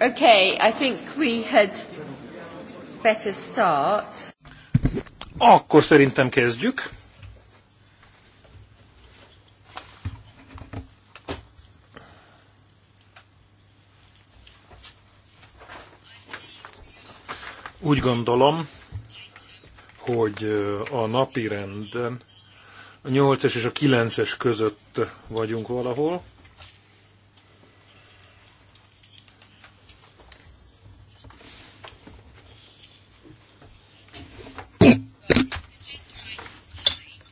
Okay, I think we had better start. Akkor szerintem kezdjük. Úgy gondolom, hogy a napi renden a 8-es és a 9-es között vagyunk valahol.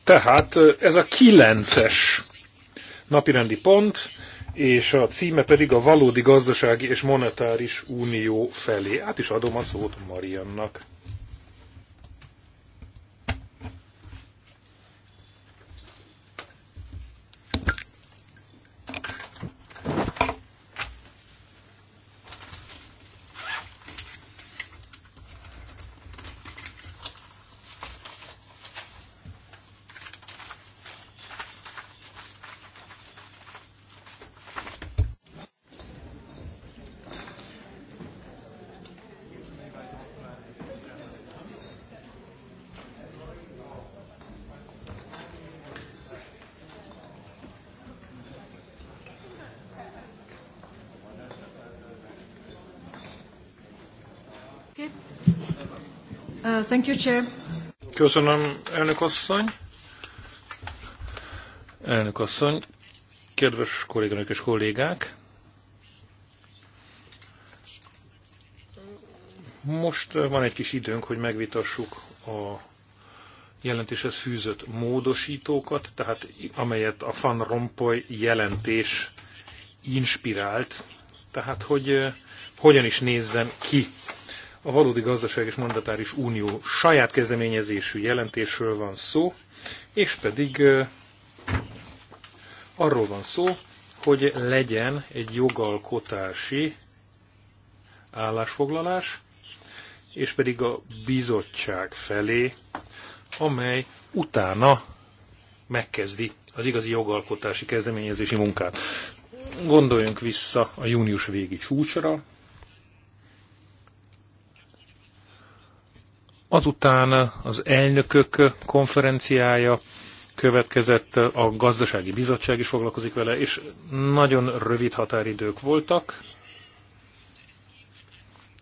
Tehát ez a kilences napirendi pont, és a címe pedig a valódi gazdasági és monetáris unió felé. Át is adom a szót Mariannak. Thank you, Chair. Köszönöm, elnök asszony. Elnök asszony, kedves kolléganők és kollégák, most van egy kis időnk, hogy megvitassuk a jelentéshez fűzött módosítókat, tehát amelyet a Van Rompuy jelentés inspirált, tehát hogy eh, hogyan is nézzen ki a valódi gazdaság és mandatáris unió saját kezdeményezésű jelentésről van szó, és pedig arról van szó, hogy legyen egy jogalkotási állásfoglalás, és pedig a bizottság felé, amely utána megkezdi az igazi jogalkotási kezdeményezési munkát. Gondoljunk vissza a június végi csúcsra, Azután az elnökök konferenciája következett, a gazdasági bizottság is foglalkozik vele, és nagyon rövid határidők voltak.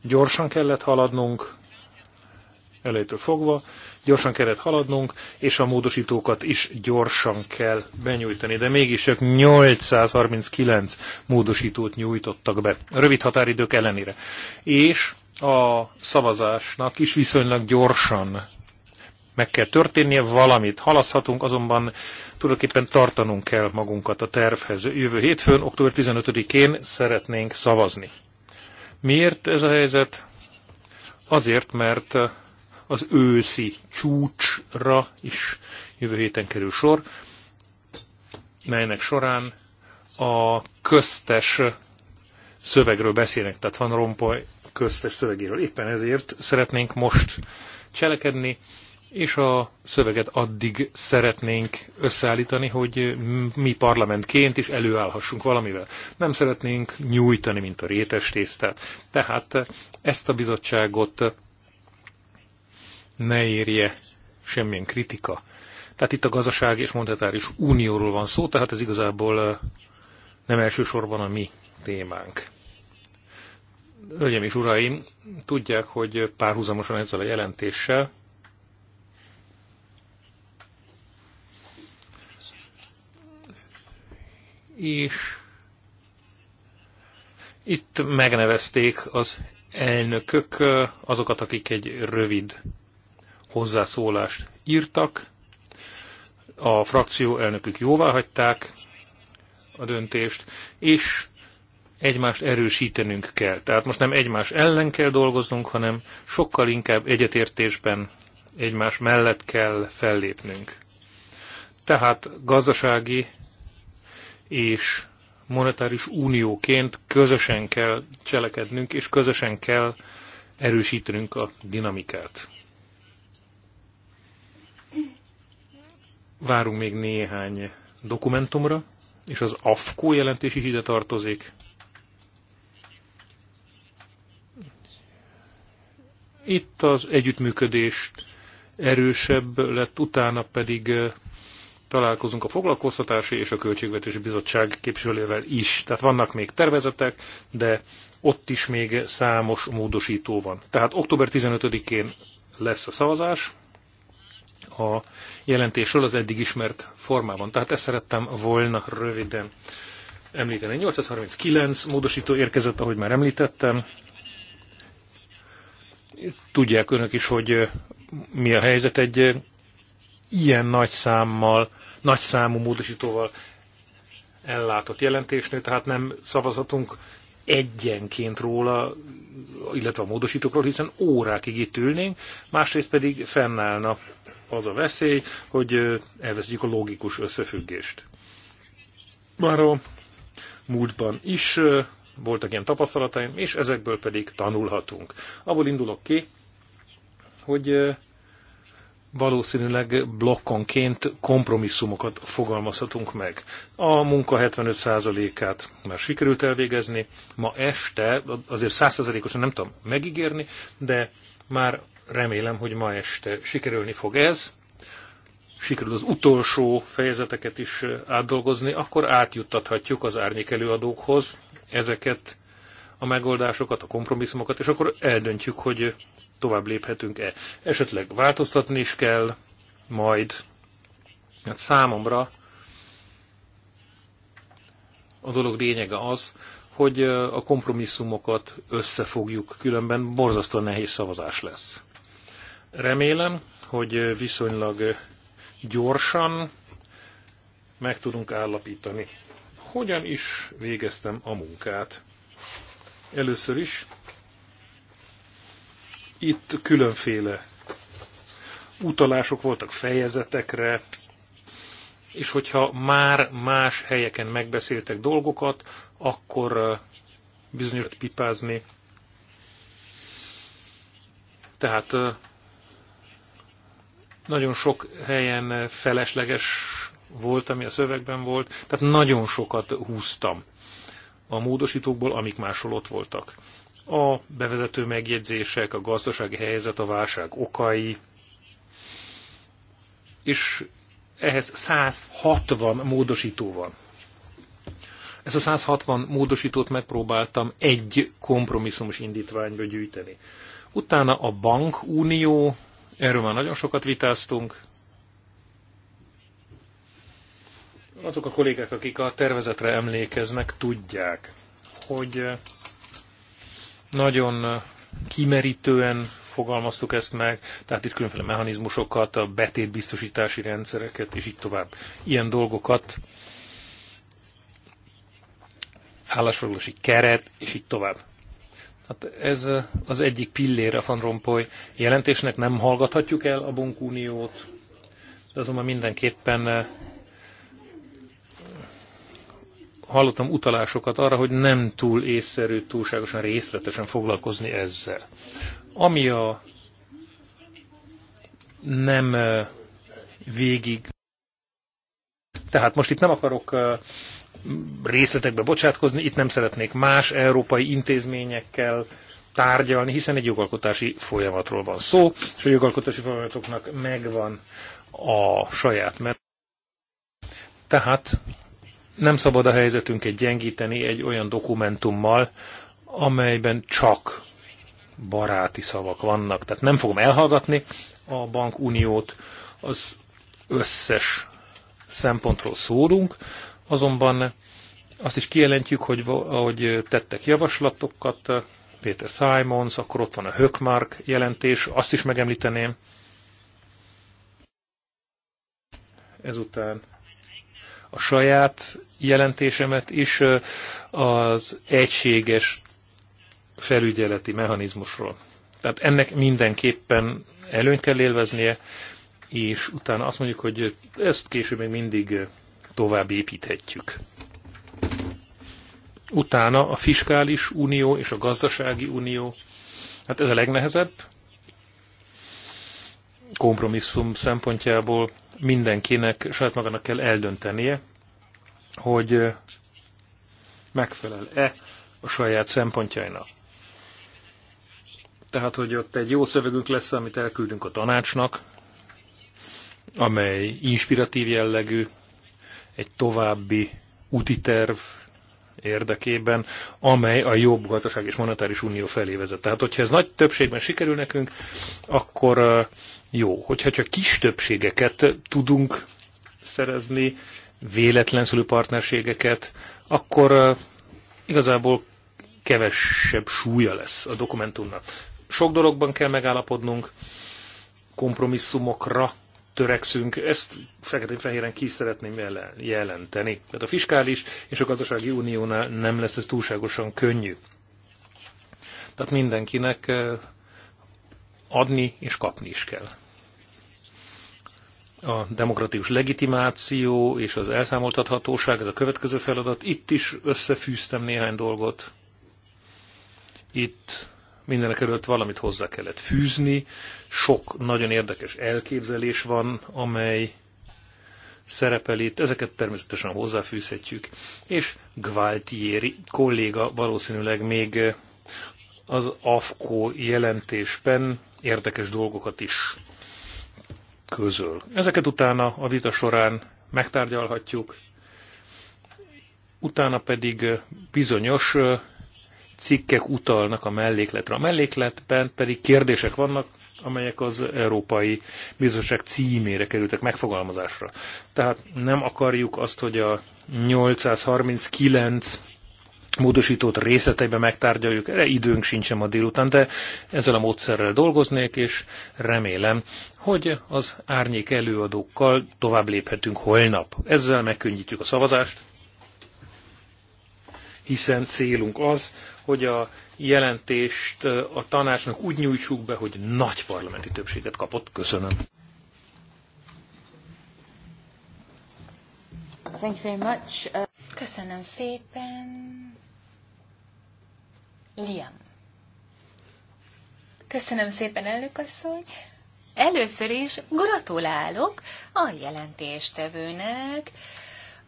Gyorsan kellett haladnunk, elejétől fogva, gyorsan kellett haladnunk, és a módosítókat is gyorsan kell benyújtani. De mégis csak 839 módosítót nyújtottak be, rövid határidők ellenére. És a szavazásnak is viszonylag gyorsan meg kell történnie, valamit halaszthatunk, azonban tulajdonképpen tartanunk kell magunkat a tervhez. Jövő hétfőn, október 15-én szeretnénk szavazni. Miért ez a helyzet? Azért, mert az őszi csúcsra is jövő héten kerül sor, melynek során a köztes szövegről beszélnek, tehát Van Rompuy köztes szövegéről. Éppen ezért szeretnénk most cselekedni, és a szöveget addig szeretnénk összeállítani, hogy mi parlamentként is előállhassunk valamivel. Nem szeretnénk nyújtani, mint a rétes tésztát. Tehát ezt a bizottságot ne érje semmilyen kritika. Tehát itt a gazdaság és monetáris unióról van szó, tehát ez igazából nem elsősorban a mi témánk. Hölgyeim és uraim, tudják, hogy párhuzamosan ezzel a jelentéssel és itt megnevezték az elnökök azokat, akik egy rövid hozzászólást írtak. A frakció elnökük jóvá hagyták a döntést, és egymást erősítenünk kell. Tehát most nem egymás ellen kell dolgoznunk, hanem sokkal inkább egyetértésben egymás mellett kell fellépnünk. Tehát gazdasági és monetáris unióként közösen kell cselekednünk, és közösen kell erősítenünk a dinamikát. Várunk még néhány dokumentumra, és az AFKO jelentés is ide tartozik. Itt az együttműködés erősebb lett, utána pedig eh, találkozunk a foglalkoztatási és a költségvetési bizottság képviselővel is. Tehát vannak még tervezetek, de ott is még számos módosító van. Tehát október 15-én lesz a szavazás a jelentésről az eddig ismert formában. Tehát ezt szerettem volna röviden említeni. 839 módosító érkezett, ahogy már említettem. Tudják önök is, hogy mi a helyzet egy ilyen nagy számmal, nagy számú módosítóval ellátott jelentésnél, tehát nem szavazhatunk egyenként róla, illetve a módosítókról, hiszen órákig itt ülnénk, másrészt pedig fennállna az a veszély, hogy elveszítjük a logikus összefüggést. Már a múltban is voltak ilyen tapasztalataim, és ezekből pedig tanulhatunk. Abból indulok ki, hogy valószínűleg blokkonként kompromisszumokat fogalmazhatunk meg. A munka 75%-át már sikerült elvégezni, ma este, azért 100%-osan nem tudom megígérni, de már remélem, hogy ma este sikerülni fog ez, sikerül az utolsó fejezeteket is átdolgozni, akkor átjuttathatjuk az árnyék előadókhoz, ezeket a megoldásokat, a kompromisszumokat, és akkor eldöntjük, hogy tovább léphetünk-e. Esetleg változtatni is kell, majd. Hát számomra a dolog lényege az, hogy a kompromisszumokat összefogjuk, különben borzasztóan nehéz szavazás lesz. Remélem, hogy viszonylag gyorsan meg tudunk állapítani hogyan is végeztem a munkát. Először is itt különféle utalások voltak fejezetekre, és hogyha már más helyeken megbeszéltek dolgokat, akkor bizonyos pipázni. Tehát nagyon sok helyen felesleges volt, ami a szövegben volt, tehát nagyon sokat húztam a módosítókból, amik máshol ott voltak. A bevezető megjegyzések, a gazdasági helyzet, a válság okai, és ehhez 160 módosító van. Ezt a 160 módosítót megpróbáltam egy kompromisszumos indítványba gyűjteni. Utána a bankunió, erről már nagyon sokat vitáztunk, azok a kollégák, akik a tervezetre emlékeznek, tudják, hogy nagyon kimerítően fogalmaztuk ezt meg, tehát itt különféle mechanizmusokat, a betétbiztosítási rendszereket, és így tovább. Ilyen dolgokat, állásfoglalási keret, és így tovább. Hát ez az egyik pillére Van Rompuy jelentésnek, nem hallgathatjuk el a bankuniót, de azonban mindenképpen hallottam utalásokat arra, hogy nem túl észszerű túlságosan részletesen foglalkozni ezzel. Ami a nem végig. Tehát most itt nem akarok részletekbe bocsátkozni, itt nem szeretnék más európai intézményekkel tárgyalni, hiszen egy jogalkotási folyamatról van szó, és a jogalkotási folyamatoknak megvan a saját mert. Tehát nem szabad a helyzetünket gyengíteni egy olyan dokumentummal, amelyben csak baráti szavak vannak. Tehát nem fogom elhallgatni a bankuniót, az összes szempontról szólunk, azonban azt is kijelentjük, hogy ahogy tettek javaslatokat, eh, Peter Simons, akkor ott van a Höckmark jelentés, azt is megemlíteném. Ezután a saját jelentésemet is az egységes felügyeleti mechanizmusról. Tehát ennek mindenképpen előnyt kell élveznie, és utána azt mondjuk, hogy ezt később még mindig tovább építhetjük. Utána a fiskális unió és a gazdasági unió, hát ez a legnehezebb, kompromisszum szempontjából mindenkinek saját magának kell eldöntenie, hogy megfelel-e a saját szempontjainak. Tehát, hogy ott egy jó szövegünk lesz, amit elküldünk a tanácsnak, amely inspiratív jellegű, egy további úti terv érdekében, amely a jobb gazdaság és monetáris unió felé vezet. Tehát, hogyha ez nagy többségben sikerül nekünk, akkor jó. Hogyha csak kis többségeket tudunk szerezni, véletlen partnerségeket, akkor igazából kevesebb súlya lesz a dokumentumnak. Sok dologban kell megállapodnunk, kompromisszumokra törekszünk, ezt feketén-fehéren ki szeretném jelenteni. Tehát a fiskális és a gazdasági uniónál nem lesz ez túlságosan könnyű. Tehát mindenkinek adni és kapni is kell a demokratikus legitimáció és az elszámoltathatóság, ez a következő feladat. Itt is összefűztem néhány dolgot. Itt mindenek előtt valamit hozzá kellett fűzni. Sok nagyon érdekes elképzelés van, amely szerepel itt. Ezeket természetesen hozzáfűzhetjük. És Gvaltieri kolléga valószínűleg még az AFKO jelentésben érdekes dolgokat is közöl. Ezeket utána a vita során megtárgyalhatjuk, utána pedig bizonyos cikkek utalnak a mellékletre. A mellékletben pedig kérdések vannak, amelyek az Európai Bizottság címére kerültek megfogalmazásra. Tehát nem akarjuk azt, hogy a 839 módosítót részleteiben megtárgyaljuk, erre időnk sincsen ma délután, de ezzel a módszerrel dolgoznék, és remélem, hogy az árnyék előadókkal tovább léphetünk holnap. Ezzel megkönnyítjük a szavazást, hiszen célunk az, hogy a jelentést a tanácsnak úgy nyújtsuk be, hogy nagy parlamenti többséget kapott. Köszönöm. Thank you very much. Uh, Köszönöm szépen. Liam. Köszönöm szépen, elnök asszony. Először is gratulálok a jelentéstevőnek,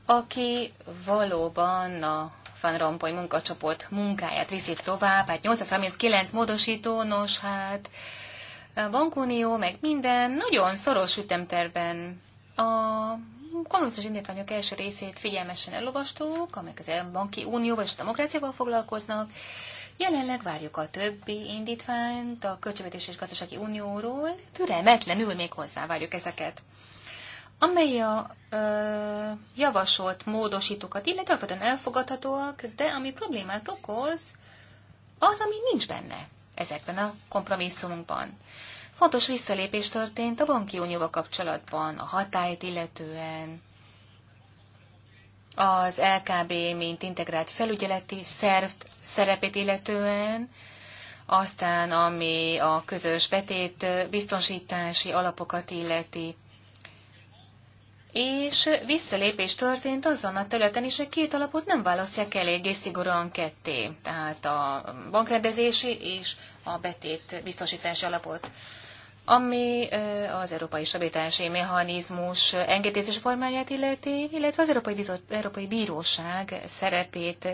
aki valóban a Van Rompuy munkacsoport munkáját viszi tovább, hát 839 módosító, nos hát a bankunió, meg minden nagyon szoros ütemterben a kommunizmus indítványok első részét figyelmesen elolvastuk, amelyek az banki unióval és a demokráciával foglalkoznak, Jelenleg várjuk a többi indítványt a Költségvetés és Gazdasági Unióról, türelmetlenül még hozzá várjuk ezeket amely a ö, javasolt módosítókat illetve alapvetően elfogadhatóak, de ami problémát okoz, az, ami nincs benne ezekben a kompromisszumunkban. Fontos visszalépés történt a banki unióval kapcsolatban, a hatályt illetően, az LKB, mint integrált felügyeleti szerv szerepét illetően, aztán ami a közös betét biztonsítási alapokat illeti. És visszalépés történt azon a területen is, hogy két alapot nem választják eléggé szigorúan ketté, tehát a bankrendezési és a betét biztosítási alapot ami az Európai Stabilitási Mechanizmus engedélyezés formáját illeti, illetve az Európai, Bizot, Európai Bíróság szerepét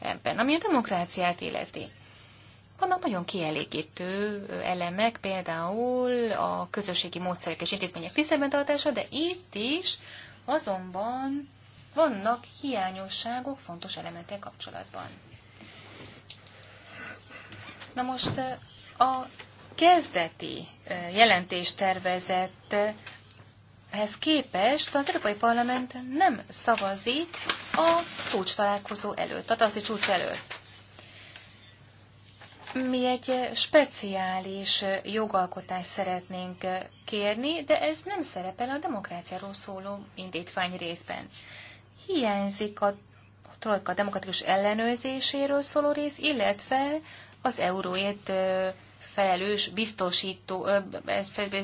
ebben, ami a demokráciát illeti. Vannak nagyon kielégítő elemek, például a közösségi módszerek és intézmények tisztelben tartása, de itt is azonban vannak hiányosságok fontos elemekkel kapcsolatban. Na most a kezdeti jelentéstervezethez képest az Európai Parlament nem szavazik a csúcs találkozó előtt, tehát az csúcs előtt. Mi egy speciális jogalkotást szeretnénk kérni, de ez nem szerepel a demokráciáról szóló indítvány részben. Hiányzik a trojka demokratikus ellenőrzéséről szóló rész, illetve az euróért felelős biztosító,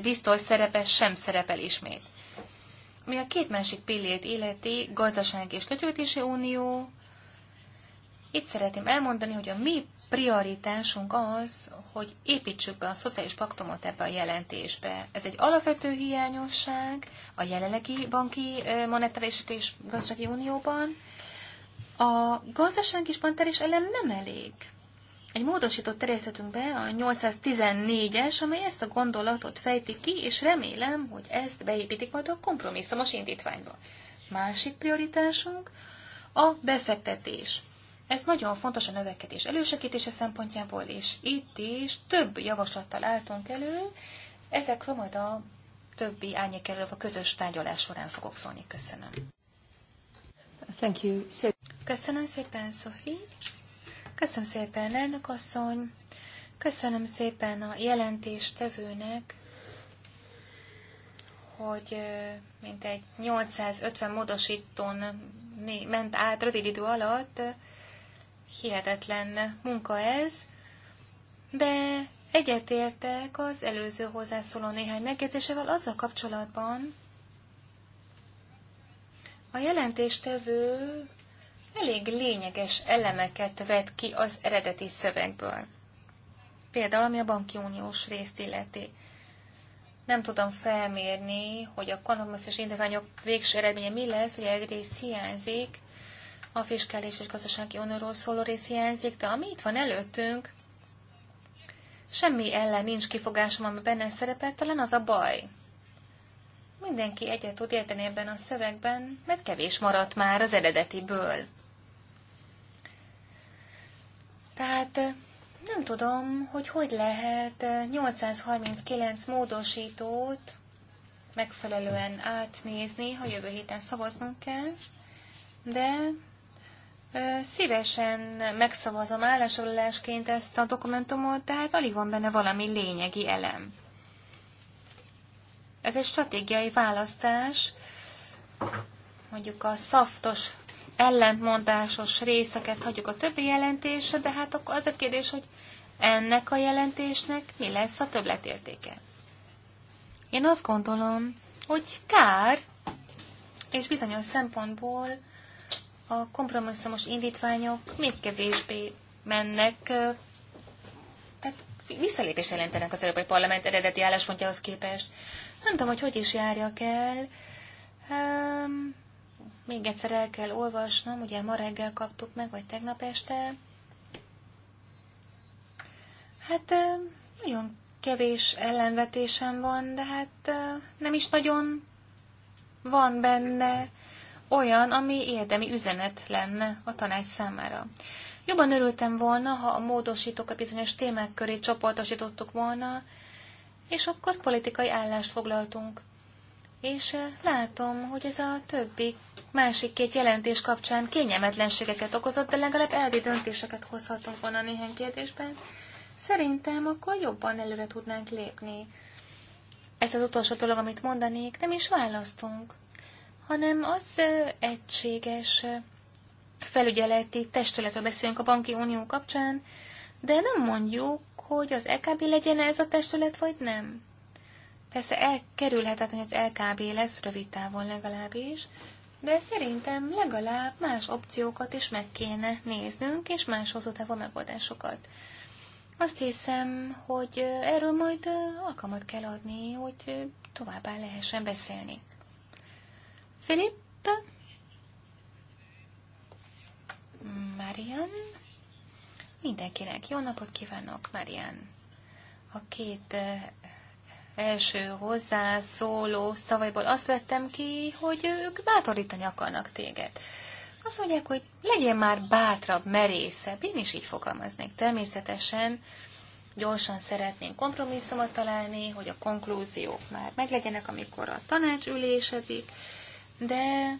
biztos szerepe sem szerepel ismét. Ami a két másik pillét életi, gazdaság és kötődési unió, itt szeretném elmondani, hogy a mi prioritásunk az, hogy építsük be a szociális paktumot ebbe a jelentésbe. Ez egy alapvető hiányosság a jelenlegi banki, monetáris és gazdasági unióban. A gazdaság és monetáris elem nem elég. Egy módosított terjesztettünk be, a 814-es, amely ezt a gondolatot fejti ki, és remélem, hogy ezt beépítik majd a kompromisszumos indítványba. Másik prioritásunk a befektetés. Ez nagyon fontos a növekedés elősegítése szempontjából, és itt is több javaslattal álltunk elő, ezekről majd a többi árnyék a közös tárgyalás során fogok szólni. Köszönöm. Thank you. So- Köszönöm szépen, Sophie. Köszönöm szépen, elnök asszony. Köszönöm szépen a jelentéstevőnek, hogy mintegy 850 módosítón ment át rövid idő alatt. Hihetetlen munka ez, de egyetértek az előző hozzászóló néhány megjegyzésével azzal kapcsolatban, a jelentéstevő elég lényeges elemeket vet ki az eredeti szövegből. Például, ami a banki uniós részt illeti. Nem tudom felmérni, hogy a kanadmaszos indítványok végső eredménye mi lesz, hogy egy rész hiányzik, a fiskális és gazdasági unióról szóló rész hiányzik, de ami itt van előttünk, semmi ellen nincs kifogásom, ami benne szerepelt, talán az a baj. Mindenki egyet tud érteni ebben a szövegben, mert kevés maradt már az eredetiből. Tehát nem tudom, hogy hogy lehet 839 módosítót megfelelően átnézni, ha jövő héten szavaznunk kell, de szívesen megszavazom állásolulásként ezt a dokumentumot, tehát alig van benne valami lényegi elem. Ez egy stratégiai választás, mondjuk a szaftos ellentmondásos részeket hagyjuk a többi jelentésre, de hát akkor az a kérdés, hogy ennek a jelentésnek mi lesz a többletértéke. Én azt gondolom, hogy kár, és bizonyos szempontból a kompromisszumos indítványok még kevésbé mennek, tehát visszalépés jelentenek az Európai Parlament eredeti álláspontjához képest. Nem tudom, hogy hogy is járjak el. Um, még egyszer el kell olvasnom, ugye ma reggel kaptuk meg, vagy tegnap este. Hát nagyon kevés ellenvetésem van, de hát nem is nagyon van benne olyan, ami érdemi üzenet lenne a tanács számára. Jobban örültem volna, ha a a bizonyos témák köré csoportosítottuk volna, és akkor politikai állást foglaltunk. És látom, hogy ez a többi másik két jelentés kapcsán kényelmetlenségeket okozott, de legalább elvi döntéseket hozhatunk volna néhány kérdésben. Szerintem akkor jobban előre tudnánk lépni. Ez az utolsó dolog, amit mondanék, nem is választunk, hanem az egységes felügyeleti testületre beszélünk a Banki Unió kapcsán, de nem mondjuk, hogy az LKB legyen -e ez a testület, vagy nem. Persze elkerülhetetlen, hogy az LKB lesz rövid távon legalábbis, de szerintem legalább más opciókat is meg kéne néznünk, és más hozótávú megoldásokat. Azt hiszem, hogy eh, erről majd eh, alkalmat kell adni, hogy eh, továbbá lehessen beszélni. Filipp? Marian? Mindenkinek jó napot kívánok, Marian! A két első hozzászóló szavaiból azt vettem ki, hogy ők bátorítani akarnak téged. Azt mondják, hogy legyél már bátrabb, merészebb. Én is így fogalmaznék. Természetesen gyorsan szeretném kompromisszumot találni, hogy a konklúziók már meglegyenek, amikor a tanács ülésedik, de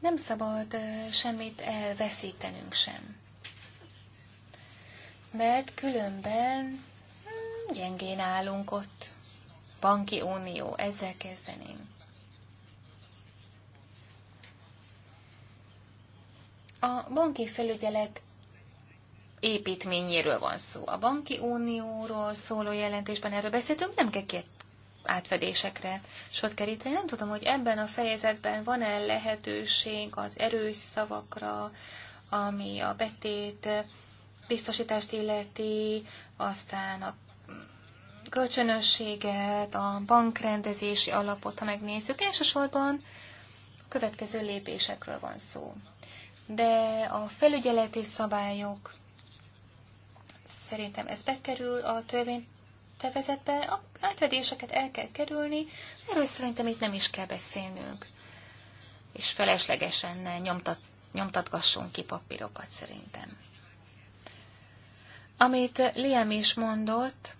nem szabad semmit elveszítenünk sem mert különben hmm, gyengén állunk ott. Banki unió, ezzel kezdeném. A banki felügyelet építményéről van szó. A banki unióról szóló jelentésben erről beszéltünk, nem kell két átfedésekre sot keríteni. Nem tudom, hogy ebben a fejezetben van-e lehetőség az erős szavakra, ami a betét biztosítást illeti, aztán a kölcsönösséget, a bankrendezési alapot, ha megnézzük, elsősorban a következő lépésekről van szó. De a felügyeleti szabályok, szerintem ez bekerül a törvénytevezetbe, a átvedéseket el kell kerülni, erről szerintem itt nem is kell beszélnünk. És feleslegesen ne nyomtat, nyomtatgassunk ki papírokat szerintem. Amit Liam is mondott,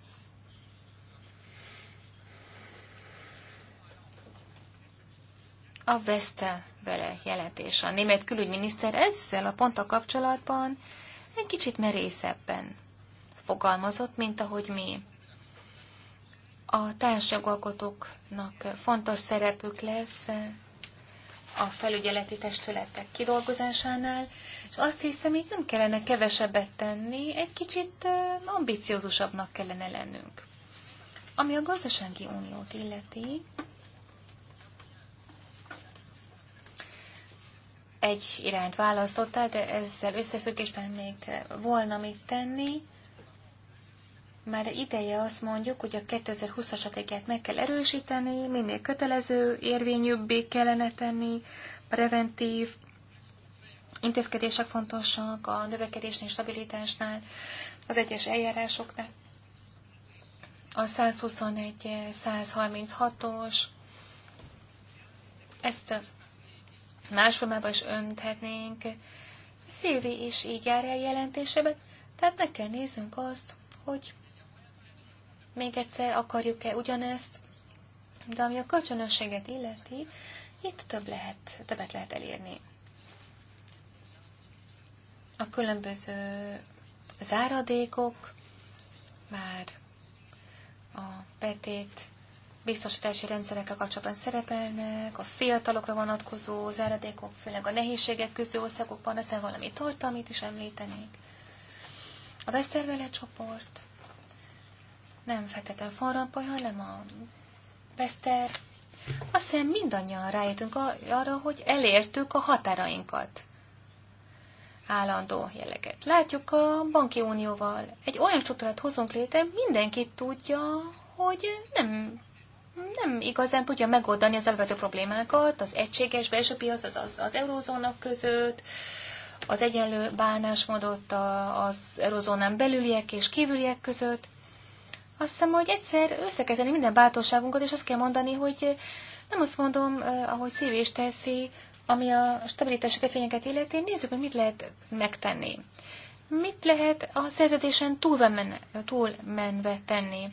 a veste vele jelentése. A német külügyminiszter ezzel a ponttal kapcsolatban egy kicsit merészebben fogalmazott, mint ahogy mi. A társjogalkotóknak fontos szerepük lesz a felügyeleti testületek kidolgozásánál, és azt hiszem, itt nem kellene kevesebbet tenni, egy kicsit ambiciózusabbnak kellene lennünk. Ami a gazdasági uniót illeti, egy irányt választottál, de ezzel összefüggésben még volna mit tenni már ideje azt mondjuk, hogy a 2020-as stratégiát meg kell erősíteni, minél kötelező, érvényűbbé kellene tenni, preventív intézkedések fontosak a növekedésnél, stabilitásnál, az egyes eljárásoknál. A 121-136-os, ezt más formában is önthetnénk. Szilvi is így jár el jelentésében, tehát meg kell néznünk azt, hogy még egyszer, akarjuk-e ugyanezt, de ami a kölcsönösséget illeti, itt több lehet, többet lehet elérni. A különböző záradékok, már a betét biztosítási rendszerekkel kapcsolatban szerepelnek, a fiatalokra vonatkozó záradékok, főleg a nehézségek küzdő országokban, aztán valami tartalmit is említenék. A Westerwelle csoport, nem fekete farampaj, hanem a veszter. Azt hiszem mindannyian rájöttünk arra, hogy elértük a határainkat. Állandó jelleget. Látjuk a banki unióval. Egy olyan struktúrát hozunk létre, mindenki tudja, hogy nem nem igazán tudja megoldani az alapvető problémákat, az egységes belső piac, az, az, az eurózónak között, az egyenlő bánásmódot az eurozónán belüliek és kívüliek között. Azt hiszem, hogy egyszer összekezdeni minden bátorságunkat, és azt kell mondani, hogy eh, nem azt mondom, eh, ahogy szívés teszi, ami a stabilitási kötvényeket illeti, nézzük, hogy mit lehet megtenni. Mit lehet a szerződésen túlmenve, túlmenve tenni?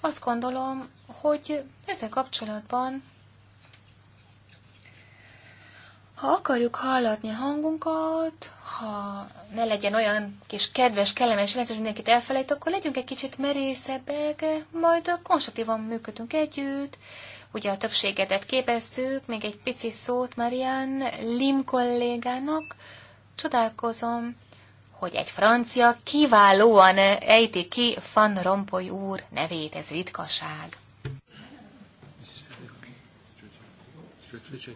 Azt gondolom, hogy ezzel kapcsolatban ha akarjuk hallatni a hangunkat, ha ne legyen olyan kis kedves, kellemes jelentős, hogy mindenkit elfelejt, akkor legyünk egy kicsit merészebbek, majd konstruktívan működünk együtt. Ugye a többségedet képeztük, még egy pici szót Marian Lim kollégának. Csodálkozom, hogy egy francia kiválóan ejti ki Van Rompuy úr nevét, ez ritkaság. Mr.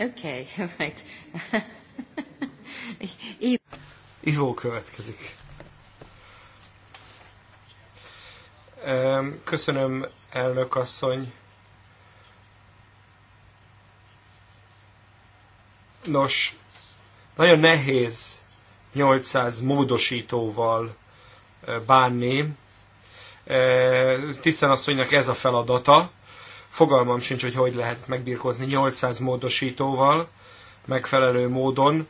Okay, right. Ivo következik. Köszönöm, elnök asszony. Nos, nagyon nehéz 800 módosítóval eh, bánni. Eh, Tisztán asszonynak ez a feladata. Fogalmam sincs, hogy hogy lehet megbírkozni 800 módosítóval megfelelő módon.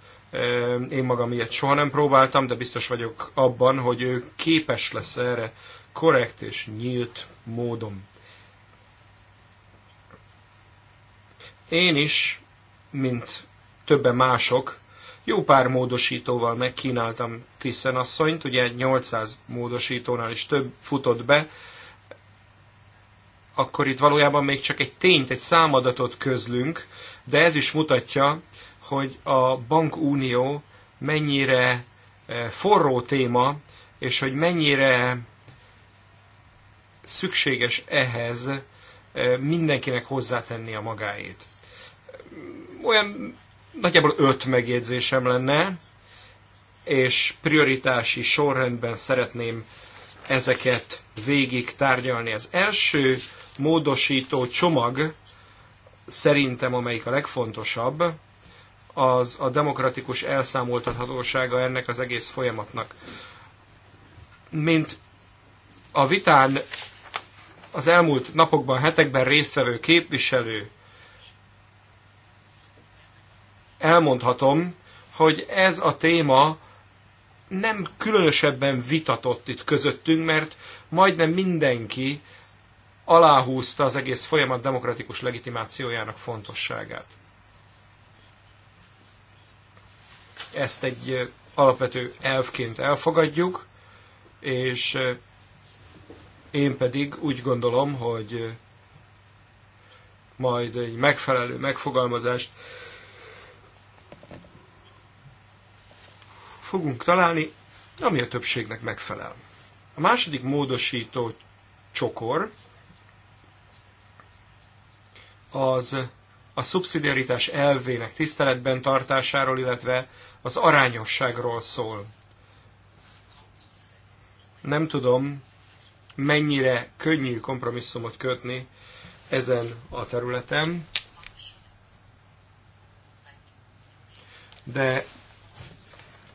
Én magam ilyet soha nem próbáltam, de biztos vagyok abban, hogy ő képes lesz erre korrekt és nyílt módon. Én is, mint többen mások, jó pár módosítóval megkínáltam Tiszen asszonyt, ugye 800 módosítónál is több futott be, akkor itt valójában még csak egy tényt, egy számadatot közlünk, de ez is mutatja, hogy a bankunió mennyire eh, forró téma, és hogy mennyire szükséges ehhez eh, mindenkinek hozzátenni a magáét. Olyan nagyjából öt megjegyzésem lenne, és prioritási sorrendben szeretném ezeket végig tárgyalni. Az első módosító csomag szerintem, amelyik a legfontosabb, az a demokratikus elszámoltathatósága ennek az egész folyamatnak. Mint a vitán az elmúlt napokban, hetekben résztvevő képviselő elmondhatom, hogy ez a téma nem különösebben vitatott itt közöttünk, mert majdnem mindenki aláhúzta az egész folyamat demokratikus legitimációjának fontosságát. Ezt egy alapvető elvként elfogadjuk, és én pedig úgy gondolom, hogy majd egy megfelelő megfogalmazást fogunk találni, ami a többségnek megfelel. A második módosító csokor az a szubszidiaritás elvének tiszteletben tartásáról, illetve az arányosságról szól. Nem tudom, mennyire könnyű kompromisszumot kötni ezen a területen, de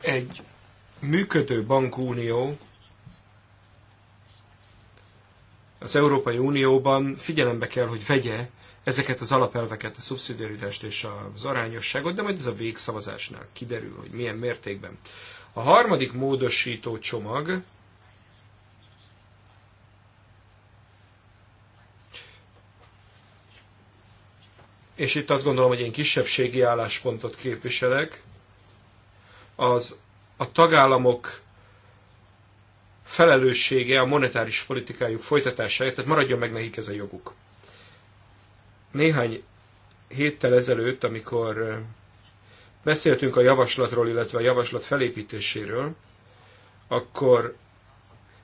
egy működő bankunió az Európai Unióban figyelembe kell, hogy vegye ezeket az alapelveket, a szubszidiaritást és az arányosságot, de majd ez a végszavazásnál kiderül, hogy milyen mértékben. A harmadik módosító csomag és itt azt gondolom, hogy én kisebbségi álláspontot képviselek, az a tagállamok felelőssége a monetáris politikájuk folytatásáért, tehát maradjon meg nekik ez a joguk. Néhány héttel ezelőtt, amikor beszéltünk a javaslatról, illetve a javaslat felépítéséről, akkor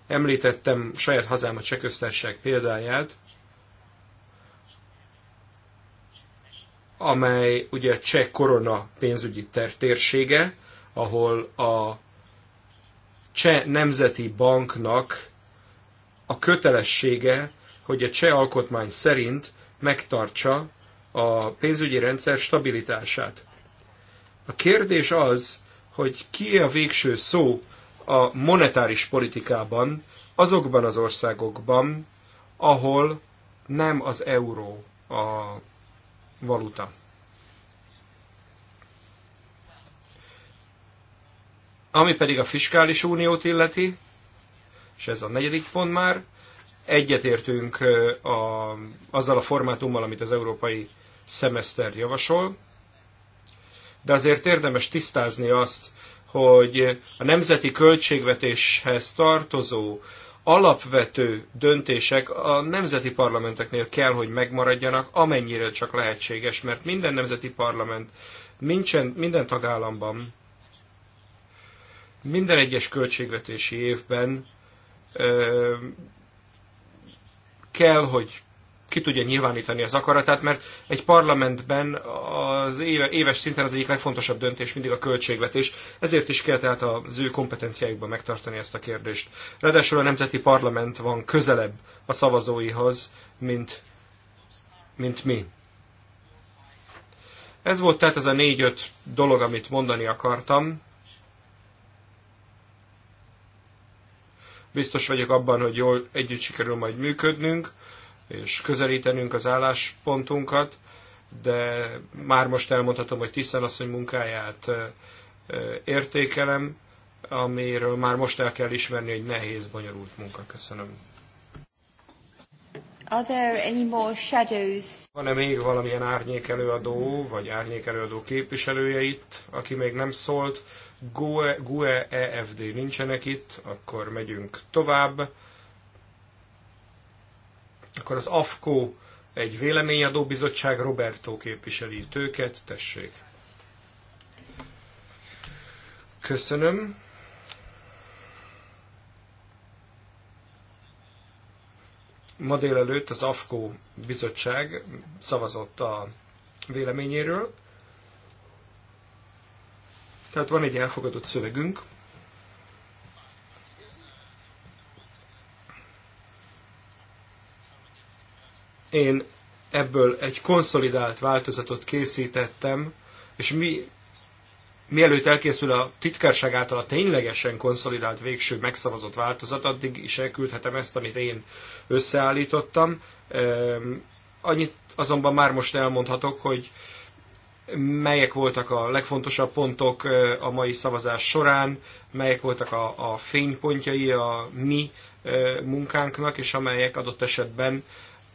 említettem saját hazámat, Csehköztársaság példáját, amely ugye cseh korona pénzügyi térsége, ahol a cseh nemzeti banknak a kötelessége, hogy a cseh alkotmány szerint megtartsa a pénzügyi rendszer stabilitását. A kérdés az, hogy ki a végső szó a monetáris politikában azokban az országokban, ahol nem az euró a valuta. Ami pedig a fiskális uniót illeti, és ez a negyedik pont már, egyetértünk a, azzal a formátummal, amit az európai szemeszter javasol, de azért érdemes tisztázni azt, hogy a nemzeti költségvetéshez tartozó alapvető döntések a nemzeti parlamenteknél kell, hogy megmaradjanak, amennyire csak lehetséges, mert minden nemzeti parlament, minden, minden tagállamban, minden egyes költségvetési évben kell, hogy ki tudja nyilvánítani az akaratát, mert egy parlamentben az éve, éves szinten az egyik legfontosabb döntés mindig a költségvetés, ezért is kell tehát az ő kompetenciájukban megtartani ezt a kérdést. Ráadásul a Nemzeti Parlament van közelebb a szavazóihoz, mint, mint mi. Ez volt tehát ez a négy-öt dolog, amit mondani akartam. Biztos vagyok abban, hogy jól együtt sikerül majd működnünk, és közelítenünk az álláspontunkat, de már most elmondhatom, hogy Tiszen asszony munkáját értékelem, amiről már most el kell ismerni, hogy nehéz, bonyolult munka. Köszönöm. Are there any more shadows? Van-e még valamilyen árnyékelőadó, vagy árnyékelőadó képviselője itt, aki még nem szólt? GUE, GUE EFD nincsenek itt, akkor megyünk tovább. Akkor az AFKO egy véleményadó bizottság, Roberto képviseli őket, tessék. Köszönöm. Ma délelőtt az AFKO bizottság szavazott a véleményéről. Tehát van egy elfogadott szövegünk. Én ebből egy konszolidált változatot készítettem, és mi mielőtt elkészül a titkárság által a ténylegesen konszolidált végső megszavazott változat, addig is elküldhetem ezt, amit én összeállítottam. Annyit azonban már most elmondhatok, hogy melyek voltak a legfontosabb pontok a mai szavazás során, melyek voltak a, a fénypontjai a mi munkánknak, és amelyek adott esetben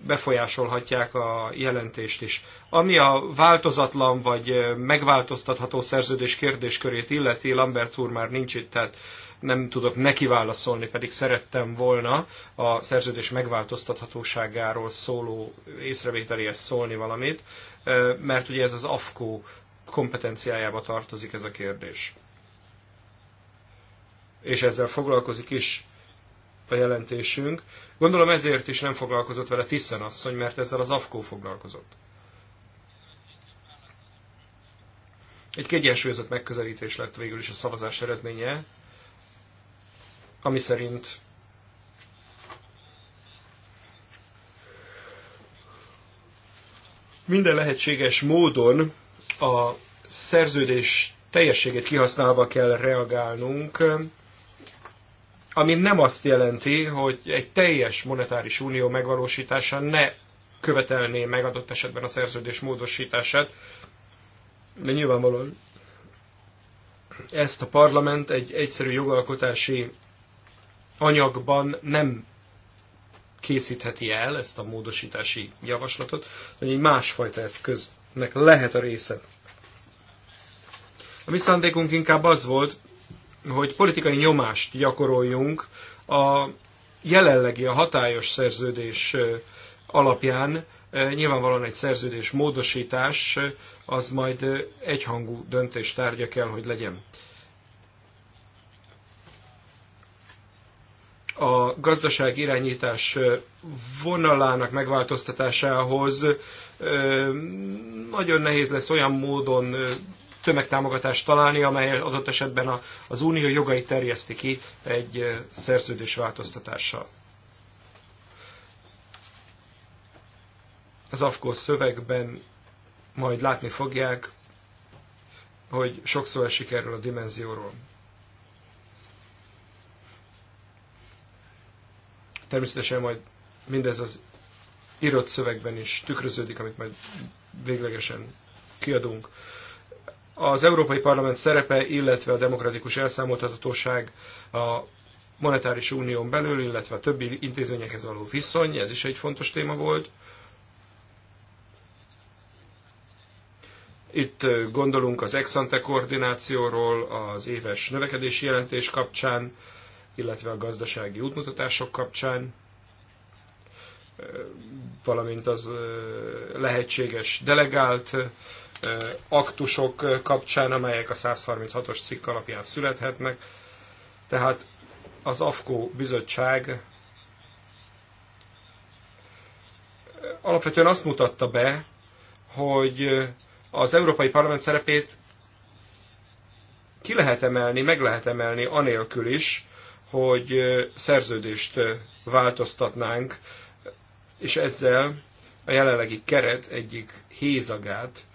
befolyásolhatják a jelentést is. Ami a változatlan vagy megváltoztatható szerződés kérdéskörét illeti, Lambert úr már nincs itt, tehát nem tudok neki válaszolni, pedig szerettem volna a szerződés megváltoztathatóságáról szóló észrevételéhez szólni valamit, mert ugye ez az AFKO kompetenciájába tartozik ez a kérdés. És ezzel foglalkozik is a jelentésünk. Gondolom ezért is nem foglalkozott vele Tiszen asszony, mert ezzel az afkó foglalkozott. Egy kiegyensúlyozott megközelítés lett végül is a szavazás eredménye, ami szerint minden lehetséges módon a szerződés teljességét kihasználva kell reagálnunk ami nem azt jelenti, hogy egy teljes monetáris unió megvalósítása ne követelné meg adott esetben a szerződés módosítását, de nyilvánvalóan ezt a parlament egy egyszerű jogalkotási anyagban nem készítheti el ezt a módosítási javaslatot, hogy egy másfajta eszköznek lehet a része. A mi szándékunk inkább az volt, hogy politikai nyomást gyakoroljunk a jelenlegi, a hatályos szerződés alapján nyilvánvalóan egy szerződés módosítás az majd egyhangú döntés tárgya kell, hogy legyen. A gazdaság irányítás vonalának megváltoztatásához nagyon nehéz lesz olyan módon tömegtámogatást találni, amely adott esetben az unió jogai terjeszti ki egy szerződés változtatással. Az AFKO szövegben majd látni fogják, hogy sokszor esik erről a dimenzióról. Természetesen majd mindez az írott szövegben is tükröződik, amit majd véglegesen kiadunk az Európai Parlament szerepe, illetve a demokratikus elszámoltathatóság a monetáris unión belül, illetve a többi intézményekhez való viszony, ez is egy fontos téma volt. Itt gondolunk az ex-ante koordinációról, az éves növekedési jelentés kapcsán, illetve a gazdasági útmutatások kapcsán, valamint az lehetséges delegált aktusok kapcsán, amelyek a 136-os cikk alapján születhetnek. Tehát az AFKO bizottság alapvetően azt mutatta be, hogy az Európai Parlament szerepét ki lehet emelni, meg lehet emelni anélkül is, hogy szerződést változtatnánk, és ezzel a jelenlegi keret egyik hézagát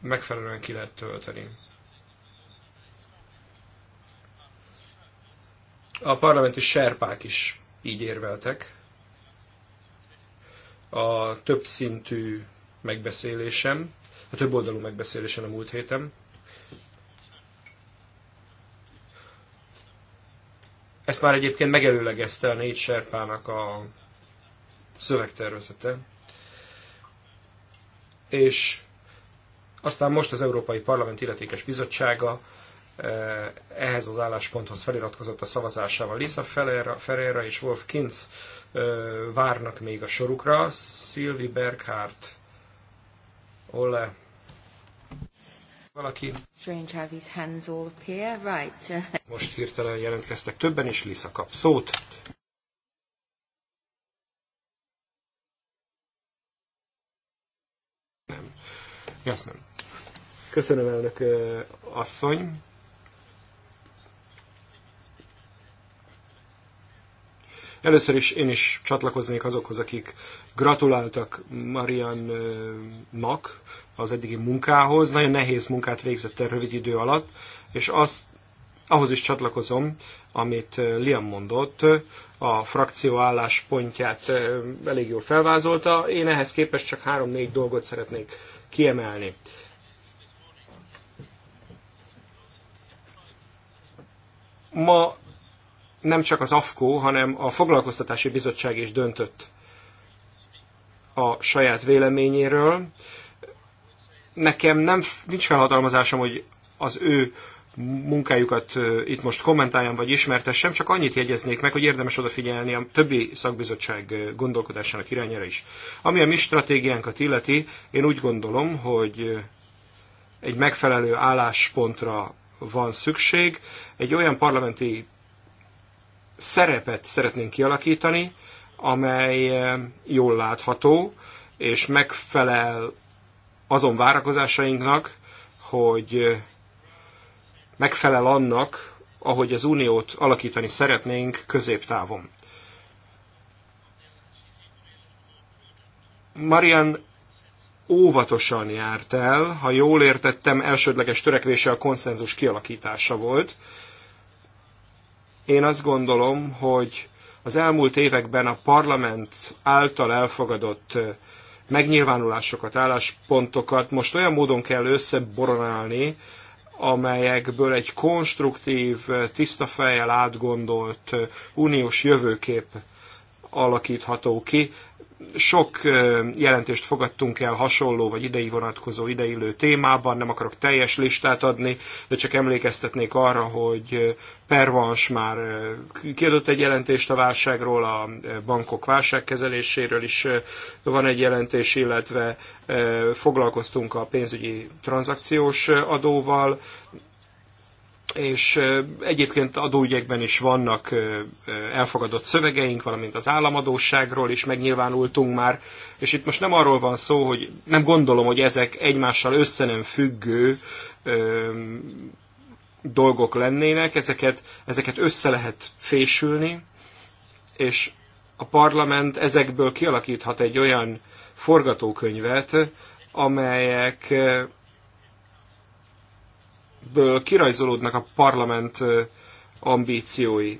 megfelelően ki lehet tölteni. A parlamenti serpák is így érveltek. A többszintű megbeszélésem, a több oldalú megbeszélésen a múlt héten. Ezt már egyébként megelőlegezte a négy serpának a szövegtervezete. És aztán most az Európai Parlament illetékes bizottsága eh, ehhez az állásponthoz feliratkozott a szavazásával. Lisa Ferreira, és Wolf Kintz eh, várnak még a sorukra. Sylvie Berghardt, Ole, valaki. Strange how these hands all appear. Right. Most hirtelen jelentkeztek többen, és Lisa kap szót. Köszönöm. Köszönöm, elnök asszony. Először is én is csatlakoznék azokhoz, akik gratuláltak Mariannak az eddigi munkához. Nagyon nehéz munkát végzett el rövid idő alatt, és azt, ahhoz is csatlakozom, amit Liam mondott, a frakció álláspontját elég jól felvázolta. Én ehhez képest csak három-négy dolgot szeretnék kiemelni. Ma nem csak az AFKO, hanem a Foglalkoztatási Bizottság is döntött a saját véleményéről. Nekem nem, nincs felhatalmazásom, hogy az ő munkájukat itt most kommentáljam vagy ismertessem, csak annyit jegyeznék meg, hogy érdemes odafigyelni a többi szakbizottság gondolkodásának irányára is. Ami a mi stratégiánkat illeti, én úgy gondolom, hogy egy megfelelő álláspontra van szükség. Egy olyan parlamenti szerepet szeretnénk kialakítani, amely jól látható, és megfelel azon várakozásainknak, hogy megfelel annak, ahogy az uniót alakítani szeretnénk középtávon. Marian óvatosan járt el, ha jól értettem, elsődleges törekvése a konszenzus kialakítása volt. Én azt gondolom, hogy az elmúlt években a parlament által elfogadott megnyilvánulásokat, álláspontokat most olyan módon kell összeboronálni, amelyekből egy konstruktív, tiszta fejjel átgondolt uniós jövőkép alakítható ki, sok jelentést fogadtunk el hasonló vagy idei vonatkozó ideillő témában, nem akarok teljes listát adni, de csak emlékeztetnék arra, hogy Pervans már kiadott egy jelentést a válságról, a bankok válságkezeléséről is van egy jelentés, illetve foglalkoztunk a pénzügyi tranzakciós adóval, és egyébként adóügyekben is vannak elfogadott szövegeink, valamint az államadóságról is megnyilvánultunk már, és itt most nem arról van szó, hogy nem gondolom, hogy ezek egymással összenem függő dolgok lennének, ezeket, ezeket össze lehet fésülni, és a parlament ezekből kialakíthat egy olyan forgatókönyvet, amelyek ebből kirajzolódnak a parlament ambíciói.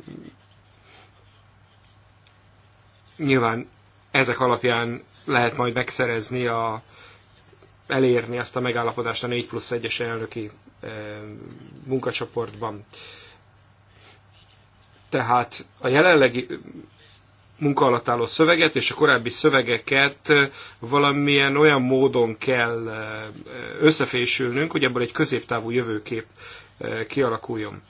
Nyilván ezek alapján lehet majd megszerezni a, elérni azt a megállapodást a 4 plusz 1-es elnöki munkacsoportban. Tehát a jelenlegi munka alatt álló szöveget és a korábbi szövegeket valamilyen olyan módon kell összefésülnünk, hogy ebből egy középtávú jövőkép kialakuljon.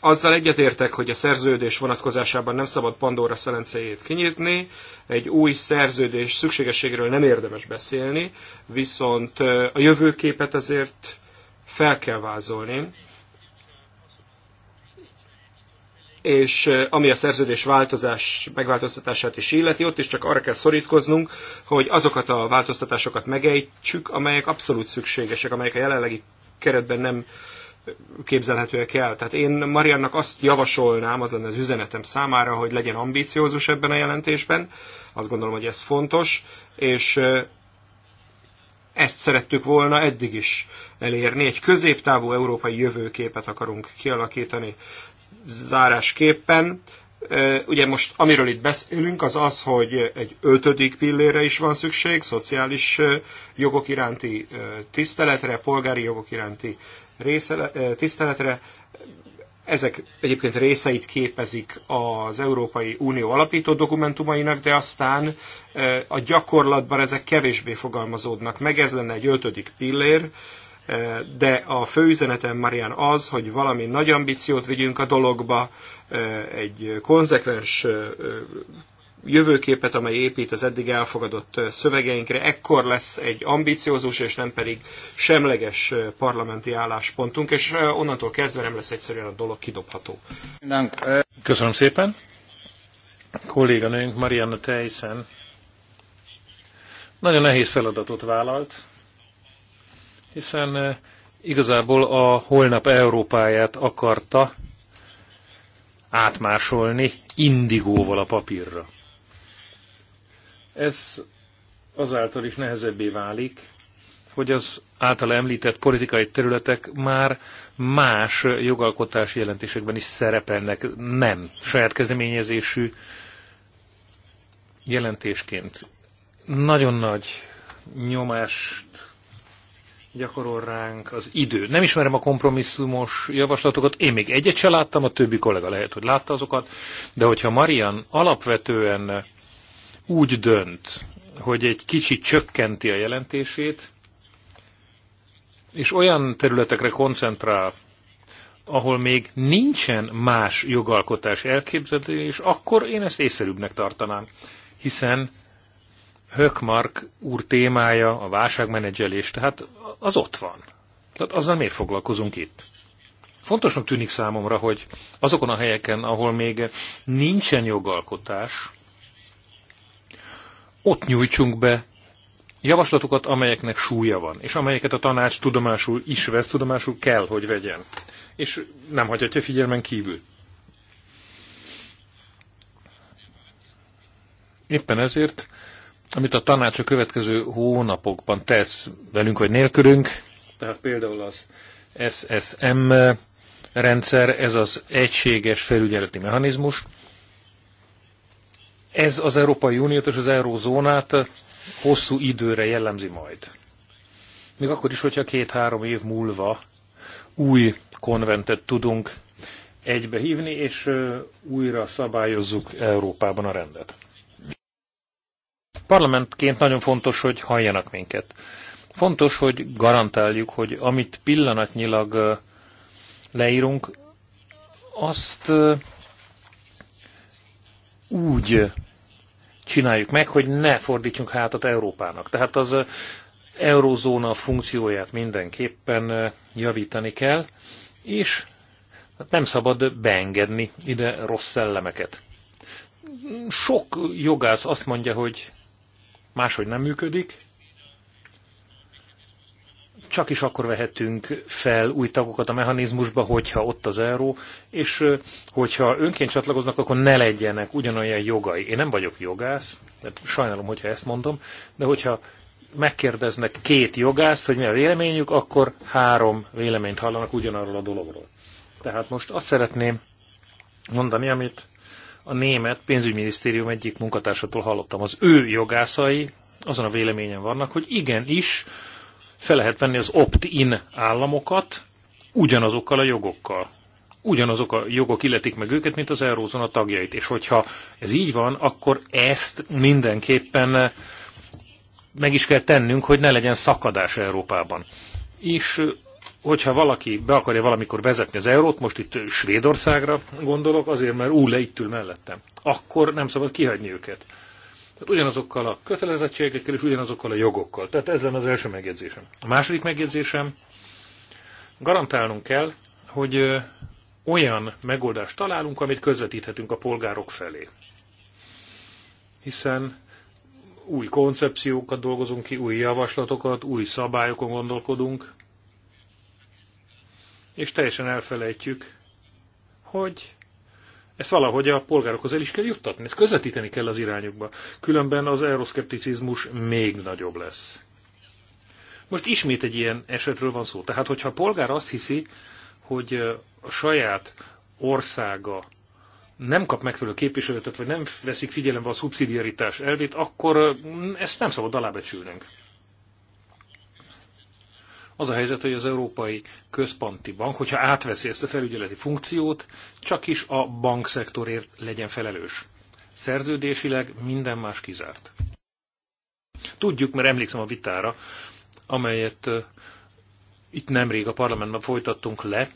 Azzal egyetértek, hogy a szerződés vonatkozásában nem szabad Pandora szelencejét kinyitni, egy új szerződés szükségességről nem érdemes beszélni, viszont a jövőképet azért fel kell vázolni, és ami a szerződés változás, megváltoztatását is illeti, ott is csak arra kell szorítkoznunk, hogy azokat a változtatásokat megejtsük, amelyek abszolút szükségesek, amelyek a jelenlegi keretben nem képzelhetőek el. Tehát én Mariannak azt javasolnám, az lenne az üzenetem számára, hogy legyen ambíciózus ebben a jelentésben, azt gondolom, hogy ez fontos, és ezt szerettük volna eddig is elérni. Egy középtávú európai jövőképet akarunk kialakítani zárásképpen, ugye most amiről itt beszélünk, az az, hogy egy ötödik pillére is van szükség, szociális jogok iránti tiszteletre, polgári jogok iránti része, tiszteletre. Ezek egyébként részeit képezik az Európai Unió alapító dokumentumainak, de aztán a gyakorlatban ezek kevésbé fogalmazódnak meg, ez lenne egy ötödik pillér, de a fő üzenetem Marian az, hogy valami nagy ambíciót vigyünk a dologba, egy konzekvens jövőképet, amely épít az eddig elfogadott szövegeinkre. Ekkor lesz egy ambiciózus és nem pedig semleges parlamenti álláspontunk, és onnantól kezdve nem lesz egyszerűen a dolog kidobható. Köszönöm szépen. Kolléganőnk Marianna Teisen nagyon nehéz feladatot vállalt, hiszen eh, igazából a holnap Európáját akarta átmásolni indigóval a papírra. Ez azáltal is nehezebbé válik, hogy az által említett politikai területek már más jogalkotási jelentésekben is szerepelnek, nem saját kezdeményezésű jelentésként. Nagyon nagy nyomást gyakorol ránk az idő. Nem ismerem a kompromisszumos javaslatokat, én még egyet se láttam, a többi kollega lehet, hogy látta azokat, de hogyha Marian alapvetően úgy dönt, hogy egy kicsit csökkenti a jelentését, és olyan területekre koncentrál, ahol még nincsen más jogalkotás elképzelés, akkor én ezt észszerűbbnek tartanám, hiszen Hökmark úr témája a válságmenedzselés, tehát az ott van. Tehát azzal miért foglalkozunk itt? Fontosnak tűnik számomra, hogy azokon a helyeken, ahol még nincsen jogalkotás, ott nyújtsunk be javaslatokat, amelyeknek súlya van, és amelyeket a tanács tudomásul is vesz, tudomásul kell, hogy vegyen. És nem hagyhatja figyelmen kívül. Éppen ezért amit a tanács a következő hónapokban tesz velünk vagy nélkülünk, tehát például az SSM rendszer, ez az egységes felügyeleti mechanizmus, ez az Európai Uniót és az Eurózónát hosszú időre jellemzi majd. Még akkor is, hogyha két-három év múlva új konventet tudunk egybehívni, és újra szabályozzuk Európában a rendet. Parlamentként nagyon fontos, hogy halljanak minket. Fontos, hogy garantáljuk, hogy amit pillanatnyilag leírunk, azt úgy csináljuk meg, hogy ne fordítsunk hátat Európának. Tehát az eurózóna funkcióját mindenképpen javítani kell, és hát nem szabad beengedni ide rossz szellemeket. Sok jogász azt mondja, hogy máshogy nem működik, csak is akkor vehetünk fel új tagokat a mechanizmusba, hogyha ott az euró, és hogyha önként csatlakoznak, akkor ne legyenek ugyanolyan jogai. Én nem vagyok jogász, de sajnálom, hogyha ezt mondom, de hogyha megkérdeznek két jogász, hogy mi a véleményük, akkor három véleményt hallanak ugyanarról a dologról. Tehát most azt szeretném mondani, amit a német pénzügyminisztérium egyik munkatársától hallottam. Az ő jogászai azon a véleményen vannak, hogy igenis fel lehet venni az opt-in államokat ugyanazokkal a jogokkal. Ugyanazok a jogok illetik meg őket, mint az a tagjait. És hogyha ez így van, akkor ezt mindenképpen meg is kell tennünk, hogy ne legyen szakadás Európában. És hogyha valaki be akarja valamikor vezetni az eurót, most itt Svédországra gondolok, azért mert Ulle itt ül mellettem, akkor nem szabad kihagyni őket. Tehát ugyanazokkal a kötelezettségekkel és ugyanazokkal a jogokkal. Tehát ez lenne az első megjegyzésem. A második megjegyzésem, garantálnunk kell, hogy olyan megoldást találunk, amit közvetíthetünk a polgárok felé. Hiszen új koncepciókat dolgozunk ki, új javaslatokat, új szabályokon gondolkodunk, és teljesen elfelejtjük, hogy ezt valahogy a polgárokhoz el is kell juttatni, ezt közvetíteni kell az irányukba. Különben az euroszkepticizmus még nagyobb lesz. Most ismét egy ilyen esetről van szó. Tehát, hogyha a polgár azt hiszi, hogy a saját országa nem kap megfelelő képviseletet, vagy nem veszik figyelembe a szubszidiaritás elvét, akkor ezt nem szabad alábecsülnünk. Az a helyzet, hogy az Európai Központi Bank, hogyha átveszi ezt a felügyeleti funkciót, csak is a bankszektorért legyen felelős. Szerződésileg minden más kizárt. Tudjuk, mert emlékszem a vitára, amelyet itt nemrég a parlamentben folytattunk le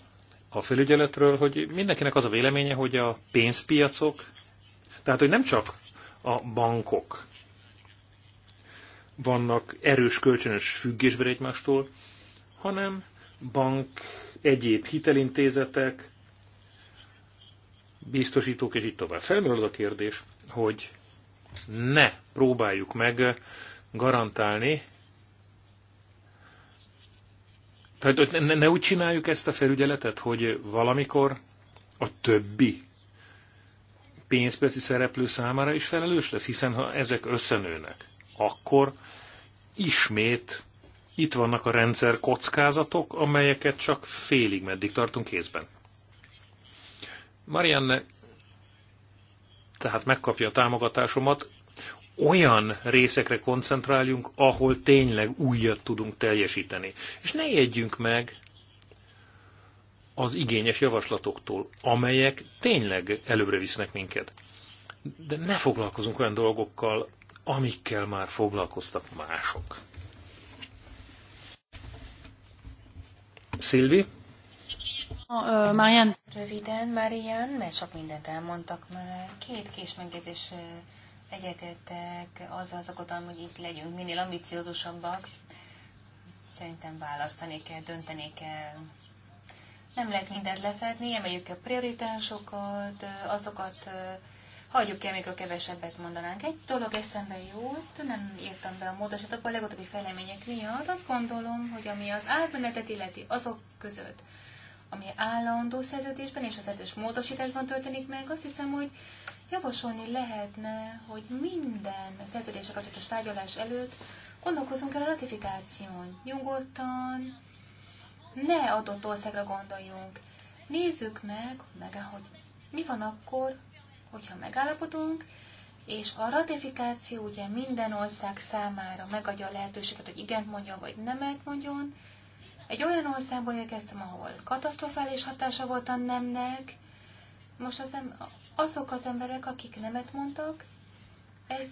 a felügyeletről, hogy mindenkinek az a véleménye, hogy a pénzpiacok, tehát hogy nem csak a bankok vannak erős kölcsönös függésben egymástól, hanem bank, egyéb hitelintézetek, biztosítók, és így tovább. Felmerül a kérdés, hogy ne próbáljuk meg garantálni, tehát hogy ne, ne úgy csináljuk ezt a felügyeletet, hogy valamikor a többi pénzpiaci szereplő számára is felelős lesz, hiszen ha ezek összenőnek, akkor ismét itt vannak a rendszer kockázatok, amelyeket csak félig meddig tartunk kézben. Marianne tehát megkapja a támogatásomat, olyan részekre koncentráljunk, ahol tényleg újat tudunk teljesíteni. És ne jegyünk meg az igényes javaslatoktól, amelyek tényleg előbbre visznek minket. De ne foglalkozunk olyan dolgokkal, amikkel már foglalkoztak mások. Szilvi? Marian. Röviden, Marian, mert sok mindent elmondtak már. Két kis megjegyzés egyetértek azzal szakodalom, hogy itt legyünk minél ambiciózusabbak. Szerintem választani kell, dönteni kell. Nem lehet mindent lefedni, emeljük a prioritásokat, azokat hagyjuk el, mikor kevesebbet mondanánk. Egy dolog eszembe jut, nem írtam be a módosítóba, a legutóbbi fejlemények miatt azt gondolom, hogy ami az átmenetet illeti azok között, ami állandó szerződésben és az egyes módosításban történik meg, azt hiszem, hogy javasolni lehetne, hogy minden szerződések kapcsolatos tárgyalás előtt gondolkozunk el a ratifikáción. Nyugodtan, ne adott országra gondoljunk. Nézzük meg, meg hogy mi van akkor, hogyha megállapodunk, és a ratifikáció ugye minden ország számára megadja a lehetőséget, hogy igent mondjon, vagy nemet mondjon. Egy olyan országból érkeztem, ahol katasztrofális hatása volt a nemnek. Most az em- azok az emberek, akik nemet mondtak, ez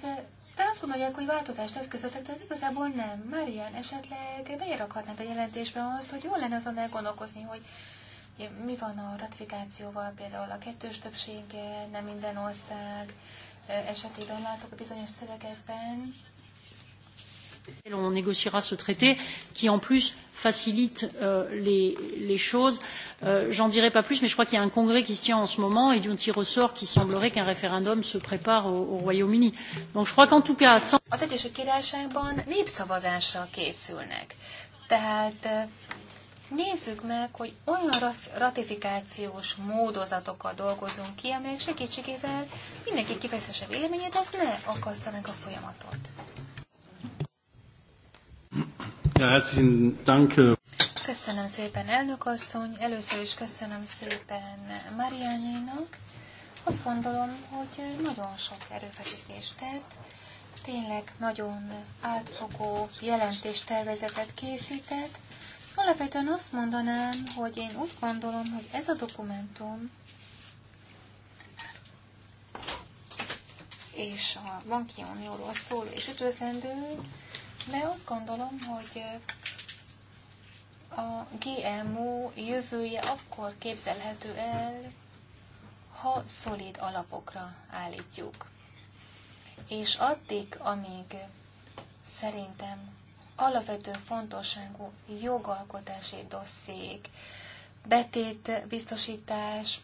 te azt gondolják, hogy változást eszközöttek, de igazából nem. Már ilyen esetleg beérakhatnád a jelentésbe az, hogy jól lenne azon elgondolkozni, hogy mi van a ratifikációval, például a kettős többsége, nem minden ország esetében látok a bizonyos szövegekben. Et On négociera ce traité qui en plus facilite euh, les, les choses. Euh, J'en dirai pas plus, mais je crois qu'il y a un congrès qui se tient en ce moment et dont il ressort qu'il semblerait qu'un référendum se prépare au, au Royaume-Uni. Donc je crois qu'en tout cas... Sans... Az Tehát Nézzük meg, hogy olyan ratifikációs módozatokkal dolgozunk ki, amelyek segítségével mindenki kifejezése véleményét, ez ne akassza meg a folyamatot. Äh, köszönöm szépen, elnök asszony. Először is köszönöm szépen Mariánénak. Azt gondolom, hogy nagyon sok erőfeszítést tett, tényleg nagyon átfogó jelentéstervezetet készített, Alapvetően azt mondanám, hogy én úgy gondolom, hogy ez a dokumentum és a banki unióról szóló és üdvözlendő, de azt gondolom, hogy a GMO jövője akkor képzelhető el, ha szolid alapokra állítjuk. És addig, amíg szerintem alapvető fontosságú jogalkotási dosszék betét biztosítás,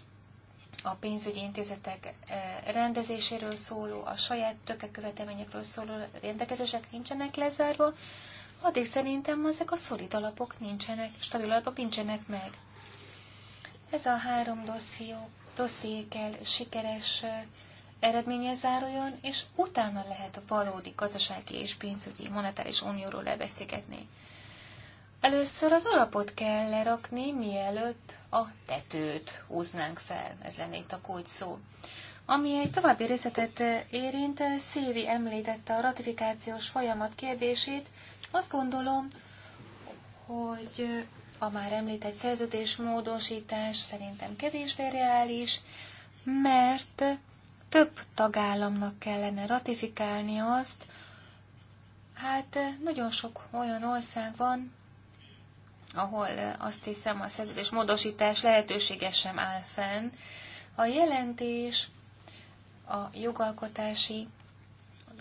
a pénzügyi intézetek e, rendezéséről szóló, a saját tökekövetelményekről szóló rendelkezések nincsenek lezárva, addig szerintem ezek a szolid alapok nincsenek, stabil alapok nincsenek meg. Ez a három dosszió, dosszié kell sikeres eredménye záruljon, és utána lehet a valódi gazdasági és pénzügyi monetáris unióról lebeszélgetni. Először az alapot kell lerakni, mielőtt a tetőt húznánk fel, ez lenne itt a kulcs szó. Ami egy további részletet eh, érint, eh, Szévi említette a ratifikációs folyamat kérdését. Azt gondolom, hogy eh, a már említett szerződés módosítás szerintem kevésbé reális, mert több tagállamnak kellene ratifikálni azt, hát eh, nagyon sok olyan ország van, ahol eh, azt hiszem a szerződés módosítás lehetősége sem áll fenn. A jelentés a jogalkotási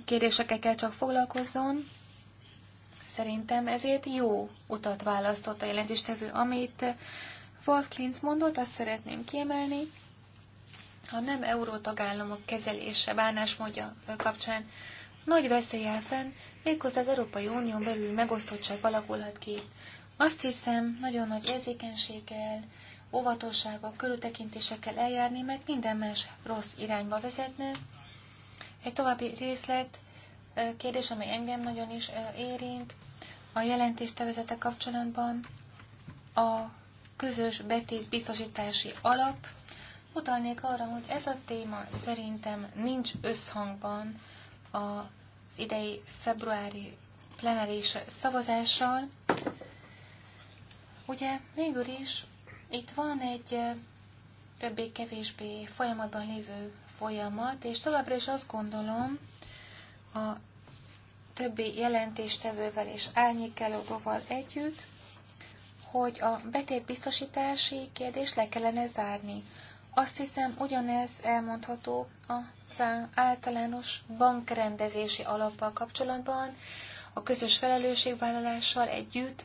kérdésekkel csak foglalkozzon, Szerintem ezért jó utat választott a jelentéstevő, amit Wolf eh, Klintz mondott, azt szeretném kiemelni, a nem eurótagállamok kezelése, bánásmódja kapcsán nagy veszély áll fenn, méghozzá az Európai Unión belül megosztottság alakulhat ki. Azt hiszem, nagyon nagy érzékenységgel, óvatossággal, körültekintésekkel eljárni, mert minden más rossz irányba vezetne. Egy további részlet, kérdés, amely engem nagyon is érint, a jelentéstervezete kapcsolatban a közös betét biztosítási alap utalnék arra, hogy ez a téma szerintem nincs összhangban az idei februári plenáris szavazással. Ugye végül is itt van egy többé-kevésbé folyamatban lévő folyamat, és továbbra is azt gondolom, a többi jelentéstevővel és árnyékelődóval együtt, hogy a betétbiztosítási kérdést le kellene zárni. Azt hiszem, ugyanez elmondható az általános bankrendezési alappal kapcsolatban, a közös felelősségvállalással együtt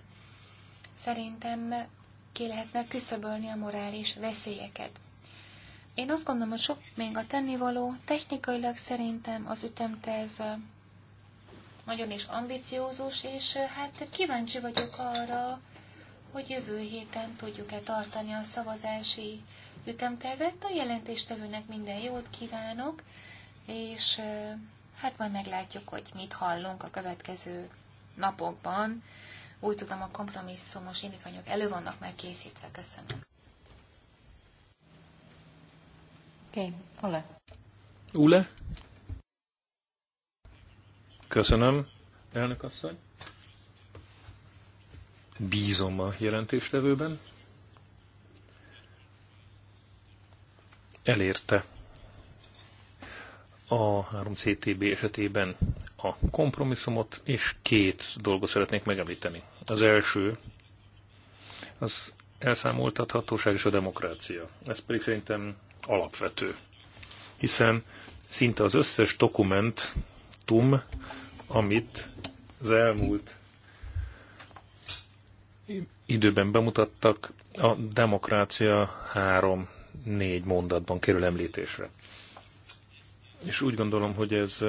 szerintem ki lehetne küszöbölni a morális veszélyeket. Én azt gondolom, hogy sok még a tennivaló, technikailag szerintem az ütemterv nagyon is ambiciózus, és hát kíváncsi vagyok arra, hogy jövő héten tudjuk-e tartani a szavazási ütemtervet. A jelentéstevőnek minden jót kívánok, és hát majd meglátjuk, hogy mit hallunk a következő napokban. Úgy tudom, a kompromisszumos indítványok elő vannak már készítve. Köszönöm. Oké, okay. Ole. Ule? Köszönöm, elnök asszony. Bízom a jelentéstevőben. elérte a 3CTB esetében a kompromisszumot, és két dolgot szeretnék megemlíteni. Az első az elszámoltathatóság és a demokrácia. Ez pedig szerintem alapvető, hiszen szinte az összes dokumentum, amit az elmúlt időben bemutattak, a demokrácia három négy mondatban kerül említésre. És úgy gondolom, hogy ez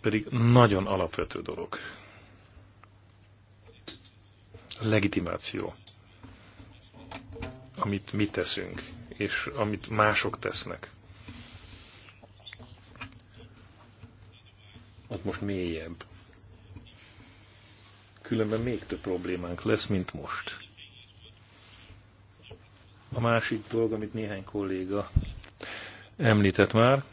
pedig nagyon alapvető dolog. Legitimáció. Amit mi teszünk, és amit mások tesznek. Az most mélyebb. Különben még több problémánk lesz, mint most. A másik dolog, amit néhány kolléga említett már,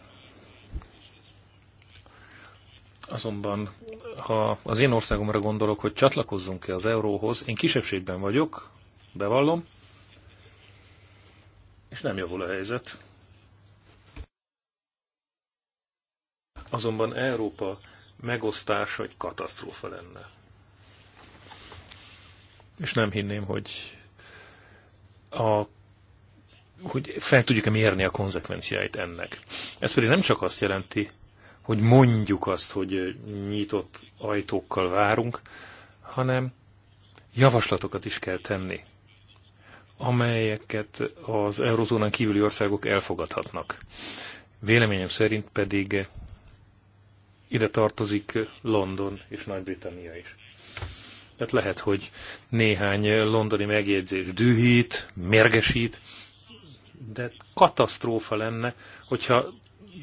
azonban ha az én országomra gondolok, hogy csatlakozzunk-e az euróhoz, én kisebbségben vagyok, bevallom, és nem javul a helyzet. Azonban Európa megosztása egy katasztrófa lenne. És nem hinném, hogy a hogy fel tudjuk-e mérni a konzekvenciáit ennek. Ez pedig nem csak azt jelenti, hogy mondjuk azt, hogy nyitott ajtókkal várunk, hanem javaslatokat is kell tenni, amelyeket az eurozónán kívüli országok elfogadhatnak. Véleményem szerint pedig ide tartozik London és Nagy-Britannia is. Tehát lehet, hogy néhány londoni megjegyzés dühít, mérgesít, de katasztrófa lenne, hogyha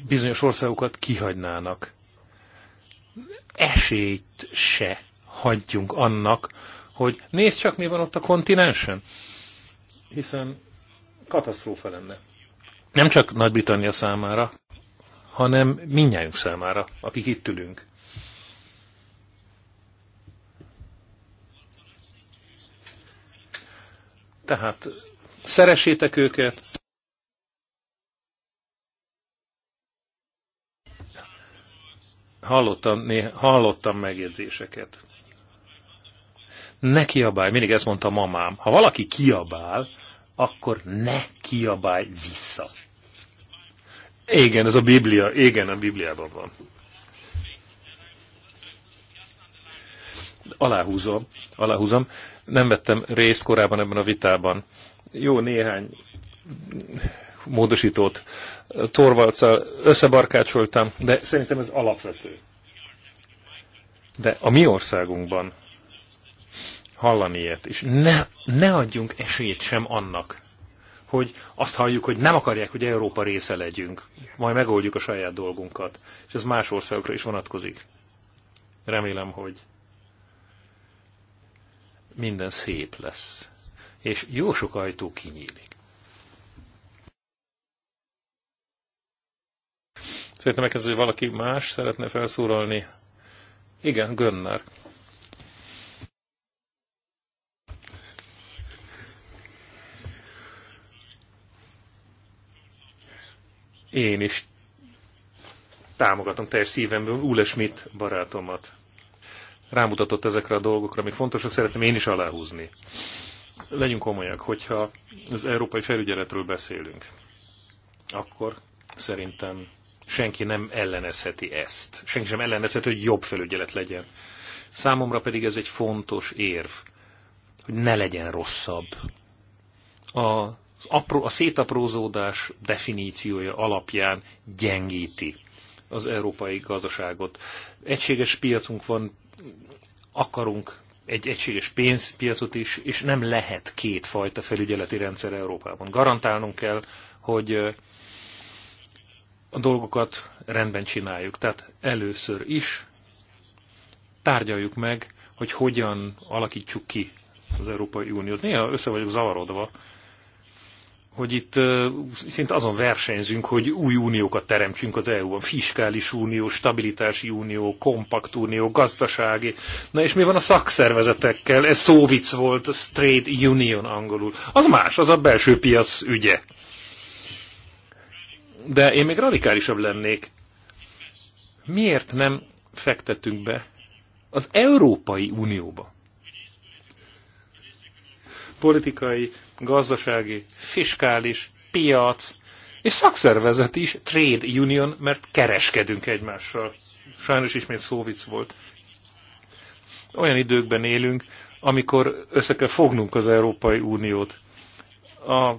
bizonyos országokat kihagynának. Esélyt se hagyjunk annak, hogy nézd csak, mi van ott a kontinensen. Hiszen katasztrófa lenne. Nem csak Nagy-Britannia számára, hanem minnyájunk számára, akik itt ülünk. Tehát szeressétek őket, hallottam, né, hallottam megjegyzéseket. Ne kiabálj, mindig ezt mondta mamám. Ha valaki kiabál, akkor ne kiabálj vissza. Igen, ez a Biblia, igen, a Bibliában van. Aláhúzom, aláhúzom. Nem vettem részt korábban ebben a vitában. Jó néhány módosítót Torvalccal összebarkácsoltam, de szerintem ez alapvető. De a mi országunkban hallani ilyet, és ne, ne adjunk esélyt sem annak, hogy azt halljuk, hogy nem akarják, hogy Európa része legyünk, majd megoldjuk a saját dolgunkat, és ez más országokra is vonatkozik. Remélem, hogy minden szép lesz, és jó sok ajtó kinyílik. Szerintem megkezdő, hogy valaki más szeretne felszólalni. Igen, Gönnár. Én is támogatom teljes szívemből Ule Schmidt barátomat. Rámutatott ezekre a dolgokra, amik fontosak, szeretném én is aláhúzni. Legyünk komolyak, hogyha az európai felügyeletről beszélünk, akkor szerintem senki nem ellenezheti ezt. Senki sem ellenezheti, hogy jobb felügyelet legyen. Számomra pedig ez egy fontos érv, hogy ne legyen rosszabb. A, apró, a szétaprózódás definíciója alapján gyengíti az európai gazdaságot. Egységes piacunk van, akarunk egy egységes pénzpiacot is, és nem lehet kétfajta felügyeleti rendszer Európában. Garantálnunk kell, hogy a dolgokat rendben csináljuk. Tehát először is tárgyaljuk meg, hogy hogyan alakítsuk ki az Európai Uniót. Néha össze vagyok zavarodva, hogy itt uh, szinte azon versenyzünk, hogy új uniókat teremtsünk az EU-ban. Fiskális unió, stabilitási unió, kompakt unió, gazdasági. Na és mi van a szakszervezetekkel? Ez szóvic volt, a Trade Union angolul. Az más, az a belső piac ügye. De én még radikálisabb lennék. Miért nem fektetünk be az Európai Unióba? Politikai, gazdasági, fiskális, piac, és szakszervezet is, trade union, mert kereskedünk egymással. Sajnos ismét szóvic volt. Olyan időkben élünk, amikor össze kell fognunk az Európai Uniót. A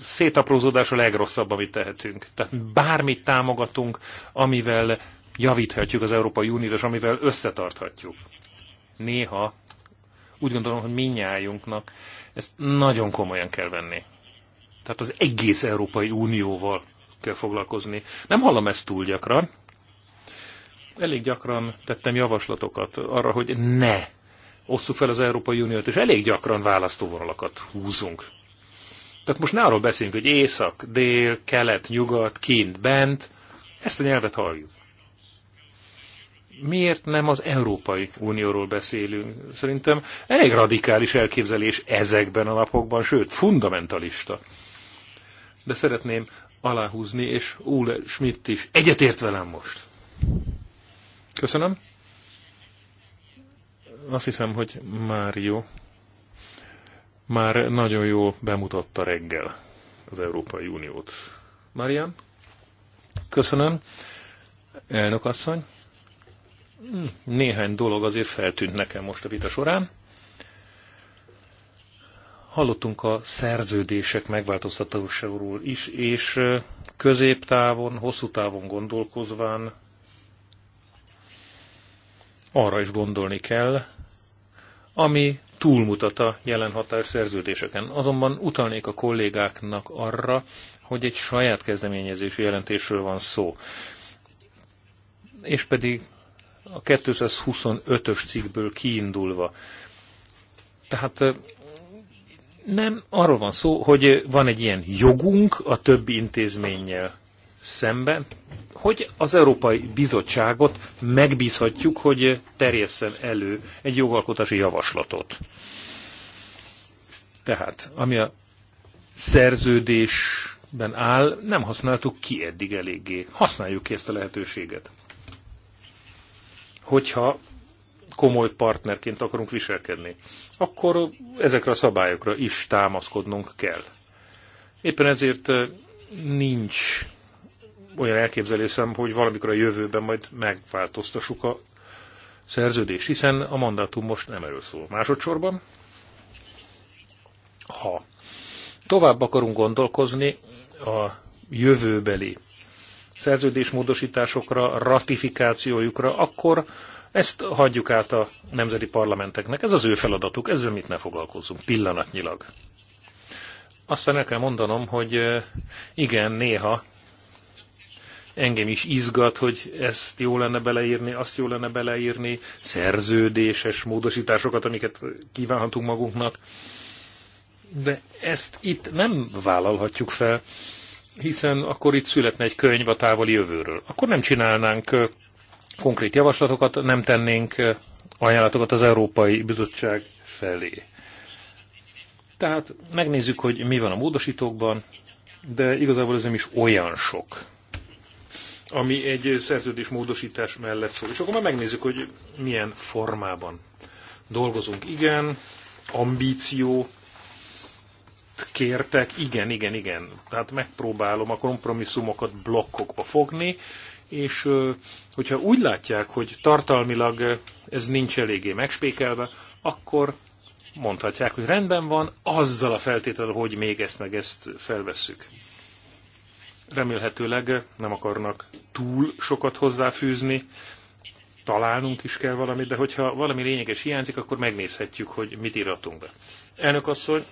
szétaprózódás a legrosszabb, amit tehetünk. Tehát bármit támogatunk, amivel javíthatjuk az Európai Uniót, és amivel összetarthatjuk. Néha úgy gondolom, hogy minnyájunknak ezt nagyon komolyan kell venni. Tehát az egész Európai Unióval kell foglalkozni. Nem hallom ezt túl gyakran. Elég gyakran tettem javaslatokat arra, hogy ne osszuk fel az Európai Uniót, és elég gyakran választóvonalakat húzunk. Tehát most ne arról beszéljünk, hogy észak, dél, kelet, nyugat, kint, bent. Ezt a nyelvet halljuk. Miért nem az Európai Unióról beszélünk? Szerintem elég radikális elképzelés ezekben a napokban, sőt, fundamentalista. De szeretném aláhúzni, és Ule Schmidt is egyetért velem most. Köszönöm. Azt hiszem, hogy jó már nagyon jól bemutatta reggel az Európai Uniót. Marian? Köszönöm. Elnök asszony? Néhány dolog azért feltűnt nekem most a vita során. Hallottunk a szerződések megváltoztatásáról is, és középtávon, hosszú távon gondolkozván arra is gondolni kell, ami túlmutat a jelen határszerződéseken. Azonban utalnék a kollégáknak arra, hogy egy saját kezdeményezésű jelentésről van szó. És pedig a 225-ös cikkből kiindulva. Tehát nem arról van szó, hogy van egy ilyen jogunk a többi intézménnyel szemben, hogy az Európai Bizottságot megbízhatjuk, hogy terjesszen elő egy jogalkotási javaslatot. Tehát, ami a szerződésben áll, nem használtuk ki eddig eléggé. Használjuk ki ezt a lehetőséget. Hogyha komoly partnerként akarunk viselkedni, akkor ezekre a szabályokra is támaszkodnunk kell. Éppen ezért nincs olyan elképzelésem, hogy valamikor a jövőben majd megváltoztassuk a szerződést, hiszen a mandátum most nem erről szól. Másodszorban, ha tovább akarunk gondolkozni a jövőbeli szerződésmódosításokra, ratifikációjukra, akkor ezt hagyjuk át a nemzeti parlamenteknek. Ez az ő feladatuk, ezzel mit ne foglalkozzunk pillanatnyilag. Aztán el kell mondanom, hogy eh, igen, néha engem is izgat, hogy ezt jó lenne beleírni, azt jó lenne beleírni, szerződéses módosításokat, amiket kívánhatunk magunknak. De ezt itt nem vállalhatjuk fel, hiszen akkor itt születne egy könyv a távoli jövőről. Akkor nem csinálnánk konkrét javaslatokat, nem tennénk ajánlatokat az Európai Bizottság felé. Tehát megnézzük, hogy mi van a módosítókban, de igazából ez nem is olyan sok ami egy szerződés módosítás mellett szól. És akkor már megnézzük, hogy milyen formában dolgozunk. Igen, ambíció, kértek, igen, igen, igen. Tehát megpróbálom a kompromisszumokat blokkokba fogni, és hogyha úgy látják, hogy tartalmilag ez nincs eléggé megspékelve, akkor mondhatják, hogy rendben van, azzal a feltétel, hogy még ezt meg ezt felvesszük remélhetőleg nem akarnak túl sokat hozzáfűzni, találnunk is kell valamit, de hogyha valami lényeges hiányzik, akkor megnézhetjük, hogy mit írhatunk be. Elnök asszony,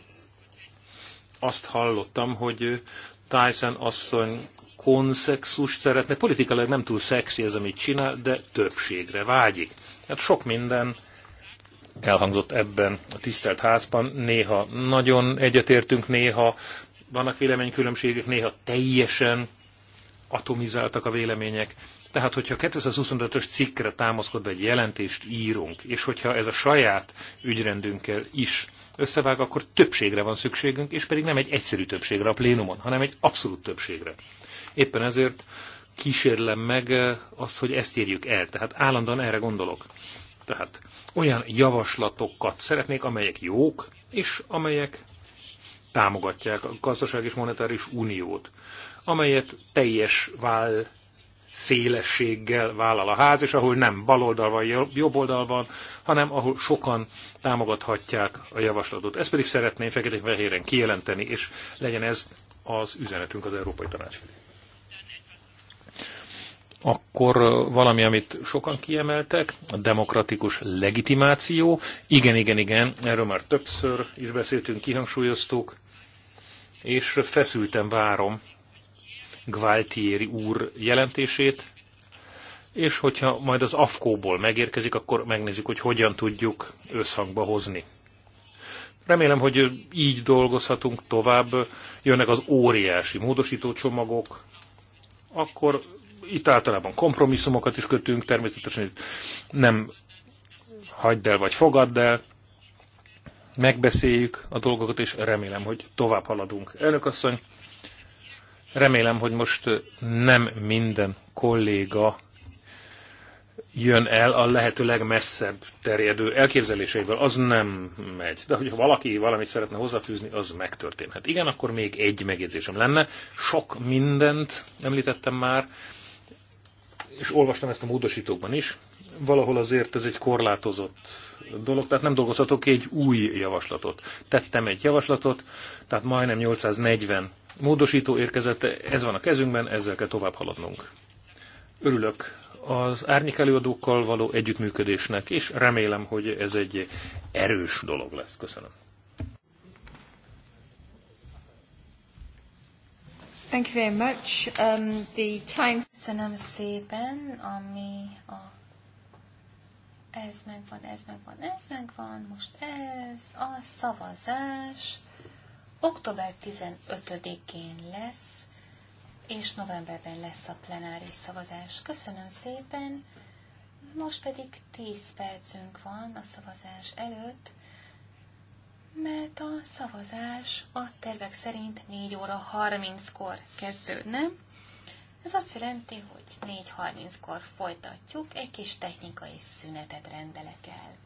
azt hallottam, hogy Tyson asszony konszexus szeretne, politikailag nem túl szexi ez, amit csinál, de többségre vágyik. Hát sok minden elhangzott ebben a tisztelt házban, néha nagyon egyetértünk, néha vannak véleménykülönbségek, néha teljesen atomizáltak a vélemények. Tehát, hogyha 225-ös cikkre támaszkodva egy jelentést írunk, és hogyha ez a saját ügyrendünkkel is összevág, akkor többségre van szükségünk, és pedig nem egy egyszerű többségre a plénumon, hanem egy abszolút többségre. Éppen ezért kísérlem meg eh, az, hogy ezt írjuk el. Tehát állandóan erre gondolok. Tehát olyan javaslatokat szeretnék, amelyek jók, és amelyek támogatják a gazdaság és monetáris uniót, amelyet teljes vál szélességgel vállal a ház, és ahol nem baloldal van, jobb oldal van, hanem ahol sokan támogathatják a javaslatot. Ezt pedig szeretném feketén-fehéren kijelenteni, és legyen ez az üzenetünk az Európai Tanács felé akkor valami, amit sokan kiemeltek, a demokratikus legitimáció. Igen, igen, igen, erről már többször is beszéltünk, kihangsúlyoztuk, és feszülten várom Gvaltieri úr jelentését, és hogyha majd az AFKO-ból megérkezik, akkor megnézzük, hogy hogyan tudjuk összhangba hozni. Remélem, hogy így dolgozhatunk tovább, jönnek az óriási módosítócsomagok, akkor itt általában kompromisszumokat is kötünk, természetesen nem hagyd el vagy fogadd el, megbeszéljük a dolgokat, és remélem, hogy tovább haladunk. Elnök asszony, remélem, hogy most nem minden kolléga jön el a lehető legmesszebb terjedő elképzeléseivel, az nem megy. De hogyha valaki valamit szeretne hozzáfűzni, az megtörténhet. Igen, akkor még egy megjegyzésem lenne. Sok mindent említettem már, és olvastam ezt a módosítókban is, valahol azért ez egy korlátozott dolog, tehát nem dolgozhatok egy új javaslatot. Tettem egy javaslatot, tehát majdnem 840 módosító érkezett, ez van a kezünkben, ezzel kell tovább haladnunk. Örülök az árnyék előadókkal való együttműködésnek, és remélem, hogy ez egy erős dolog lesz. Köszönöm. Thank you very much. Um, the time... Köszönöm szépen, ami a ez megvan, ez megvan, ez megvan, most ez, a szavazás október 15-én lesz, és novemberben lesz a plenáris szavazás. Köszönöm szépen, most pedig 10 percünk van a szavazás előtt mert a szavazás a tervek szerint 4 óra 30-kor kezdődne. Ez azt jelenti, hogy 4.30-kor folytatjuk, egy kis technikai szünetet rendelek el.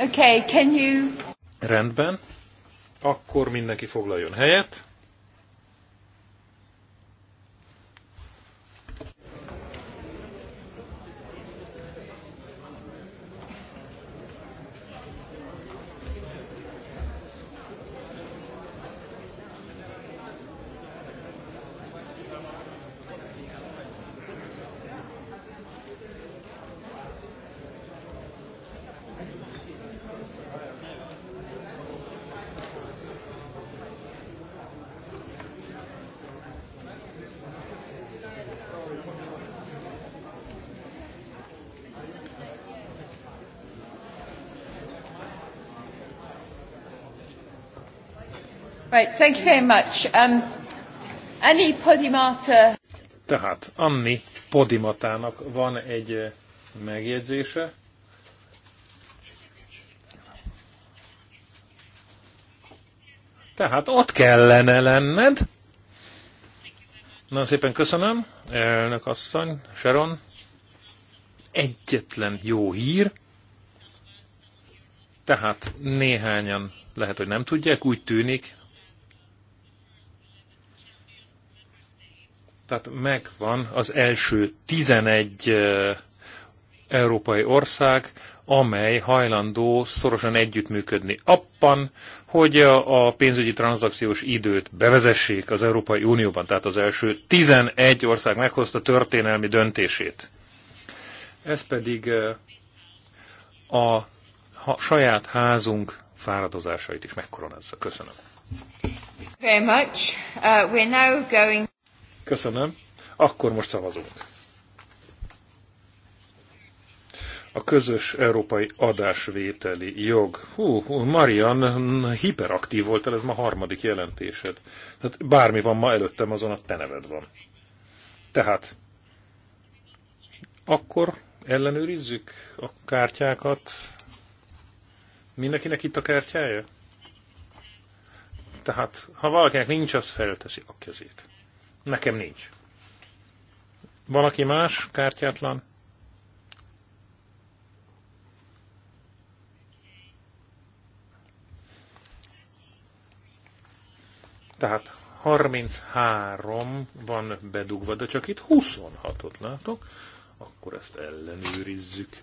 Okay, can you... Rendben. Akkor mindenki foglaljon helyet. Right, thank you very much. Um, Podimata. Tehát Anni Podimatának van egy eh, megjegyzése. Tehát ott kellene lenned. Nagyon szépen köszönöm, elnök asszony, Sharon. Egyetlen jó hír. Tehát néhányan lehet, hogy nem tudják, úgy tűnik, Tehát megvan az első 11 európai ország, amely hajlandó szorosan együttműködni abban, hogy a pénzügyi tranzakciós időt bevezessék az Európai Unióban. Tehát az első 11 ország meghozta történelmi döntését. Ez pedig a saját házunk fáradozásait is megkoronázza. Köszönöm. Very much. Uh, we're now going... Köszönöm. Akkor most szavazunk. A közös európai adásvételi jog. Hú, Marian, hiperaktív voltál, ez ma harmadik jelentésed. Tehát bármi van ma előttem, azon a te neved van. Tehát, akkor ellenőrizzük a kártyákat. Mindenkinek itt a kártyája? Tehát, ha valakinek nincs, az felteszi a kezét. Nekem nincs. aki más kártyátlan? Tehát 33 van bedugva, de csak itt 26-ot látok, akkor ezt ellenőrizzük.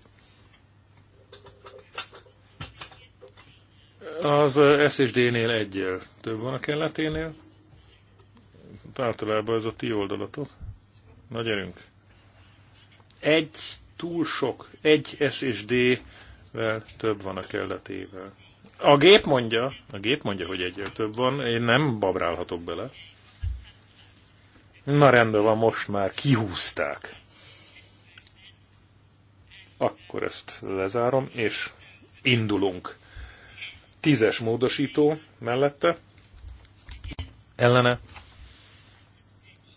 Az SSD-nél egyel több van a kelleténél általában ez a ti oldalatok. Na gyerünk. Egy túl sok, egy S és D-vel több van a kelletével. A gép mondja, a gép mondja, hogy egyel több van, én nem babrálhatok bele. Na rendben van, most már kihúzták. Akkor ezt lezárom, és indulunk. Tízes módosító mellette, ellene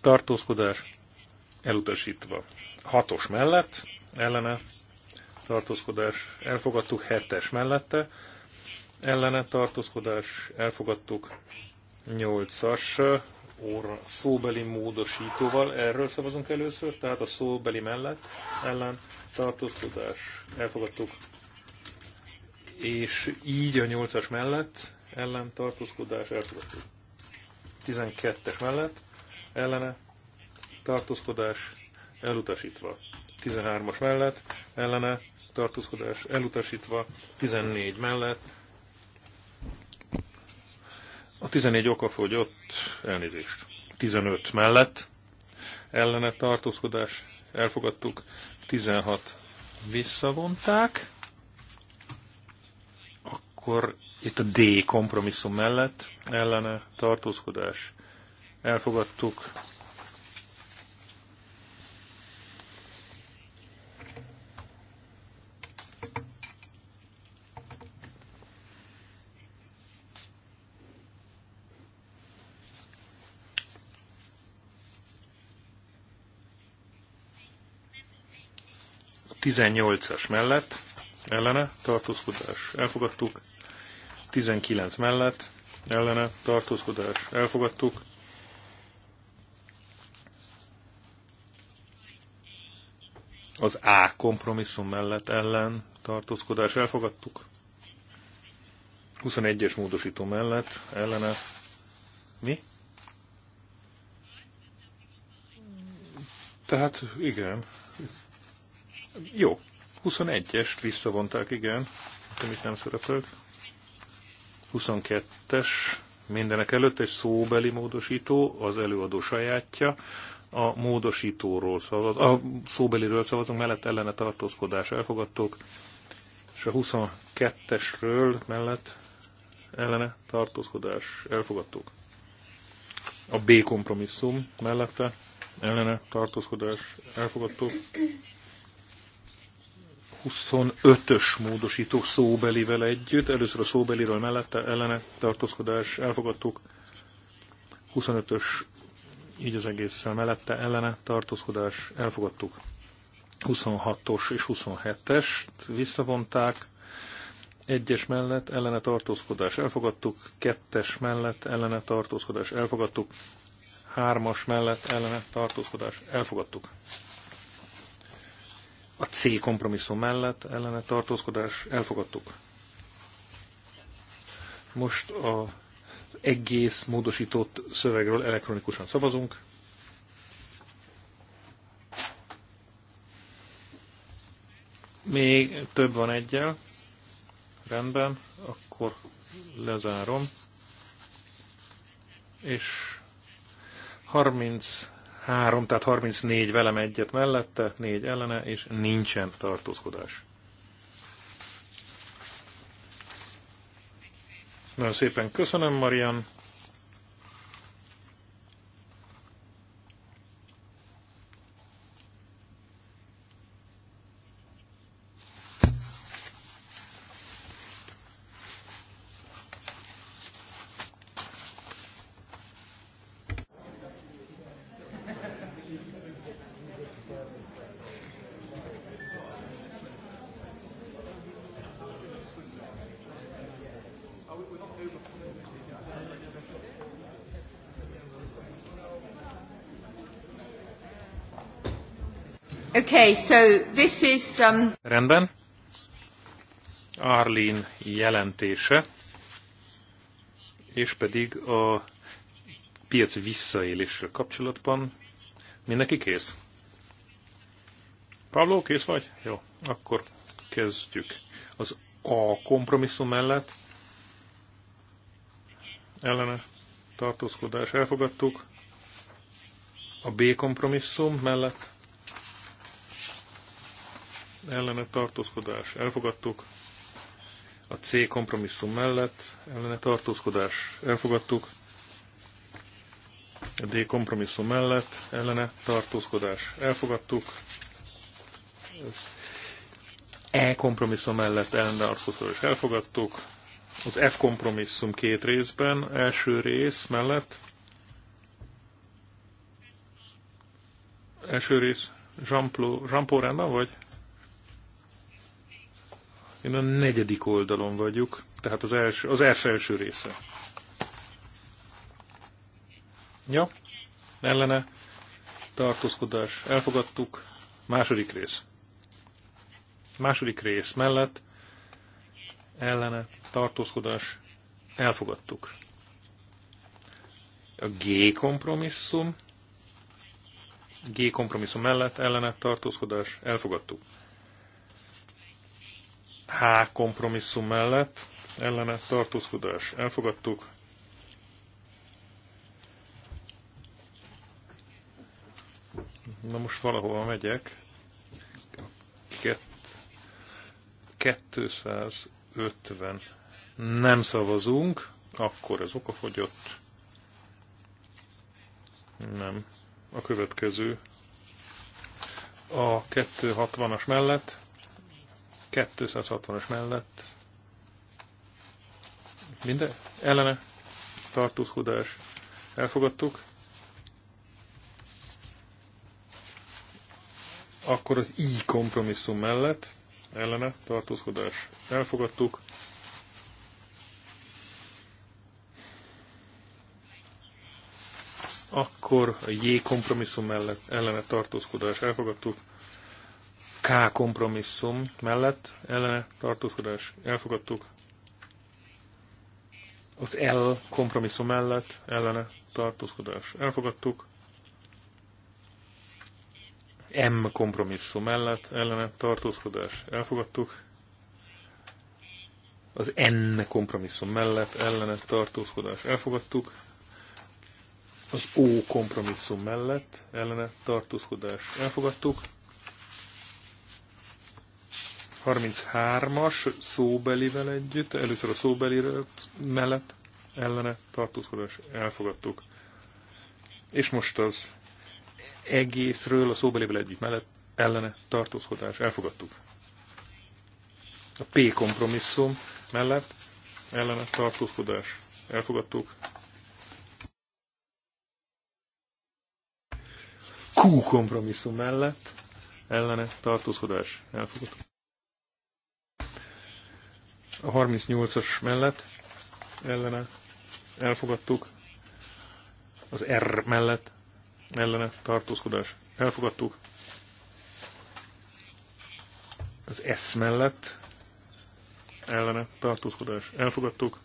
tartózkodás elutasítva. Hatos mellett, ellene tartózkodás elfogadtuk, hetes mellette, ellene tartózkodás elfogadtuk, nyolcas óra szóbeli módosítóval, erről szavazunk először, tehát a szóbeli mellett ellen tartózkodás elfogadtuk, és így a nyolcas mellett ellen tartózkodás elfogadtuk. 12-es mellett ellene, tartózkodás elutasítva. 13-as mellett, ellene, tartózkodás elutasítva, 14 mellett. A 14 oka fogyott, elnézést. 15 mellett, ellene tartózkodás, elfogadtuk, 16 visszavonták, akkor itt a D kompromisszum mellett ellene tartózkodás elfogadtuk. A 18-as mellett ellene tartózkodás elfogadtuk, 19 mellett ellene tartózkodás elfogadtuk, Az A kompromisszum mellett ellen tartózkodás elfogadtuk. 21-es módosító mellett ellene mi? Tehát igen. Jó. 21-est visszavonták, igen. Amit nem szerepelt. 22-es mindenek előtt egy szóbeli módosító, az előadó sajátja a módosítóról szavaz, a szóbeliről szavazunk, mellett ellene tartózkodás elfogadtok, és a 22-esről mellett ellene tartózkodás elfogadtok, A B kompromisszum mellette ellene tartózkodás elfogadtok, 25-ös módosító szóbelivel együtt, először a szóbeliről mellette ellene tartózkodás elfogadtuk. 25-ös így az egészszel mellette ellene tartózkodás elfogadtuk. 26-os és 27-est visszavonták, egyes mellett ellene tartózkodás elfogadtuk, kettes mellett ellene tartózkodás elfogadtuk, hármas mellett ellene tartózkodás elfogadtuk. A C kompromisszum mellett ellene tartózkodás elfogadtuk. Most a egész módosított szövegről elektronikusan szavazunk. Még több van egyel. Rendben, akkor lezárom. És 33, tehát 34 velem egyet mellette, 4 ellene, és nincsen tartózkodás. Nagyon szépen köszönöm, Marian. so this is... Um... Rendben. Arlin jelentése, és pedig a piac visszaélésről kapcsolatban mindenki kész. Pablo, kész vagy? Jó, akkor kezdjük. Az A kompromisszum mellett ellene tartózkodás elfogadtuk. A B kompromisszum mellett ellene tartózkodás elfogadtuk, a C kompromisszum mellett ellene tartózkodás elfogadtuk, a D kompromisszum mellett ellene tartózkodás elfogadtuk, az E kompromisszum mellett ellene tartózkodás elfogadtuk, az F kompromisszum két részben, első rész mellett, első rész Jean-Paul Jean rendben vagy? Én a negyedik oldalon vagyok, tehát az, első, az F első része. Ja, ellene, tartózkodás, elfogadtuk, második rész. Második rész mellett, ellene, tartózkodás, elfogadtuk. A G kompromisszum, G kompromisszum mellett, ellene, tartózkodás, elfogadtuk. H kompromisszum mellett ellene tartózkodás elfogadtuk. Na most valahova megyek. 250. Nem szavazunk, akkor ez oka fogyott. Nem. A következő. A 260-as mellett 260-as mellett minden ellene tartózkodás elfogadtuk. Akkor az i kompromisszum mellett ellene tartózkodás elfogadtuk. Akkor a J kompromisszum mellett ellene tartózkodás elfogadtuk. K kompromisszum mellett ellene tartózkodás elfogadtuk. Az L kompromisszum mellett ellene tartózkodás elfogadtuk. M kompromisszum mellett ellene tartózkodás elfogadtuk. Az N kompromisszum mellett ellene tartózkodás elfogadtuk. Az O kompromisszum mellett ellene tartózkodás elfogadtuk. 33-as szóbelivel együtt, először a szóbeli mellett ellene tartózkodás elfogadtuk. És most az egészről a szóbelivel együtt mellett ellene tartózkodás elfogadtuk. A P kompromisszum mellett ellene tartózkodás elfogadtuk. Q kompromisszum mellett ellene tartózkodás elfogadtuk. A 38-as mellett ellene elfogadtuk. Az R mellett ellene tartózkodás elfogadtuk. Az S mellett ellene tartózkodás elfogadtuk.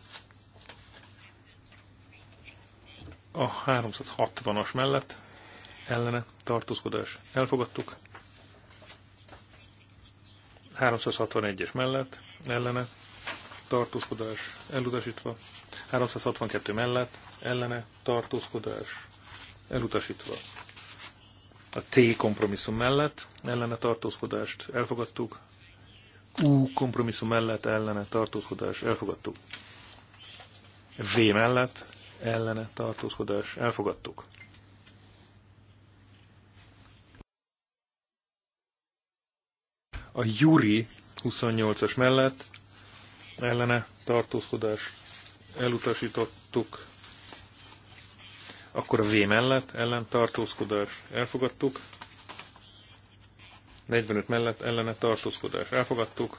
A 360-as mellett ellene tartózkodás elfogadtuk. 361-es mellett ellene tartózkodás elutasítva, 362 mellett, ellene tartózkodás elutasítva. A T kompromisszum mellett ellene tartózkodást elfogadtuk, U kompromisszum mellett ellene tartózkodás elfogadtuk, V mellett ellene tartózkodás elfogadtuk. A Juri 28-as mellett ellene tartózkodás elutasítottuk, akkor a V mellett ellen tartózkodás elfogadtuk, 45 mellett ellene tartózkodás elfogadtuk,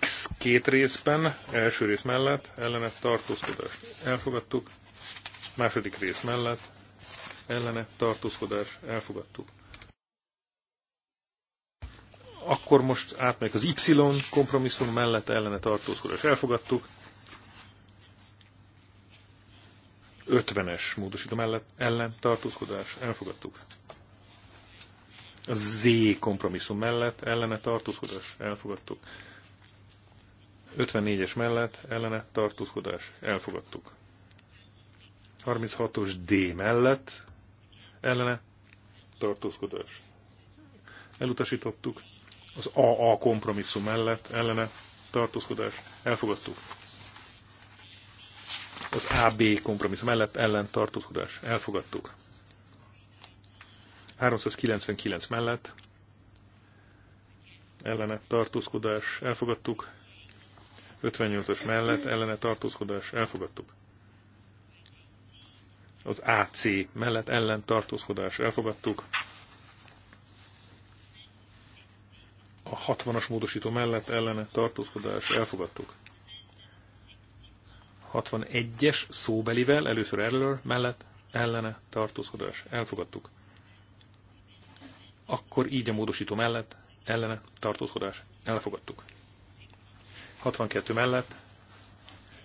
X két részben, első rész mellett ellene tartózkodás elfogadtuk, második rész mellett ellene tartózkodás elfogadtuk. Akkor most átmegyek az Y kompromisszum mellett ellene tartózkodás. Elfogadtuk. 50-es módosító mellett ellen tartózkodás. Elfogadtuk. A Z kompromisszum mellett ellene tartózkodás. Elfogadtuk. 54-es mellett ellene tartózkodás. Elfogadtuk. 36-os D mellett ellene tartózkodás. Elutasítottuk az AA kompromisszum mellett ellene tartózkodás elfogadtuk. Az AB kompromisszum mellett ellen tartózkodás elfogadtuk. 399 mellett ellene tartózkodás elfogadtuk. 58-as mellett ellene tartózkodás elfogadtuk. Az AC mellett ellen tartózkodás elfogadtuk. A 60-as módosító mellett ellene tartózkodás elfogadtuk. 61-es szóbelivel, először erről mellett ellene tartózkodás elfogadtuk. Akkor így a módosító mellett ellene tartózkodás elfogadtuk. 62 mellett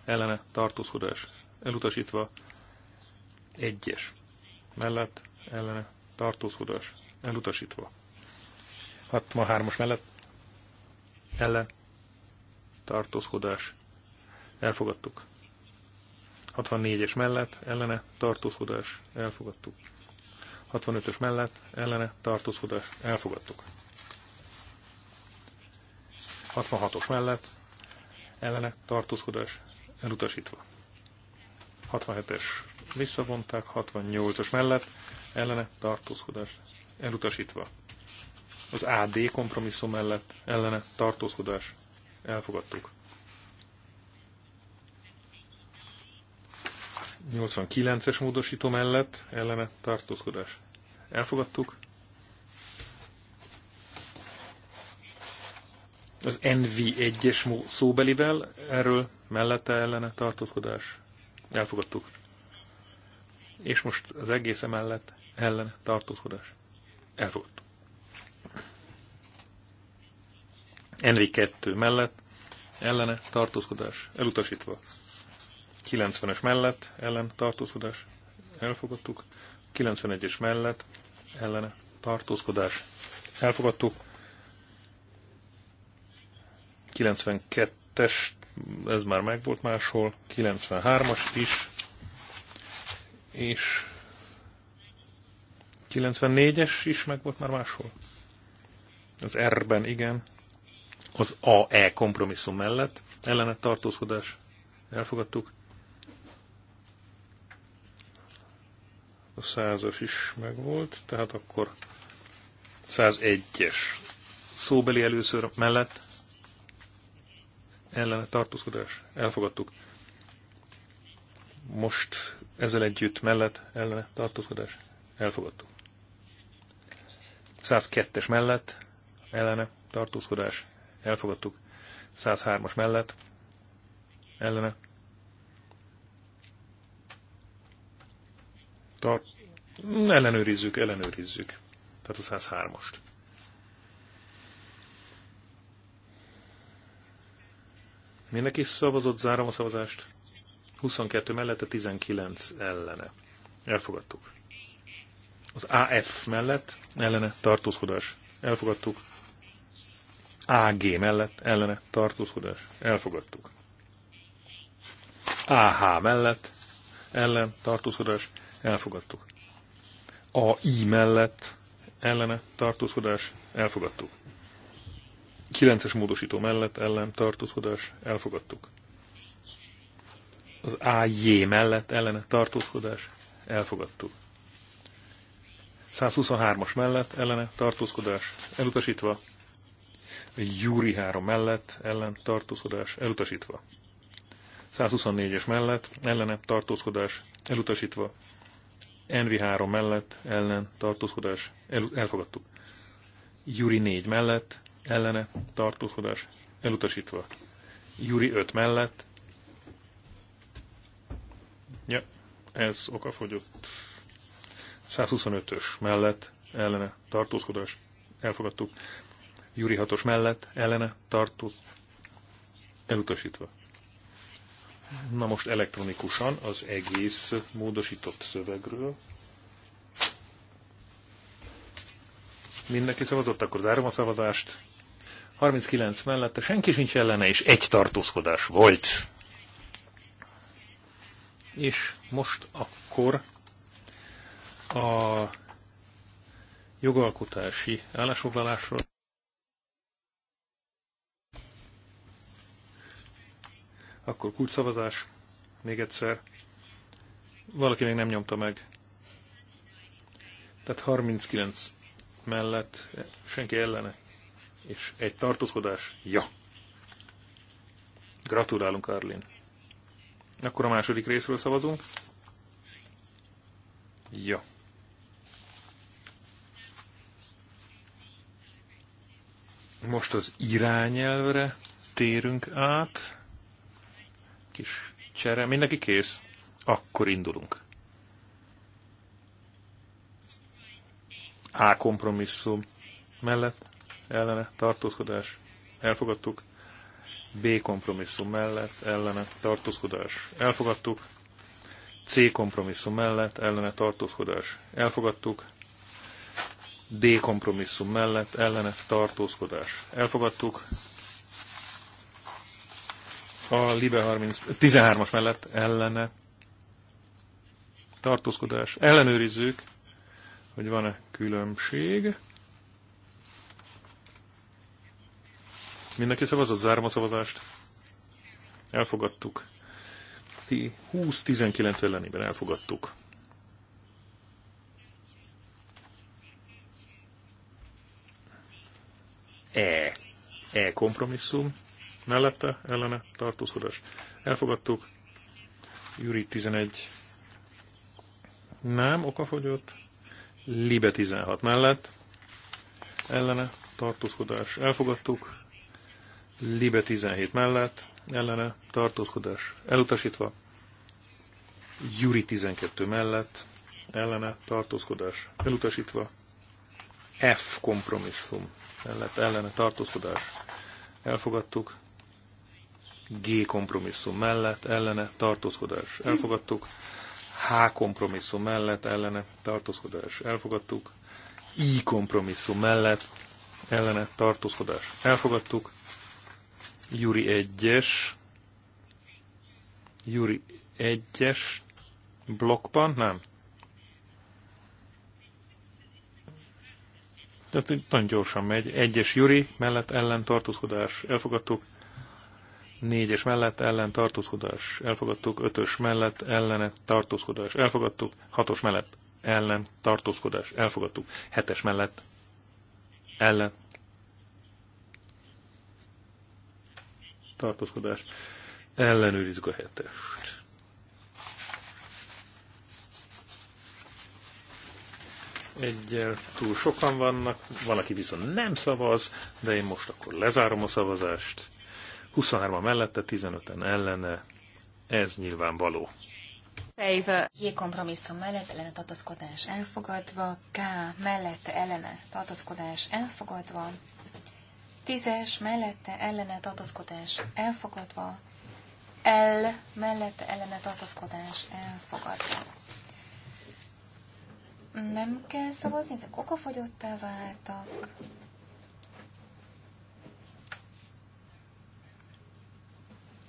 ellene tartózkodás elutasítva egyes mellett ellene tartózkodás elutasítva. 63-as mellett ellen tartózkodás elfogadtuk. 64-es mellett ellene tartózkodás elfogadtuk. 65-ös mellett ellene tartózkodás elfogadtuk. 66-os mellett ellene tartózkodás elutasítva. 67-es visszavonták, 68-os mellett ellene tartózkodás elutasítva. Az AD kompromisszum mellett ellene tartózkodás elfogadtuk. 89-es módosító mellett ellene tartózkodás elfogadtuk. Az NV1-es szóbelivel erről mellette ellene tartózkodás elfogadtuk. És most az egész emellett ellen tartózkodás elfogadtuk. Enri 2 mellett ellene tartózkodás elutasítva. 90-es mellett ellen tartózkodás elfogadtuk. 91-es mellett ellene tartózkodás elfogadtuk. 92-es, ez már megvolt máshol, 93-as is, és 94-es is megvolt már máshol az R-ben igen, az AE kompromisszum mellett ellenet tartózkodás elfogadtuk. A százas is megvolt, tehát akkor 101-es szóbeli először mellett ellenet tartózkodás elfogadtuk. Most ezzel együtt mellett ellenet tartózkodás elfogadtuk. 102-es mellett ellene tartózkodás elfogadtuk. 103-as mellett ellene tart, ellenőrizzük, ellenőrizzük. Tehát a 103 ost Mindenki szavazott, zárom a szavazást. 22 mellette, 19 ellene. Elfogadtuk. Az AF mellett ellene tartózkodás. Elfogadtuk. AG mellett ellene tartózkodás elfogadtuk. AH mellett ellen tartózkodás elfogadtuk. AI mellett ellene tartózkodás elfogadtuk. 9-es módosító mellett ellen tartózkodás elfogadtuk. Az AJ mellett ellene tartózkodás elfogadtuk. 123-as mellett ellene tartózkodás elutasítva, Júri 3 mellett ellen tartózkodás elutasítva. 124-es mellett ellene tartózkodás elutasítva. Envi 3 mellett ellen tartózkodás el, elfogadtuk. Júri 4 mellett ellene tartózkodás elutasítva. Júri 5 mellett ja, ez okafogyott 125-ös mellett ellene tartózkodás elfogadtuk. Júri hatos mellett, ellene, tartóz, elutasítva. Na most elektronikusan az egész módosított szövegről. Mindenki szavazott, akkor zárom a szavazást. 39 mellette senki sincs ellene, és egy tartózkodás volt. És most akkor a jogalkotási állásfoglalásról Akkor kulcsszavazás. Még egyszer. Valaki még nem nyomta meg. Tehát 39 mellett senki ellene. És egy tartózkodás. Ja. Gratulálunk, Arlin. Akkor a második részről szavazunk. Ja. Most az irányelvre térünk át kis csere. Mindenki kész? Akkor indulunk. A kompromisszum mellett, ellene, tartózkodás, elfogadtuk. B kompromisszum mellett, ellene, tartózkodás, elfogadtuk. C kompromisszum mellett, ellene, tartózkodás, elfogadtuk. D kompromisszum mellett, ellene, tartózkodás, elfogadtuk. A Libe 13-as mellett ellene tartózkodás. Ellenőrizzük, hogy van-e különbség. Mindenki szavazott, zárom a szavazást. Elfogadtuk. 20-19 ellenében elfogadtuk. E. E kompromisszum mellette, ellene, tartózkodás. Elfogadtuk. Júri 11. Nem, okafogyott. Libe 16 mellett, ellene, tartózkodás. Elfogadtuk. Libe 17 mellett, ellene, tartózkodás. Elutasítva. Júri 12 mellett, ellene, tartózkodás. Elutasítva. F kompromisszum ellene tartózkodás. Elfogadtuk. G kompromisszum mellett ellene tartózkodás elfogadtuk, H kompromisszum mellett ellene tartózkodás elfogadtuk, I kompromisszum mellett ellene tartózkodás elfogadtuk, Juri 1-es, Juri 1-es blokkban, nem? Tehát nagyon gyorsan megy. Egyes Juri mellett ellen tartózkodás elfogadtuk, négyes mellett ellen tartózkodás elfogadtuk, ötös mellett ellene tartózkodás elfogadtuk, hatos mellett ellen tartózkodás elfogadtuk, hetes mellett ellen tartózkodás ellenőrizzük a hetest. Egyel túl sokan vannak, valaki viszont nem szavaz, de én most akkor lezárom a szavazást. 23-an mellette, 15-en ellene, ez nyilvánvaló. Fejve J kompromisszum mellett ellene tartozkodás elfogadva, K mellette ellene tartozkodás elfogadva, 10-es mellette ellene tartozkodás elfogadva, L mellette ellene tartozkodás elfogadva. Nem kell szavazni, ezek okafogyottá váltak.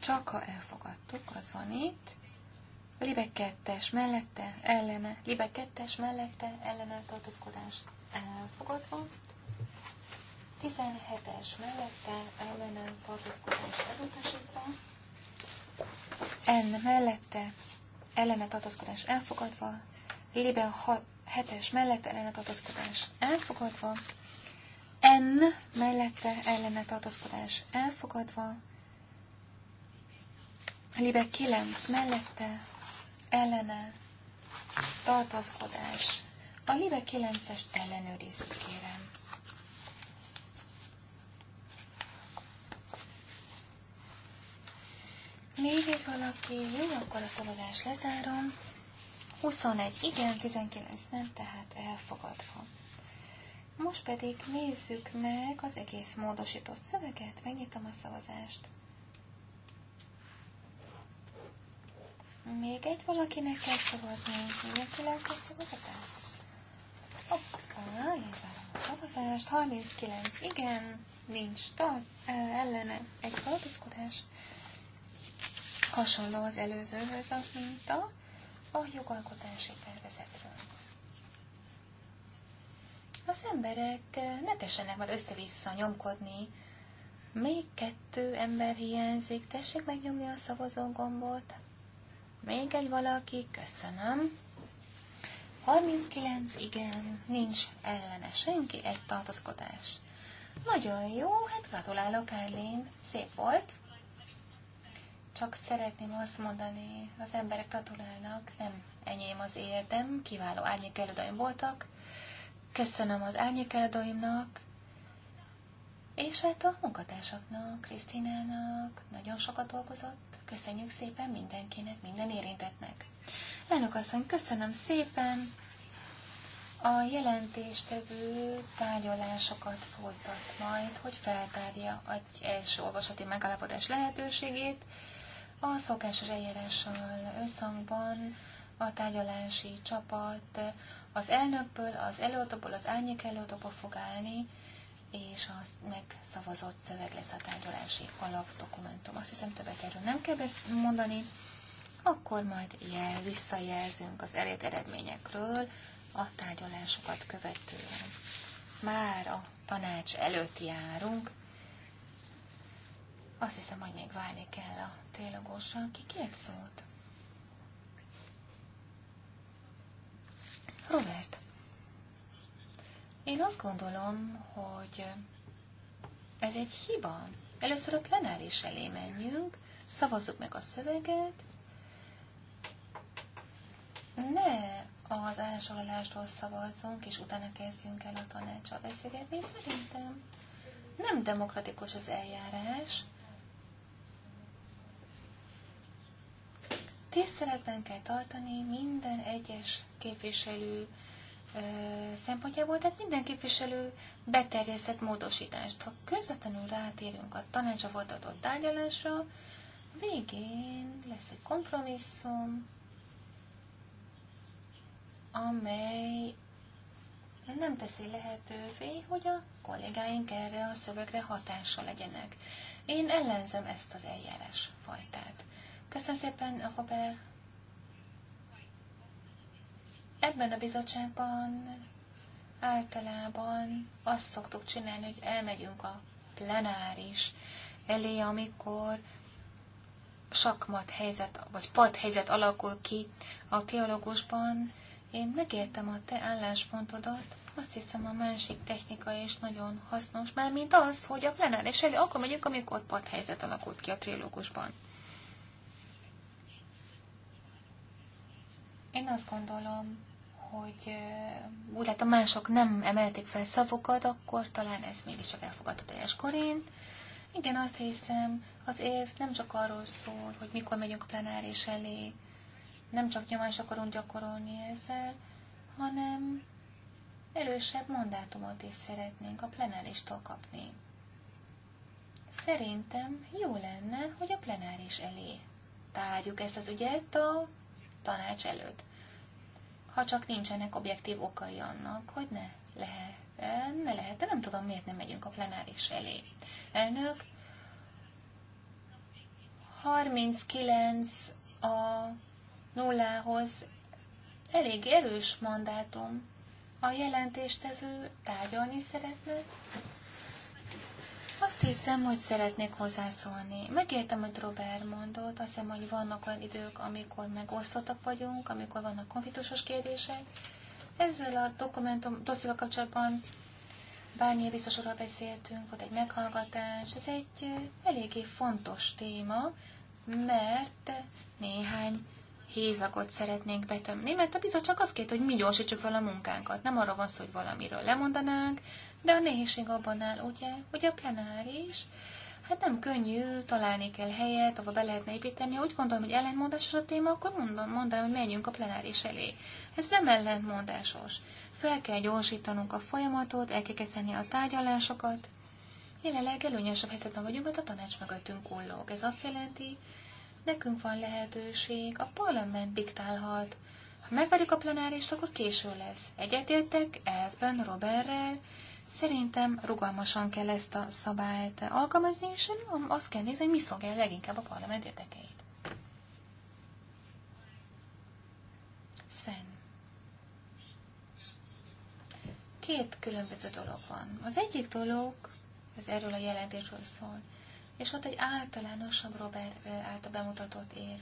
csak ha elfogadtuk, az van itt. Libe kettes mellette, ellene, Libe kettes mellette, ellene tartózkodás elfogadva. 17-es mellette, ellene tartózkodás elutasítva. N mellette, ellene tartózkodás elfogadva. Libe 7-es mellette, ellene tartózkodás elfogadva. N mellette, ellene tartózkodás elfogadva. Libe 9 mellette ellene tartózkodás. A Libe 9 ellenőrizzük, kérem. Még egy valaki, jó, akkor a szavazás lezárom. 21 igen, 19 nem, tehát elfogadva. Most pedig nézzük meg az egész módosított szöveget, megnyitom a szavazást. Még egy valakinek kell szavazni. Mindenki lelkes szavazatát? Hoppá, lezárom a szavazást. 39, igen, nincs tag, e, ellene egy tartózkodás. Hasonló az előzőhöz a minta a jogalkotási tervezetről. Az emberek e, ne tessenek már össze-vissza nyomkodni, még kettő ember hiányzik. Tessék megnyomni a szavazógombot. Még egy valaki, köszönöm. 39, igen, nincs ellene senki, egy tartozkodás. Nagyon jó, hát gratulálok, Eileen, szép volt. Csak szeretném azt mondani, az emberek gratulálnak, nem enyém az érdem, kiváló árnyékelődaim voltak. Köszönöm az árnyékelődaimnak, és hát a munkatársaknak, Krisztinának nagyon sokat dolgozott. Köszönjük szépen mindenkinek, minden érintetnek. Elnök asszony, köszönöm szépen! A jelentéstevő tárgyalásokat folytat majd, hogy feltárja egy első olvasati megállapodás lehetőségét. A szokásos eljárással összhangban a tárgyalási csapat az elnökből, az előadóból, az árnyék előadóból fog állni, és az megszavazott szöveg lesz a tárgyalási alapdokumentum. Azt hiszem többet erről nem kell mondani, akkor majd jel, visszajelzünk az elért eredményekről a tárgyalásokat követően. Már a tanács előtt járunk, azt hiszem, hogy még várni kell a télogósan. Ki kért szót? Robert. Én azt gondolom, hogy ez egy hiba. Először a plenáris elé menjünk, szavazzuk meg a szöveget, ne az ásolásról szavazzunk, és utána kezdjünk el a tanácsa beszélgetni. Szerintem nem demokratikus az eljárás. Tiszteletben kell tartani minden egyes képviselő szempontjából, tehát minden képviselő beterjesztett módosítást. Ha közvetlenül rátérünk a tanácsa folytatott tárgyalásra, végén lesz egy kompromisszum, amely nem teszi lehetővé, hogy a kollégáink erre a szövegre hatással legyenek. Én ellenzem ezt az eljárás fajtát. Köszönöm szépen, Robert Ebben a bizottságban általában azt szoktuk csinálni, hogy elmegyünk a plenáris elé, amikor sakmat helyzet, vagy pad helyzet alakul ki a teológusban. Én megértem a te álláspontodat, azt hiszem a másik technika is nagyon hasznos, mint az, hogy a plenáris elé akkor megyünk, amikor pad helyzet alakult ki a trilógusban. Én azt gondolom, hogy úgy látom mások nem emelték fel szavukat, akkor talán ez mégiscsak elfogadott egyes korén. Igen, azt hiszem, az év nem csak arról szól, hogy mikor megyünk a plenáris elé, nem csak nyomás akarunk gyakorolni ezzel, hanem erősebb mandátumot is szeretnénk a plenáristól kapni. Szerintem jó lenne, hogy a plenáris elé tárjuk ezt az ügyet a tanács előtt ha csak nincsenek objektív okai annak, hogy ne lehet. Ne lehet, de nem tudom, miért nem megyünk a plenáris elé. Elnök, 39 a nullához elég erős mandátum. A jelentéstevő tárgyalni szeretne, azt hiszem, hogy szeretnék hozzászólni. Megértem, hogy Robert mondott, azt hiszem, hogy vannak olyan idők, amikor megosztottak vagyunk, amikor vannak konfliktusos kérdések. Ezzel a dokumentum dosszival kapcsolatban bármilyen biztos beszéltünk, volt egy meghallgatás. Ez egy eléggé fontos téma, mert néhány hézagot szeretnénk betömni, mert a bizottság azt két, hogy mi gyorsítsuk fel a munkánkat. Nem arról van szó, hogy valamiről lemondanánk, de a nehézség abban áll, ugye, hogy a plenáris, hát nem könnyű, találni kell helyet, ahol be lehetne építeni. Úgy gondolom, hogy ellentmondásos a téma, akkor mondom, mondanám, hogy menjünk a plenáris elé. Ez nem ellentmondásos. Fel kell gyorsítanunk a folyamatot, el kell kezdeni a tárgyalásokat. Jelenleg előnyösebb helyzetben vagyunk, mert a tanács mögöttünk kullog. Ez azt jelenti, nekünk van lehetőség, a parlament diktálhat. Ha megvárjuk a plenárist, akkor késő lesz. Egyetértek elfen Robertrel, Szerintem rugalmasan kell ezt a szabályt alkalmazni, és azt kell nézni, hogy mi szolgálja leginkább a parlament érdekeit. Sven. Két különböző dolog van. Az egyik dolog, ez erről a jelentésről szól, és volt egy általánosabb Robert által bemutatott év.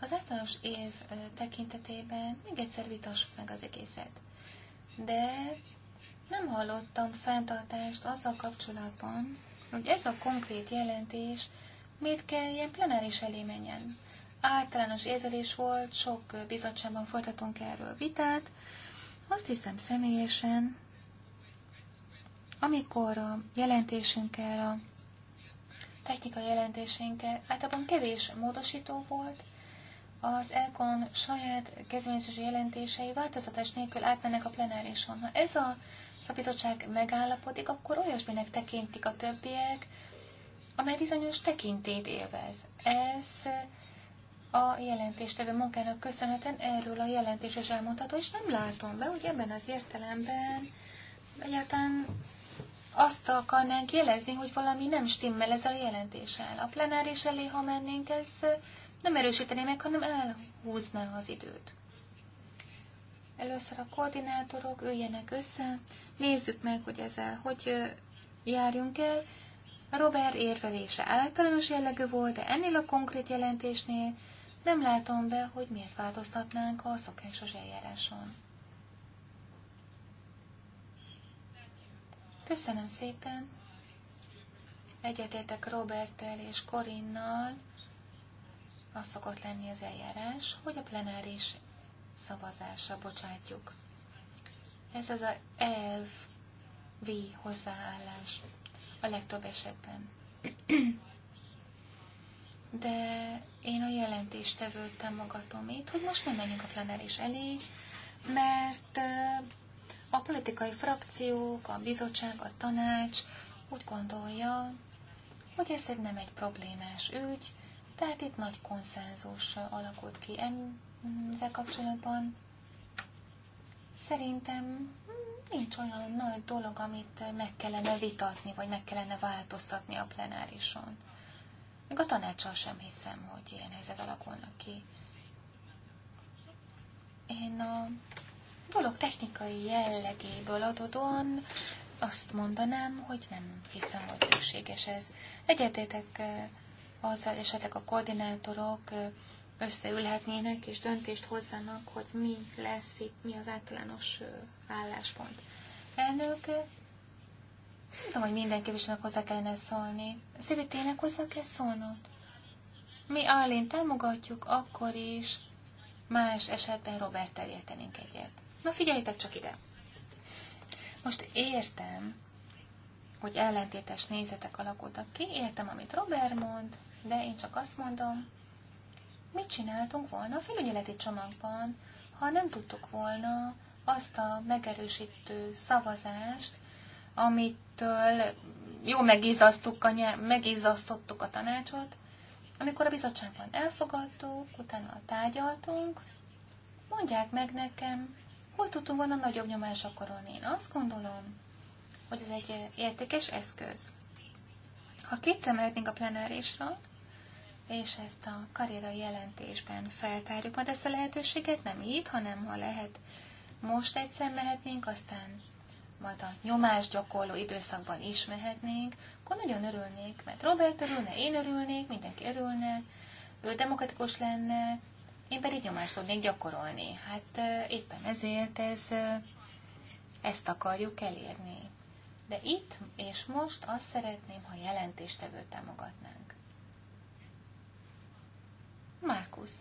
Az általános év tekintetében még egyszer vitassuk meg az egészet. De nem hallottam fenntartást azzal kapcsolatban, hogy ez a konkrét jelentés miért kell ilyen plenáris elé menjen. Általános érvelés volt, sok bizottságban folytatunk erről vitát. Azt hiszem személyesen, amikor a jelentésünkkel, a technikai jelentésünkkel általában kevés módosító volt, az ELKON saját kezdeményezési jelentései változatás nélkül átmennek a plenárison. Ha ez a a bizottság megállapodik, akkor olyasminek tekintik a többiek, amely bizonyos tekintét élvez. Ez a jelentéstevő munkának köszönhetően erről a jelentés is elmondható, és nem látom be, hogy ebben az értelemben egyáltalán azt akarnánk jelezni, hogy valami nem stimmel ezzel a jelentéssel. A plenáris elé, ha mennénk, ez nem erősítené meg, hanem elhúzná az időt. Először a koordinátorok üljenek össze, Nézzük meg, hogy ezzel hogy járjunk el. Robert érvelése általános jellegű volt, de ennél a konkrét jelentésnél nem látom be, hogy miért változtatnánk a szokásos eljáráson. Köszönöm szépen! Egyetértek Roberttel és Korinnal, az szokott lenni az eljárás, hogy a plenáris szavazásra bocsátjuk. Ez az a elv V hozzáállás a legtöbb esetben. De én a jelentéstevőt támogatom itt, hogy most nem menjünk a plenáris elé, mert a politikai frakciók, a bizottság, a tanács úgy gondolja, hogy ez egy nem egy problémás ügy, tehát itt nagy konszenzus alakult ki ezzel kapcsolatban. Szerintem hmm, nincs olyan nagy dolog, amit meg kellene vitatni, vagy meg kellene változtatni a plenárison. Még a tanácsal sem hiszem, hogy ilyen helyzet alakulnak ki. Én a dolog technikai jellegéből adódóan azt mondanám, hogy nem hiszem, hogy szükséges ez. Egyetétek eh, azzal esetleg a koordinátorok eh, összeülhetnének és döntést hozzanak, hogy mi lesz itt, mi az általános álláspont. Elnök, nem tudom, hogy mindenki képviselőnek hozzá kellene szólni. Szívi, tényleg hozzá kell szólnod? Mi Arlén támogatjuk, akkor is más esetben Robert értenénk egyet. Na figyeljétek csak ide! Most értem, hogy ellentétes nézetek alakultak ki, értem, amit Robert mond, de én csak azt mondom, mit csináltunk volna a felügyeleti csomagban, ha nem tudtuk volna azt a megerősítő szavazást, amitől jó megizasztottuk a, nyelv, megizasztottuk a tanácsot, amikor a bizottságban elfogadtuk, utána tárgyaltunk, mondják meg nekem, hol tudtunk volna nagyobb nyomás gyakorolni. Én azt gondolom, hogy ez egy értékes eszköz. Ha kétszer mehetnénk a plenárisra, és ezt a karriera jelentésben feltárjuk majd ezt a lehetőséget, nem itt, hanem ha lehet, most egyszer mehetnénk, aztán majd a nyomás gyakorló időszakban is mehetnénk, akkor nagyon örülnék, mert Robert örülne, én örülnék, mindenki örülne, ő demokratikus lenne, én pedig nyomást tudnék gyakorolni. Hát éppen ezért ez, ezt akarjuk elérni. De itt és most azt szeretném, ha jelentéstevő támogatnánk. Márkusz.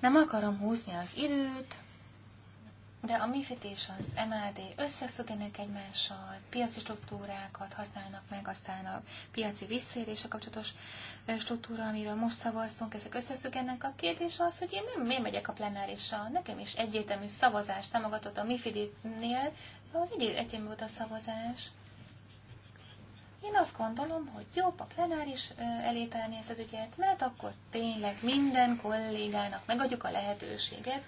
Nem akarom húzni az időt, de a MIFID és az MLD összefüggenek egymással, piaci struktúrákat használnak meg, aztán a piaci visszaélése kapcsolatos struktúra, amiről most szavaztunk, ezek összefüggenek. A kérdés az, hogy én nem, miért megyek a plenárisra. Nekem is egyértelmű szavazást támogatott a MIFID-nél, de az egyértelmű volt a szavazás. Én azt gondolom, hogy jobb a plenáris elételni ezt az ügyet, mert akkor tényleg minden kollégának megadjuk a lehetőséget,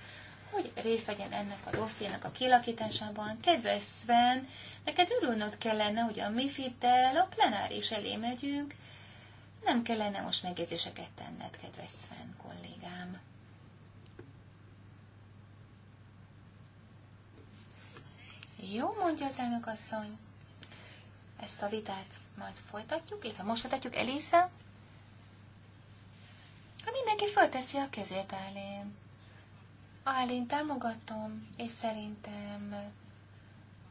hogy részt vegyen ennek a dossziénak a kilakításában. Kedves Sven, neked örülnöd kellene, hogy a MIFID-del a plenáris elé megyünk. Nem kellene most megjegyzéseket tenned, kedves Sven kollégám. Jó, mondja az elnök asszony. Ezt a vitát majd folytatjuk, illetve most folytatjuk. Elisa? Ha mindenki fölteszi a kezét elém. Ah, én támogatom, és szerintem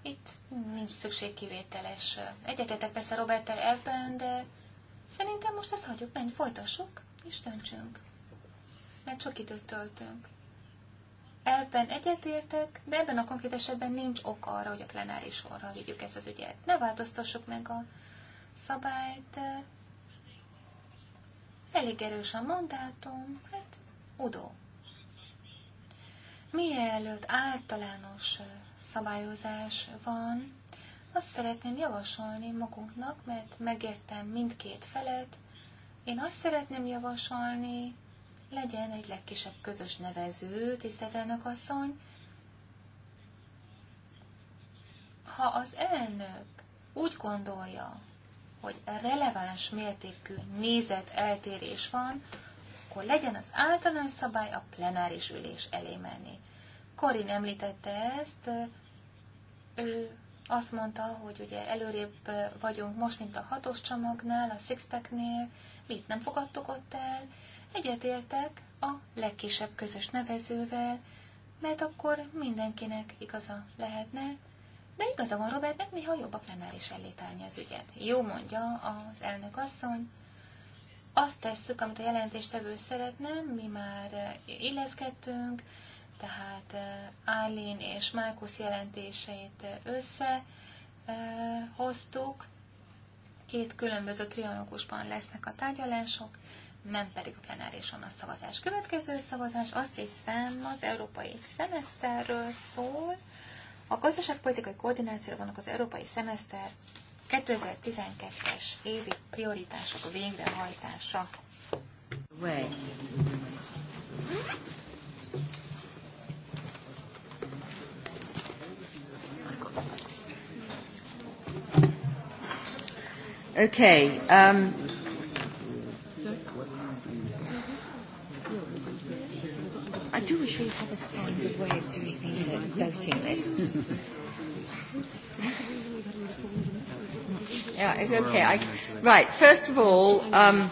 itt nincs szükség kivételes. Egyetetek persze Robert ebben, de szerintem most ezt hagyjuk, menj, folytassuk, és döntsünk. Mert sok időt töltünk. Elben egyetértek, de ebben a konkrét esetben nincs ok arra, hogy a plenáris sorra vigyük ezt az ügyet. Ne változtassuk meg a szabályt. Elég erős a mandátum, hát udó. Mielőtt általános szabályozás van, azt szeretném javasolni magunknak, mert megértem mindkét felet, én azt szeretném javasolni, legyen egy legkisebb közös nevező, tisztelt elnök asszony. Ha az elnök úgy gondolja, hogy releváns mértékű nézet eltérés van, akkor legyen az általános szabály a plenáris ülés elé menni. Korin említette ezt, ő azt mondta, hogy ugye előrébb vagyunk most, mint a hatos csomagnál, a sixpacknél, mit nem fogadtuk ott el, egyetértek a legkisebb közös nevezővel, mert akkor mindenkinek igaza lehetne, de igaza van Robertnek, néha jobb a plenáris is ellétálni az ügyet. Jó mondja az elnök asszony, azt tesszük, amit a jelentéstevő szeretne, mi már eh, illeszkedtünk, tehát Álin eh, és Márkusz jelentéseit eh, összehoztuk. Két különböző trianokusban lesznek a tárgyalások, nem pedig a plenárison a szavazás. Következő szavazás azt hiszem az európai szemeszterről szól. A gazdaságpolitikai koordinációra vannak az európai szemeszter 2012-es évi prioritások végrehajtása. Way. Okay. Um, I do wish we had a standard way of doing things uh, voting lists. yeah, it's okay. I, right, first of all, um,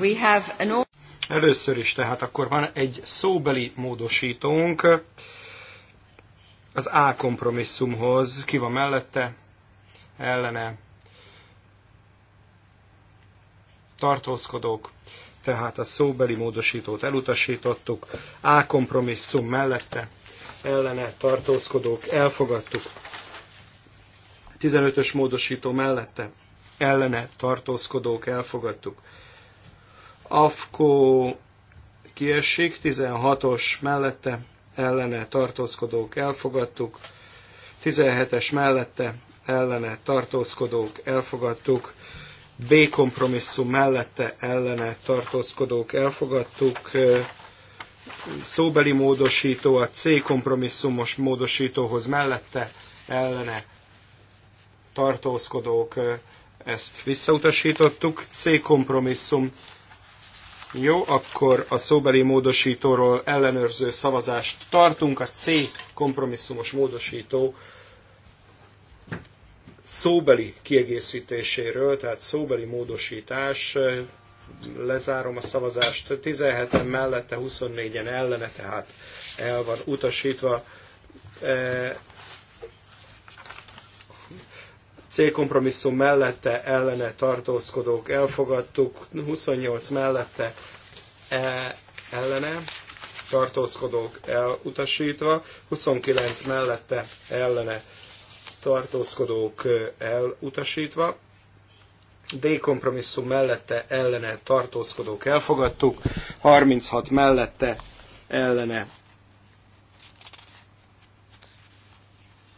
we have an... Először is tehát akkor van egy szóbeli módosítónk az A kompromisszumhoz. Ki van mellette? Ellene? Tartózkodók? tehát a szóbeli módosítót elutasítottuk, A kompromisszum mellette ellene tartózkodók elfogadtuk, 15-ös módosító mellette ellene tartózkodók elfogadtuk. AFKO kiesik, 16-os mellette ellene tartózkodók elfogadtuk, 17-es mellette ellene tartózkodók elfogadtuk, B kompromisszum mellette ellene tartózkodók elfogadtuk, szóbeli módosító a C kompromisszumos módosítóhoz mellette ellene tartózkodók ezt visszautasítottuk. C kompromisszum. Jó, akkor a szóbeli módosítóról ellenőrző szavazást tartunk. A C kompromisszumos módosító szóbeli kiegészítéséről, tehát szóbeli módosítás, lezárom a szavazást, 17-en mellette, 24-en ellene, tehát el van utasítva. célkompromisszum mellette, ellene tartózkodók elfogadtuk, 28 mellette, e, ellene tartózkodók elutasítva, 29 mellette, ellene tartózkodók elutasítva, D kompromisszum mellette ellene tartózkodók elfogadtuk, 36 mellette ellene.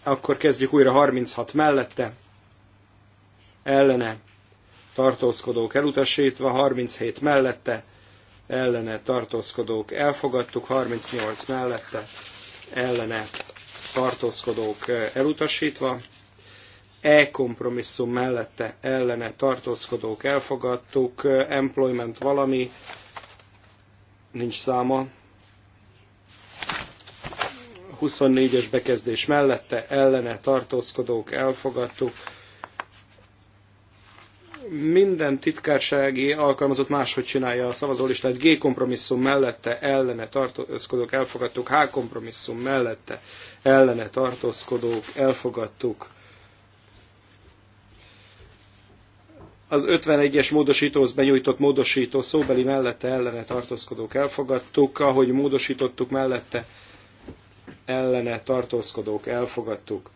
Akkor kezdjük újra 36 mellette ellene tartózkodók elutasítva, 37 mellette ellene tartózkodók elfogadtuk, 38 mellette ellene tartózkodók eh, elutasítva, E kompromisszum mellette ellene tartózkodók elfogadtuk, eh, employment valami, nincs száma, 24-es bekezdés mellette ellene tartózkodók elfogadtuk, minden titkársági alkalmazott máshogy csinálja a szavazólistát. G kompromisszum mellette ellene tartózkodók elfogadtuk, H kompromisszum mellette ellene tartózkodók elfogadtuk. Az 51-es módosítóhoz benyújtott módosító szóbeli mellette ellene tartózkodók elfogadtuk, ahogy módosítottuk mellette ellene tartózkodók elfogadtuk.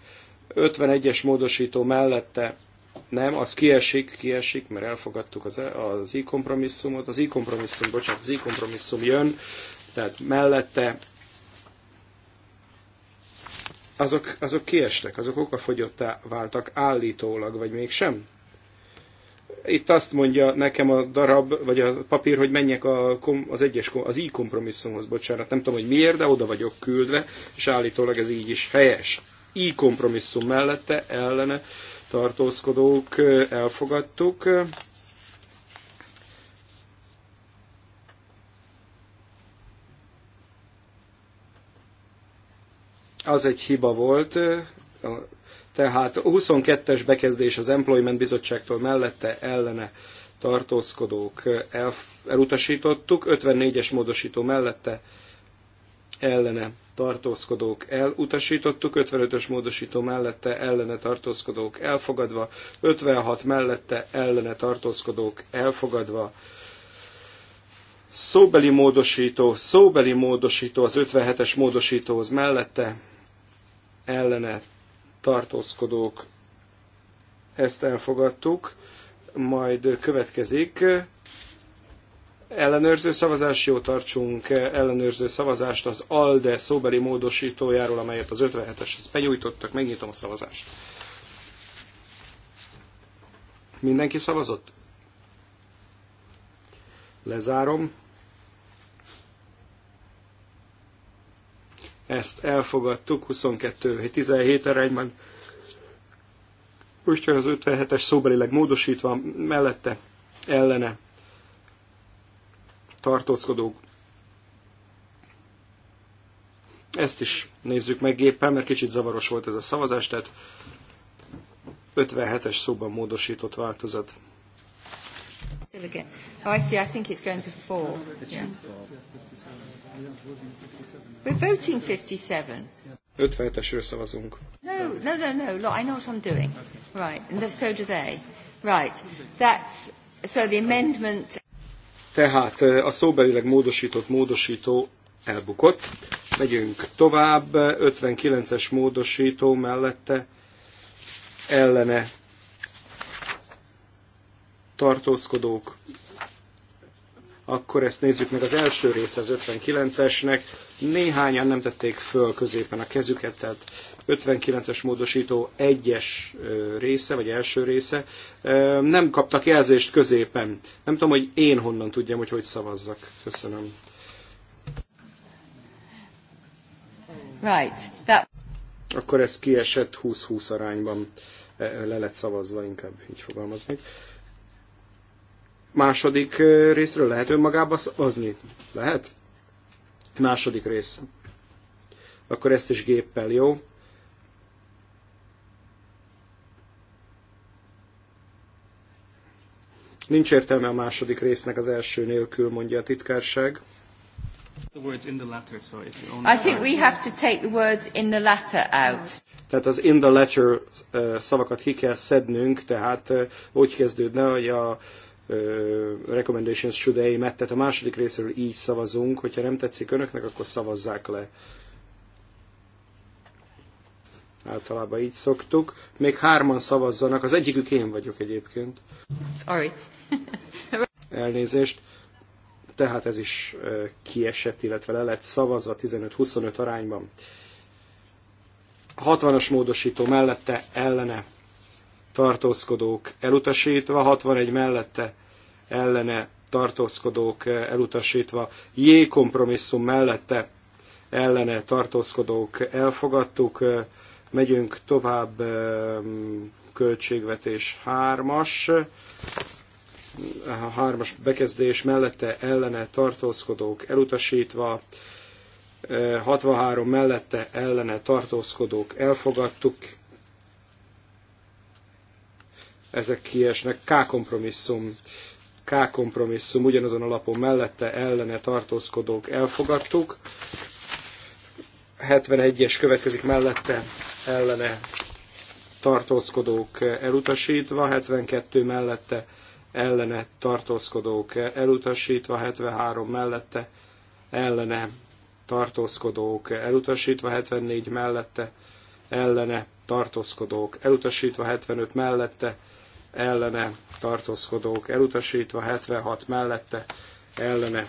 51-es módosító mellette nem, az kiesik, kiesik, mert elfogadtuk az, az i-kompromisszumot. Az i-kompromisszum, bocsánat, az i-kompromisszum jön, tehát mellette azok, azok kiestek, azok okafogyottá váltak állítólag, vagy mégsem? Itt azt mondja nekem a darab, vagy a papír, hogy menjek a, az egyes, az i kompromisszumhoz, bocsánat, nem tudom, hogy miért, de oda vagyok küldve, és állítólag ez így is helyes. i kompromisszum mellette, ellene tartózkodók elfogadtuk. Az egy hiba volt, tehát 22-es bekezdés az Employment Bizottságtól mellette ellene tartózkodók el, elutasítottuk, 54-es módosító mellette ellene tartózkodók elutasítottuk, 55-ös módosító mellette ellene tartózkodók elfogadva, 56 mellette ellene tartózkodók elfogadva, szóbeli módosító, szóbeli módosító az 57-es módosítóhoz mellette ellene tartózkodók, ezt elfogadtuk, majd következik ellenőrző szavazás, jó tartsunk ellenőrző szavazást az ALDE szóbeli módosítójáról, amelyet az 57-eshez benyújtottak, megnyitom a szavazást. Mindenki szavazott? Lezárom. Ezt elfogadtuk 22-17 arányban. Úgyhogy az 57-es szóbelileg módosítva mellette ellene tartózkodók. Ezt is nézzük meg géppel, mert kicsit zavaros volt ez a szavazás, tehát 57-es szóban módosított változat. Oh, I see. I think it's going to four. Yeah. We're voting 57. 57-esről szavazunk. No, no, no, no. Look, I know what I'm doing. Right, and so do they. Right, that's so the amendment. Tehát a szóbelileg módosított módosító elbukott. Megyünk tovább, 59-es módosító mellette ellene tartózkodók. Akkor ezt nézzük meg az első része az 59-esnek. Néhányan nem tették föl középen a kezüket, tehát 59-es módosító egyes része, vagy első része, nem kaptak jelzést középen. Nem tudom, hogy én honnan tudjam, hogy hogy szavazzak. Köszönöm. Right. That... Akkor ez kiesett 20-20 arányban. Le lett szavazva, inkább így fogalmaznék második részről lehet önmagába szavazni? Lehet? Második rész. Akkor ezt is géppel, jó? Nincs értelme a második résznek az első nélkül, mondja a titkárság. I think we have to take the words in the letter out. Tehát az in the letter szavakat ki kell szednünk, tehát úgy kezdődne, hogy a recommendations should aim at, tehát a második részről így szavazunk, hogyha nem tetszik önöknek, akkor szavazzák le. Általában így szoktuk. Még hárman szavazzanak, az egyikük én vagyok egyébként. Sorry. Elnézést. Tehát ez is kiesett, illetve le lett szavazva 15-25 arányban. 60-as módosító mellette ellene tartózkodók elutasítva, 61 mellette ellene tartózkodók elutasítva, J kompromisszum mellette ellene tartózkodók elfogadtuk, megyünk tovább költségvetés 3-as, hármas bekezdés mellette ellene tartózkodók elutasítva, 63 mellette ellene tartózkodók elfogadtuk, ezek kiesnek, K kompromisszum, K kompromisszum ugyanazon a lapon mellette ellene tartózkodók elfogadtuk, 71-es következik mellette ellene tartózkodók elutasítva, 72 mellette ellene tartózkodók elutasítva, 73 mellette ellene tartózkodók elutasítva, 74 mellette ellene tartózkodók elutasítva, 75 mellette ellene tartózkodók elutasítva, 76 mellette ellene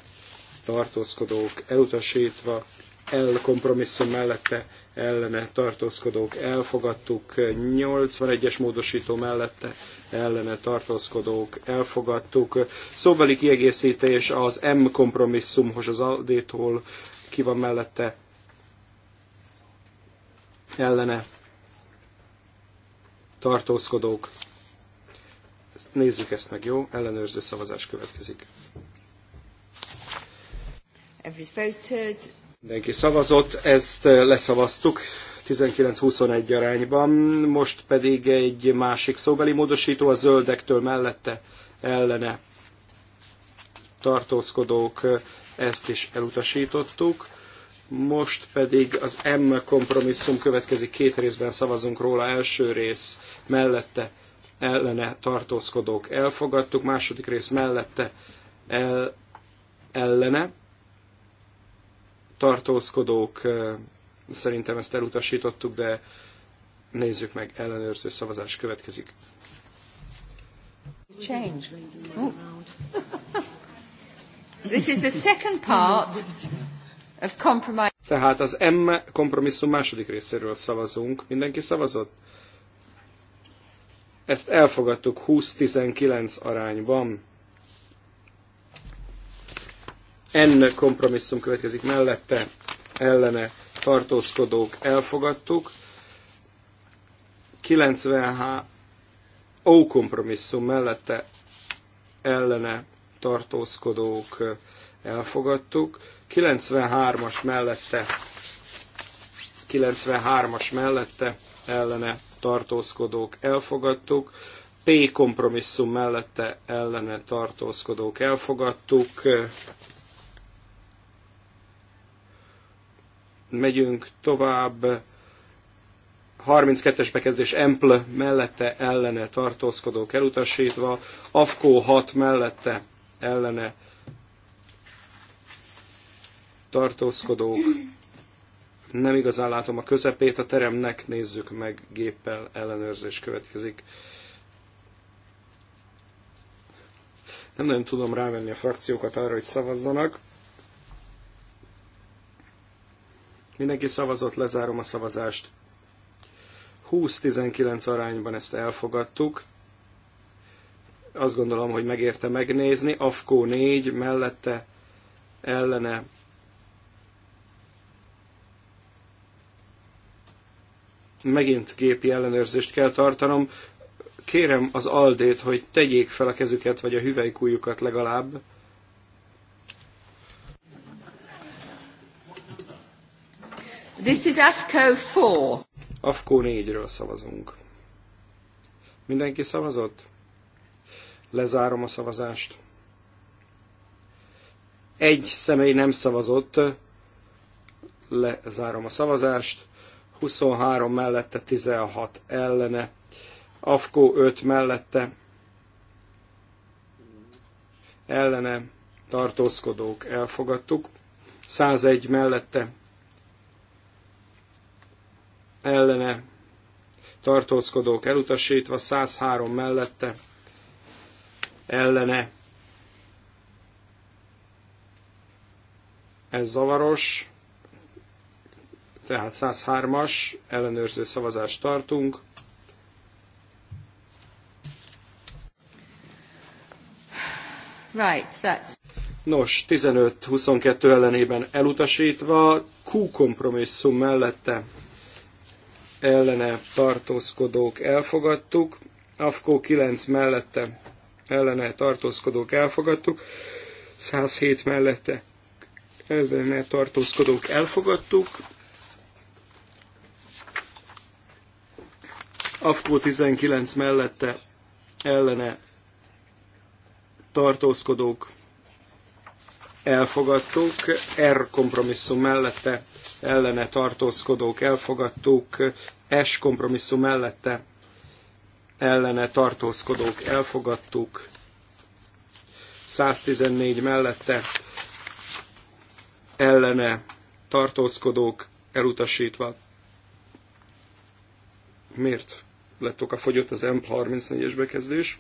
tartózkodók elutasítva, elkompromisszum mellette ellene tartózkodók elfogadtuk, 81-es módosító mellette ellene tartózkodók elfogadtuk. Szóbeli kiegészítés az M kompromisszumhoz az Aldétól ki van mellette ellene tartózkodók. Nézzük ezt meg, jó? Ellenőrző szavazás következik. Every voted. Mindenki szavazott, ezt eh, leszavaztuk 19-21 arányban, most pedig egy másik szóbeli módosító a zöldektől mellette ellene tartózkodók, eh, ezt is elutasítottuk. Most pedig az M kompromisszum következik, két részben szavazunk róla, első rész mellette ellene tartózkodók elfogadtuk, második rész mellette el, ellene tartózkodók, eh, szerintem ezt elutasítottuk, de nézzük meg, ellenőrző szavazás következik. Change. Oh. This is the second part of compromise. Tehát az M kompromisszum második részéről szavazunk. Mindenki szavazott? Ezt elfogadtuk 20-19 arányban. N kompromisszum következik mellette, ellene tartózkodók elfogadtuk. 90H O kompromisszum mellette ellene tartózkodók elfogadtuk. 93-as mellette 93-as mellette ellene tartózkodók elfogadtuk. P kompromisszum mellette ellene tartózkodók elfogadtuk. megyünk tovább. 32-es bekezdés Empl mellette ellene tartózkodók elutasítva, Afkó 6 mellette ellene tartózkodók. Nem igazán látom a közepét a teremnek, nézzük meg, géppel ellenőrzés következik. Nem nagyon tudom rávenni a frakciókat arra, hogy szavazzanak. Mindenki szavazott, lezárom a szavazást. 20-19 arányban ezt elfogadtuk. Azt gondolom, hogy megérte megnézni. Afkó 4 mellette ellene megint gépi ellenőrzést kell tartanom. Kérem az Aldét, hogy tegyék fel a kezüket, vagy a hüvelykújukat legalább. This is AFCO 4. AFCO 4-ről szavazunk. Mindenki szavazott? Lezárom a szavazást. Egy személy nem szavazott. Lezárom a szavazást. 23 mellette, 16 ellene. AFKO 5 mellette. Ellene tartózkodók elfogadtuk. 101 mellette ellene tartózkodók elutasítva, 103 mellette ellene. Ez zavaros, tehát 103-as ellenőrző szavazást tartunk. Right, that's... Nos, 15-22 ellenében elutasítva, Q kompromisszum mellette ellene tartózkodók elfogadtuk, AFKO 9 mellette ellene tartózkodók elfogadtuk, 107 mellette ellene tartózkodók elfogadtuk, AFKO 19 mellette ellene tartózkodók elfogadtuk, R kompromisszum mellette ellene tartózkodók elfogadtuk, S kompromisszum mellette ellene tartózkodók elfogadtuk, 114 mellette ellene tartózkodók elutasítva. Miért lett a fogyott az M34-es bekezdés?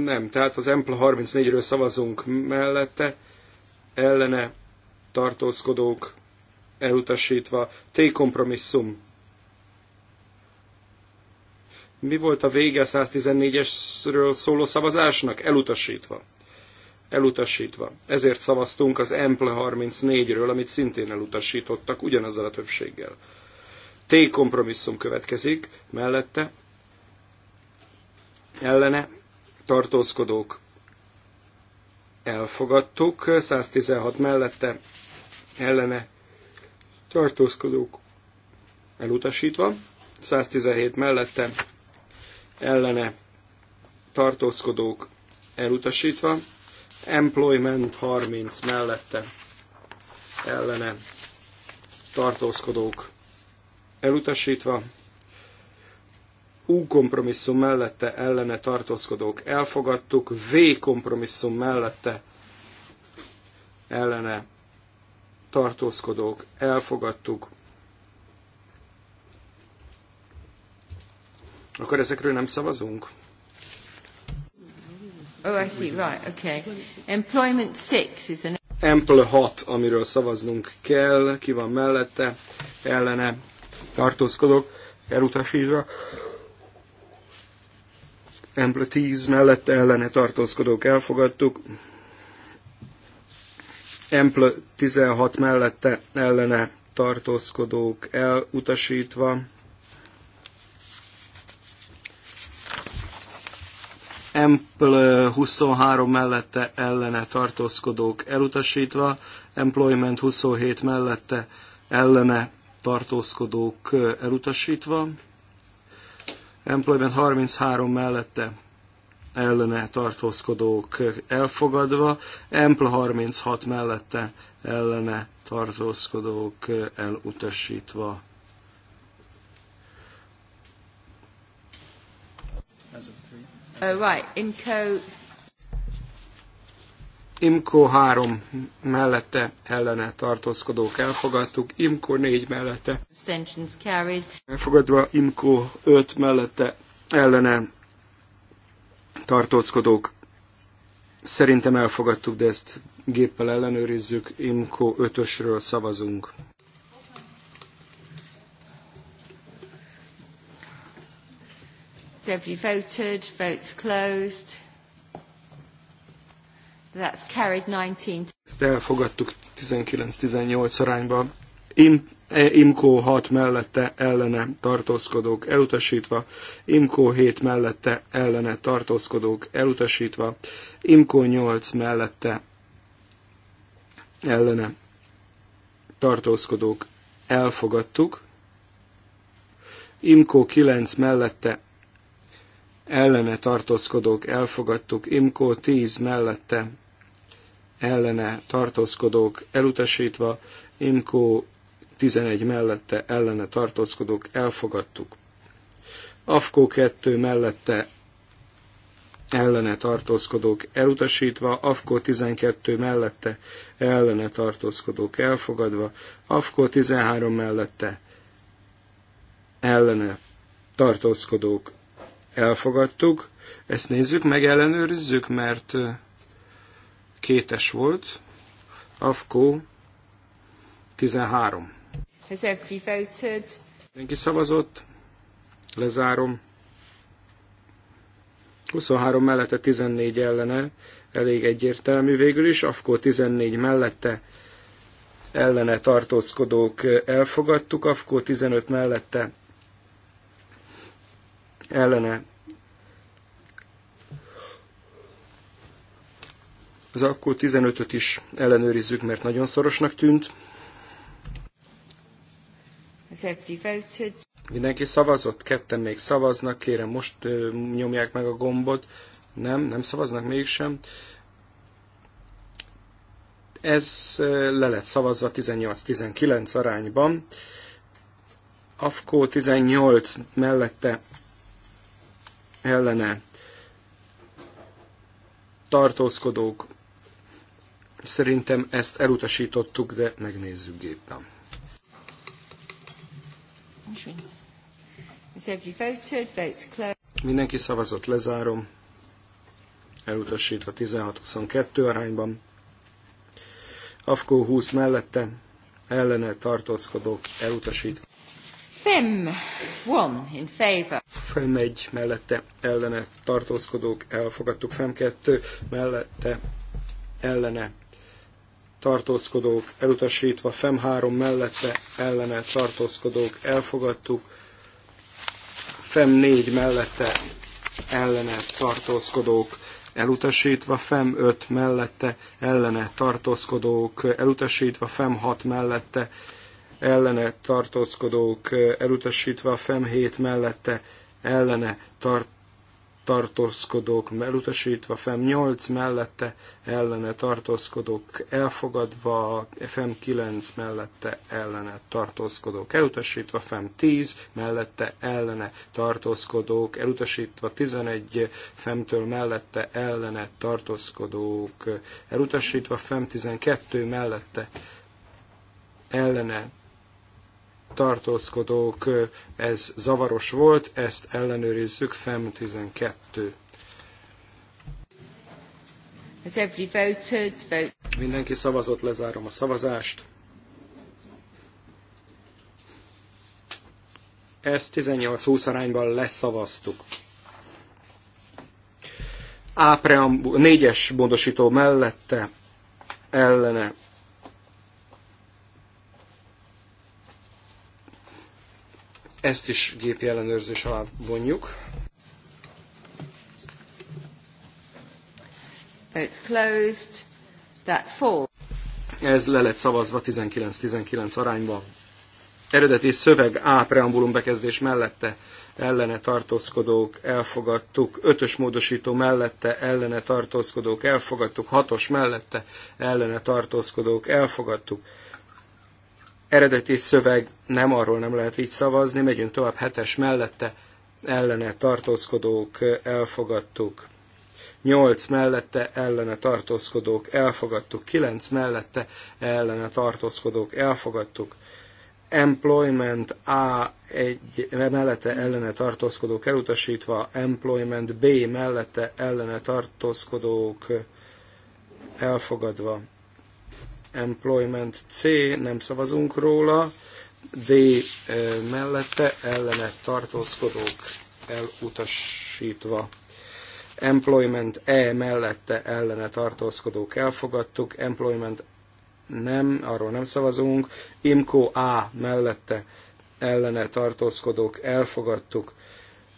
Nem, tehát az Empla 34-ről szavazunk mellette, ellene tartózkodók elutasítva. T kompromisszum. Mi volt a vége 114-esről szóló szavazásnak? Elutasítva. Elutasítva. Ezért szavaztunk az Emple 34-ről, amit szintén elutasítottak ugyanazzal a többséggel. T kompromisszum következik mellette. Ellene tartózkodók elfogadtuk, 116 mellette ellene tartózkodók elutasítva, 117 mellette ellene tartózkodók elutasítva, employment 30 mellette ellene tartózkodók elutasítva, U kompromisszum mellette ellene tartózkodók elfogadtuk, V kompromisszum mellette ellene tartózkodók elfogadtuk. Akkor ezekről nem szavazunk? Oh, I see, right, okay. Employment 6 is the... Ample 6, amiről szavaznunk kell, ki van mellette, ellene tartózkodók elutasítva. Ample 10 mellette ellene tartózkodók elfogadtuk. Ample 16 mellette ellene tartózkodók elutasítva. Ample 23 mellette ellene tartózkodók elutasítva. Employment 27 mellette ellene tartózkodók elutasítva. Employment 33 mellette ellene tartózkodók elfogadva, Empl 36 mellette ellene tartózkodók elutasítva. Oh, right. code Imko 3 mellette ellene tartózkodók elfogadtuk, Imko 4 mellette elfogadva, Imko 5 mellette ellene tartózkodók. Szerintem elfogadtuk, de ezt géppel ellenőrizzük. Imko 5-ösről szavazunk. Deputy voted, votes closed. That's carried 19. Ezt elfogadtuk 19-18 arányba. Im, e, Imkó 6 mellette ellene tartózkodók elutasítva, Imkó 7 mellette ellene tartózkodók elutasítva, Imkó 8 mellette ellene tartózkodók elfogadtuk, Imkó 9 mellette ellene tartózkodók elfogadtuk, Imkó 10 mellette ellene tartózkodók elutasítva, Imkó 11 mellette ellene tartózkodók elfogadtuk. Afkó 2 mellette ellene tartózkodók elutasítva, Afkó 12 mellette ellene tartózkodók elfogadva, Afkó 13 mellette ellene tartózkodók elfogadtuk. Ezt nézzük meg, ellenőrizzük, mert kétes volt, AFKO 13. Mindenki szavazott, lezárom. 23 mellette 14 ellene, elég egyértelmű végül is, AFKO 14 mellette ellene tartózkodók elfogadtuk, AFKO 15 mellette ellene Az akkor 15-öt is ellenőrizzük, mert nagyon szorosnak tűnt. Mindenki szavazott? Ketten még szavaznak, kérem most nyomják meg a gombot. Nem, nem szavaznak mégsem. Ez le lett szavazva 18-19 arányban. AFKO 18 mellette ellene tartózkodók Szerintem ezt elutasítottuk, de megnézzük gépben. Mindenki szavazott, lezárom. Elutasítva 16-22 arányban. Afkó 20 mellette, ellene tartózkodók elutasít. Fem, one in favor. Fem egy mellette, ellene tartózkodók elfogadtuk. Fem kettő mellette, ellene tartózkodók elutasítva, FEM 3 mellette ellene tartózkodók elfogadtuk, FEM 4 mellette ellene tartózkodók elutasítva, FEM 5 mellette ellene tartózkodók elutasítva, FEM 6 mellette ellene tartózkodók elutasítva, FEM 7 mellette ellene tartózkodók tartózkodók elutasítva, FEM 8 mellette ellene tartózkodók elfogadva, FEM 9 mellette ellene tartózkodók elutasítva, FEM 10 mellette ellene tartózkodók elutasítva, 11 FEM-től mellette ellene tartózkodók elutasítva, FEM 12 mellette ellene tartózkodók, ez zavaros volt, ezt ellenőrizzük, FEM 12. voted, Mindenki szavazott, lezárom a szavazást. Ezt 18-20 arányban leszavaztuk. A négyes módosító mellette ellene Ezt is gépi ellenőrzés alá vonjuk. It's closed. That fall. Ez le lett szavazva 19-19 arányban. Eredeti szöveg A preambulum bekezdés mellette ellene tartózkodók elfogadtuk, ötös módosító mellette ellene tartózkodók elfogadtuk, hatos mellette ellene tartózkodók elfogadtuk, eredeti szöveg nem arról nem lehet így szavazni, megyünk tovább hetes mellette, ellene tartózkodók elfogadtuk. 8 mellette ellene tartózkodók elfogadtuk, 9 mellette ellene tartózkodók elfogadtuk, employment A egy, mellette ellene tartózkodók elutasítva, employment B mellette ellene tartózkodók elfogadva, Employment C, nem szavazunk róla. D eh, mellette ellene tartózkodók elutasítva. Employment E mellette ellene tartózkodók elfogadtuk. Employment nem, arról nem szavazunk. Imco A mellette ellene tartózkodók elfogadtuk.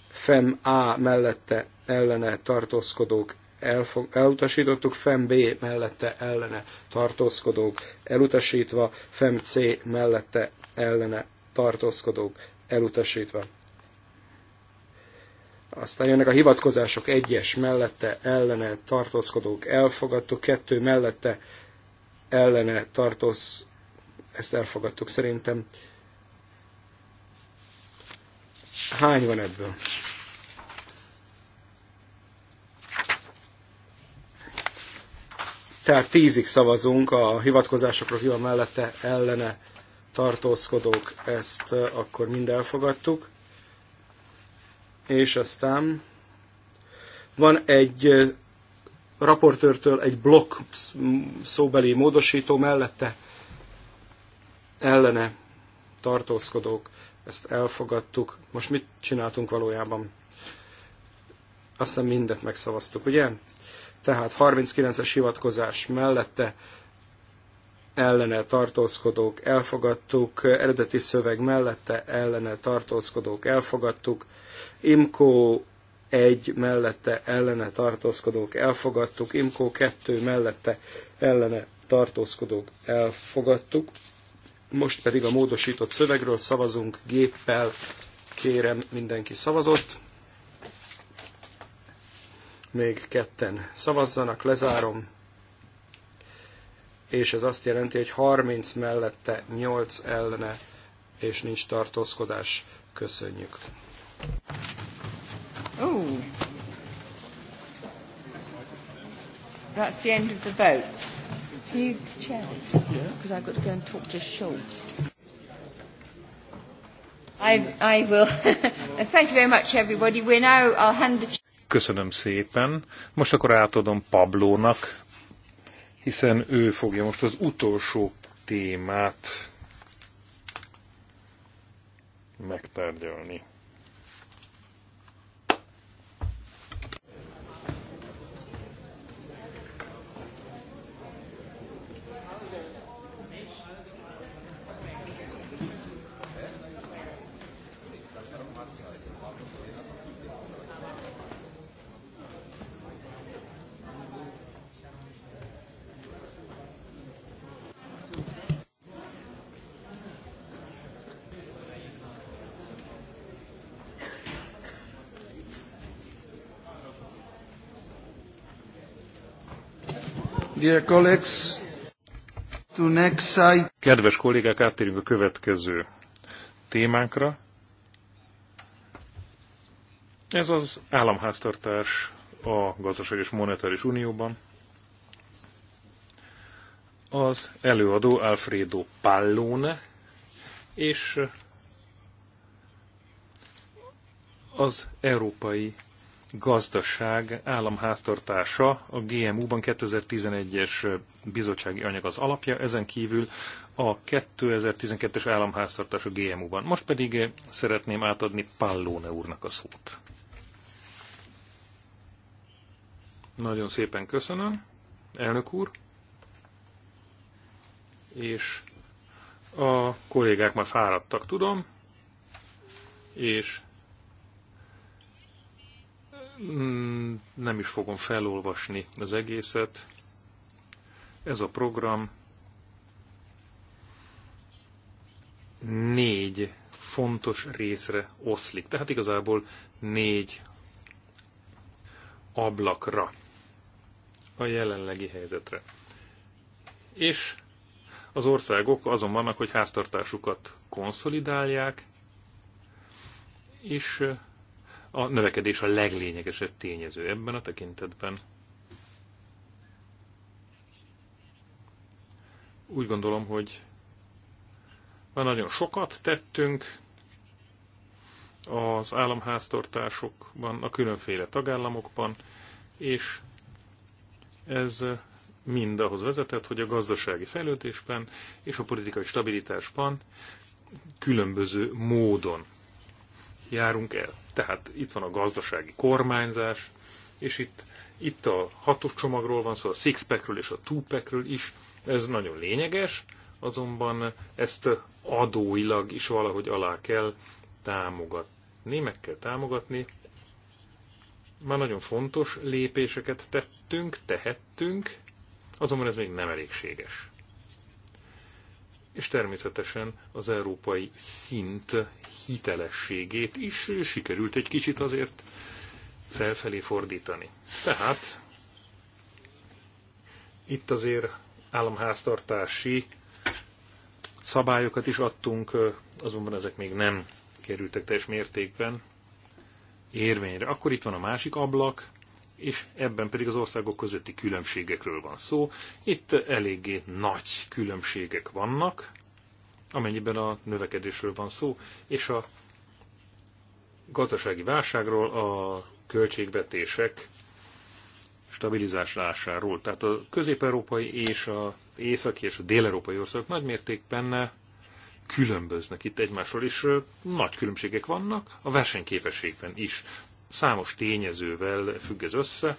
FEM A mellette ellene tartózkodók elfog, elutasítottuk, FEM B mellette ellene tartózkodók elutasítva, FEM C mellette ellene tartózkodók elutasítva. Aztán jönnek a hivatkozások egyes mellette ellene tartózkodók elfogadtuk, kettő mellette ellene tartóz, ezt elfogadtuk szerintem. Hány van ebből? Tehát tízig szavazunk a hivatkozásokra, hogy a mellette ellene tartózkodók, ezt akkor mind elfogadtuk. És aztán van egy raportőrtől egy blokk szóbeli módosító mellette ellene tartózkodók, ezt elfogadtuk. Most mit csináltunk valójában? Azt hiszem mindet megszavaztuk, ugye? Tehát 39-es hivatkozás mellette ellene tartózkodók elfogadtuk, eredeti szöveg mellette ellene tartózkodók elfogadtuk, Imco 1 mellette ellene tartózkodók elfogadtuk, Imco 2 mellette ellene tartózkodók elfogadtuk. Most pedig a módosított szövegről szavazunk géppel. Kérem, mindenki szavazott még ketten szavazzanak, lezárom, és ez azt jelenti, hogy 30 mellette, 8 ellene, és nincs tartózkodás. Köszönjük. Oh. That's the end of the votes. Can you chair this? Because I've got to go and talk to Schultz. I, I will. Thank you very much, everybody. We're now, I'll hand the... Köszönöm szépen. Most akkor átadom Pablónak, hiszen ő fogja most az utolsó témát megtárgyalni. Dear colleagues, to next side. Kedves kollégák, áttérünk a következő témánkra. Ez az államháztartás a Gazdaság és Monetáris Unióban. Az előadó Alfredo Pallone, és az Európai gazdaság államháztartása a GMU-ban 2011-es bizottsági anyag az alapja, ezen kívül a 2012-es államháztartás a GMU-ban. Most pedig szeretném átadni Pallone úrnak a szót. Nagyon szépen köszönöm, elnök úr, és a kollégák már fáradtak, tudom, és Mm, nem is fogom felolvasni az egészet. Ez a program négy fontos részre oszlik. Tehát igazából négy ablakra a jelenlegi helyzetre. És az országok azon vannak, hogy háztartásukat konszolidálják, és a növekedés a leglényegesebb tényező ebben a tekintetben. Úgy gondolom, hogy már nagyon sokat tettünk az államháztartásokban, a különféle tagállamokban, és ez mind ahhoz vezetett, hogy a gazdasági fejlődésben és a politikai stabilitásban különböző módon járunk el. Tehát itt van a gazdasági kormányzás, és itt, itt a hatos csomagról van szó, szóval a packről és a two-packről is, ez nagyon lényeges, azonban ezt adóilag is valahogy alá kell támogatni, meg kell támogatni. Már nagyon fontos lépéseket tettünk, tehettünk, azonban ez még nem elégséges és természetesen az európai szint hitelességét is sikerült egy kicsit azért felfelé fordítani. Tehát itt azért államháztartási szabályokat is adtunk, azonban ezek még nem kerültek teljes mértékben érvényre. Akkor itt van a másik ablak, és ebben pedig az országok közötti különbségekről van szó. Itt eléggé nagy különbségek vannak, amennyiben a növekedésről van szó, és a gazdasági válságról, a költségvetések stabilizálásáról. Tehát a közép-európai és a északi és a dél-európai országok nagy mértékben különböznek itt egymásról, és nagy különbségek vannak a versenyképességben is számos tényezővel függ ez össze.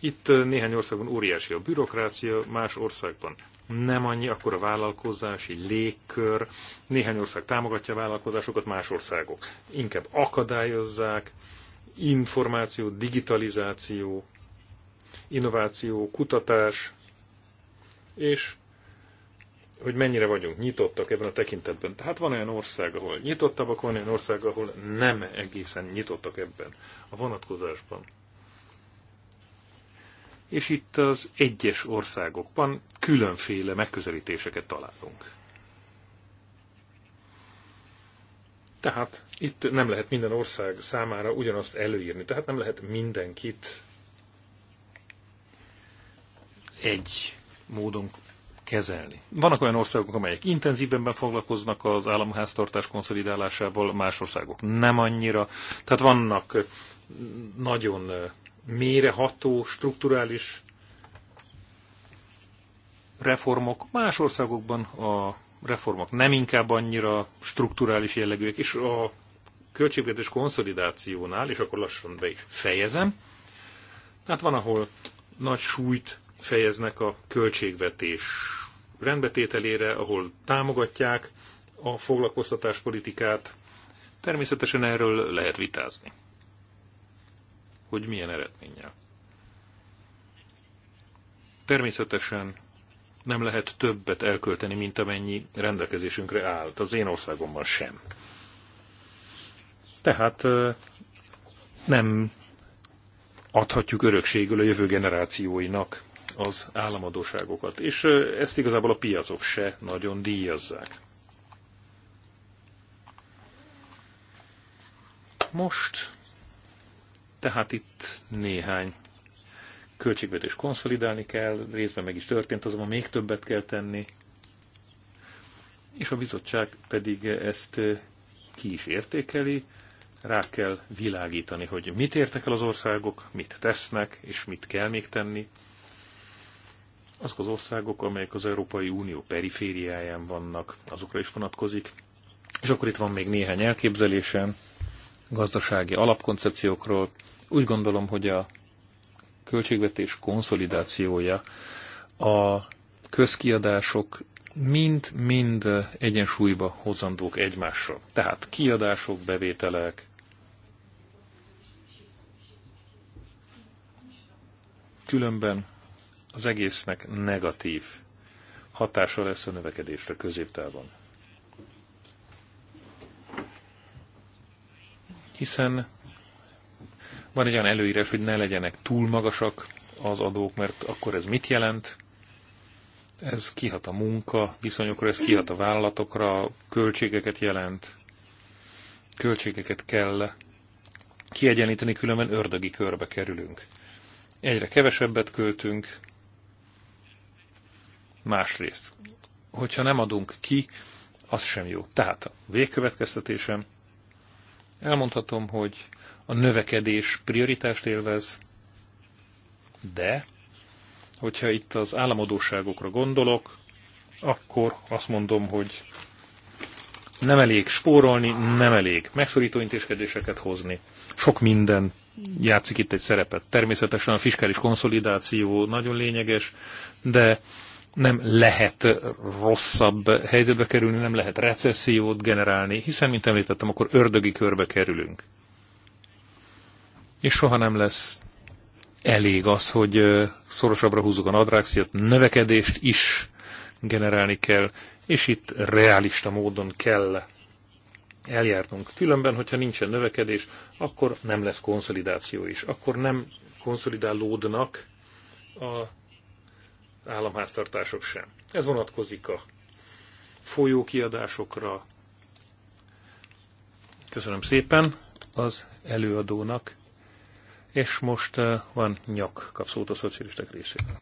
Itt eh, néhány országban óriási a bürokrácia, más országban nem annyi, akkor a vállalkozási légkör, néhány ország támogatja a vállalkozásokat, más országok inkább akadályozzák, információ, digitalizáció, innováció, kutatás, és hogy mennyire vagyunk nyitottak ebben a tekintetben. Tehát van olyan ország, ahol nyitottabbak, van olyan ország, ahol nem egészen nyitottak ebben a vonatkozásban. És itt az egyes országokban különféle megközelítéseket találunk. Tehát itt nem lehet minden ország számára ugyanazt előírni, tehát nem lehet mindenkit egy módon kezelni. Vannak olyan országok, amelyek intenzívebben foglalkoznak az államháztartás konszolidálásával, más országok nem annyira. Tehát vannak nagyon méreható, strukturális reformok. Más országokban a reformok nem inkább annyira strukturális jellegűek, és a költségvetés konszolidációnál, és akkor lassan be is fejezem, tehát van, ahol nagy súlyt fejeznek a költségvetés rendbetételére, ahol támogatják a politikát. Természetesen erről lehet vitázni, hogy milyen eredménnyel. Természetesen nem lehet többet elkölteni, mint amennyi rendelkezésünkre állt. Az én országomban sem. Tehát nem adhatjuk örökségül a jövő generációinak az államadóságokat, és ezt igazából a piacok se nagyon díjazzák. Most, tehát itt néhány költségvetés konszolidálni kell, részben meg is történt, azonban még többet kell tenni, és a bizottság pedig ezt ki is értékeli, rá kell világítani, hogy mit értek el az országok, mit tesznek, és mit kell még tenni azok az országok, amelyek az Európai Unió perifériáján vannak, azokra is vonatkozik. És akkor itt van még néhány elképzelésem gazdasági alapkoncepciókról. Úgy gondolom, hogy a költségvetés konszolidációja a közkiadások mind-mind egyensúlyba hozandók egymással. Tehát kiadások, bevételek, különben az egésznek negatív hatása lesz a növekedésre középtávon. Hiszen van egy olyan előírás, hogy ne legyenek túl magasak az adók, mert akkor ez mit jelent? Ez kihat a munka viszonyokra, ez kihat a vállalatokra, költségeket jelent, költségeket kell kiegyenlíteni, különben ördögi körbe kerülünk. Egyre kevesebbet költünk, Másrészt, hogyha nem adunk ki, az sem jó. Tehát a végkövetkeztetésem, elmondhatom, hogy a növekedés prioritást élvez, de hogyha itt az államadóságokra gondolok, akkor azt mondom, hogy nem elég spórolni, nem elég megszorító intézkedéseket hozni. Sok minden játszik itt egy szerepet. Természetesen a fiskális konszolidáció nagyon lényeges, de nem lehet rosszabb helyzetbe kerülni, nem lehet recessziót generálni, hiszen, mint említettem, akkor ördögi körbe kerülünk. És soha nem lesz elég az, hogy szorosabbra húzzuk a nadrágszíjat, növekedést is generálni kell, és itt realista módon kell eljárnunk. Különben, hogyha nincsen növekedés, akkor nem lesz konszolidáció is. Akkor nem konszolidálódnak a államháztartások sem. Ez vonatkozik a folyókiadásokra. Köszönöm szépen az előadónak, és most eh, van nyak kapszót a szocialisták részéről.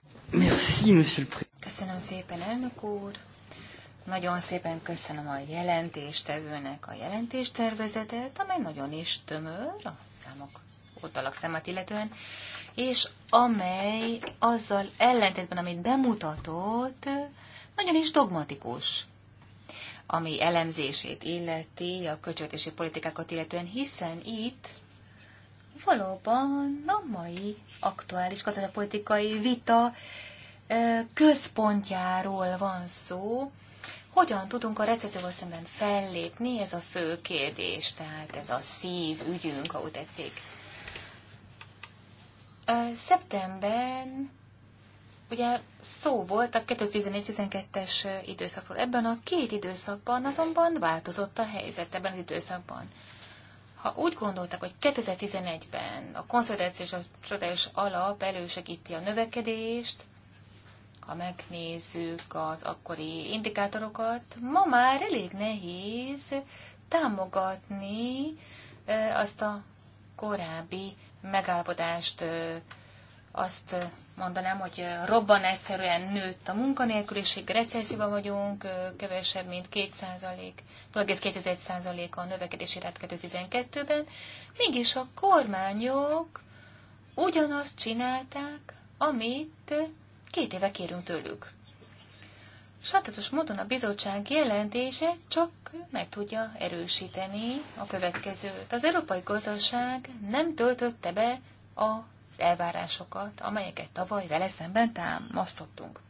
Köszönöm szépen, elnök úr! Nagyon szépen köszönöm a jelentéstevőnek a jelentéstervezetet, amely nagyon is tömör, a számok ott a illetően, és amely azzal ellentétben, amit bemutatott, nagyon is dogmatikus ami elemzését illeti, a költségvetési politikákat illetően, hiszen itt valóban a mai aktuális gazdaságpolitikai vita központjáról van szó, hogyan tudunk a recesszióval szemben fellépni, ez a fő kérdés, tehát ez a szív ügyünk, ahogy tetszik. Szeptemberben ugye szó volt a 2011-12-es időszakról. Ebben a két időszakban azonban változott a helyzet ebben az időszakban. Ha úgy gondoltak, hogy 2011-ben a konszolidációs csodás alap elősegíti a növekedést, ha megnézzük az akkori indikátorokat, ma már elég nehéz támogatni azt a korábbi megállapodást, azt mondanám, hogy robbanásszerűen nőtt a munkanélküliség, recesszióban vagyunk, kevesebb, mint 2%, 0,2% a növekedési rát 2012-ben, mégis a kormányok ugyanazt csinálták, amit két éve kérünk tőlük. Sajnálatos módon a bizottság jelentése csak meg tudja erősíteni a következőt. Az európai gazdaság nem töltötte be az elvárásokat, amelyeket tavaly vele szemben támasztottunk.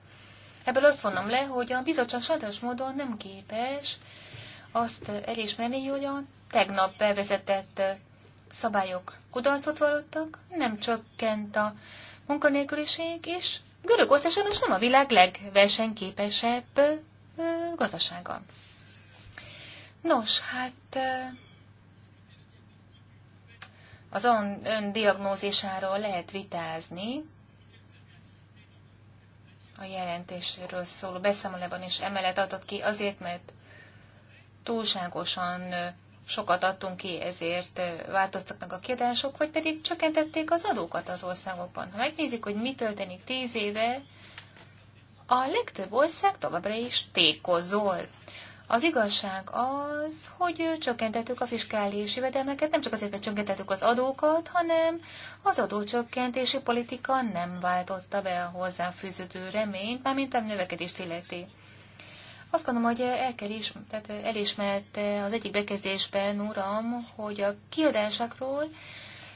Ebből azt vonom le, hogy a bizottság sajnos módon nem képes azt elismerni, hogy a tegnap bevezetett szabályok kudarcot vallottak, nem csökkent a munkanélküliség, és Görögországon most nem a világ legversenyképesebb gazdasága. Nos, hát az ön, ön diagnózisáról lehet vitázni, a jelentésről szóló beszámolában is emelet adott ki, azért, mert túlságosan sokat adtunk ki, ezért változtak meg a kiadások, vagy pedig csökkentették az adókat az országokban. Ha megnézik, hogy mi történik tíz éve, a legtöbb ország továbbra is tékozol. Az igazság az, hogy csökkentettük a fiskális jövedelmeket, nem csak azért, mert csökkentettük az adókat, hanem az adócsökkentési politika nem váltotta be a hozzáfűződő reményt, mármint a növekedést illeti. Azt gondolom, hogy el kell is, tehát elismerte az egyik bekezdésben, uram, hogy a kiadásokról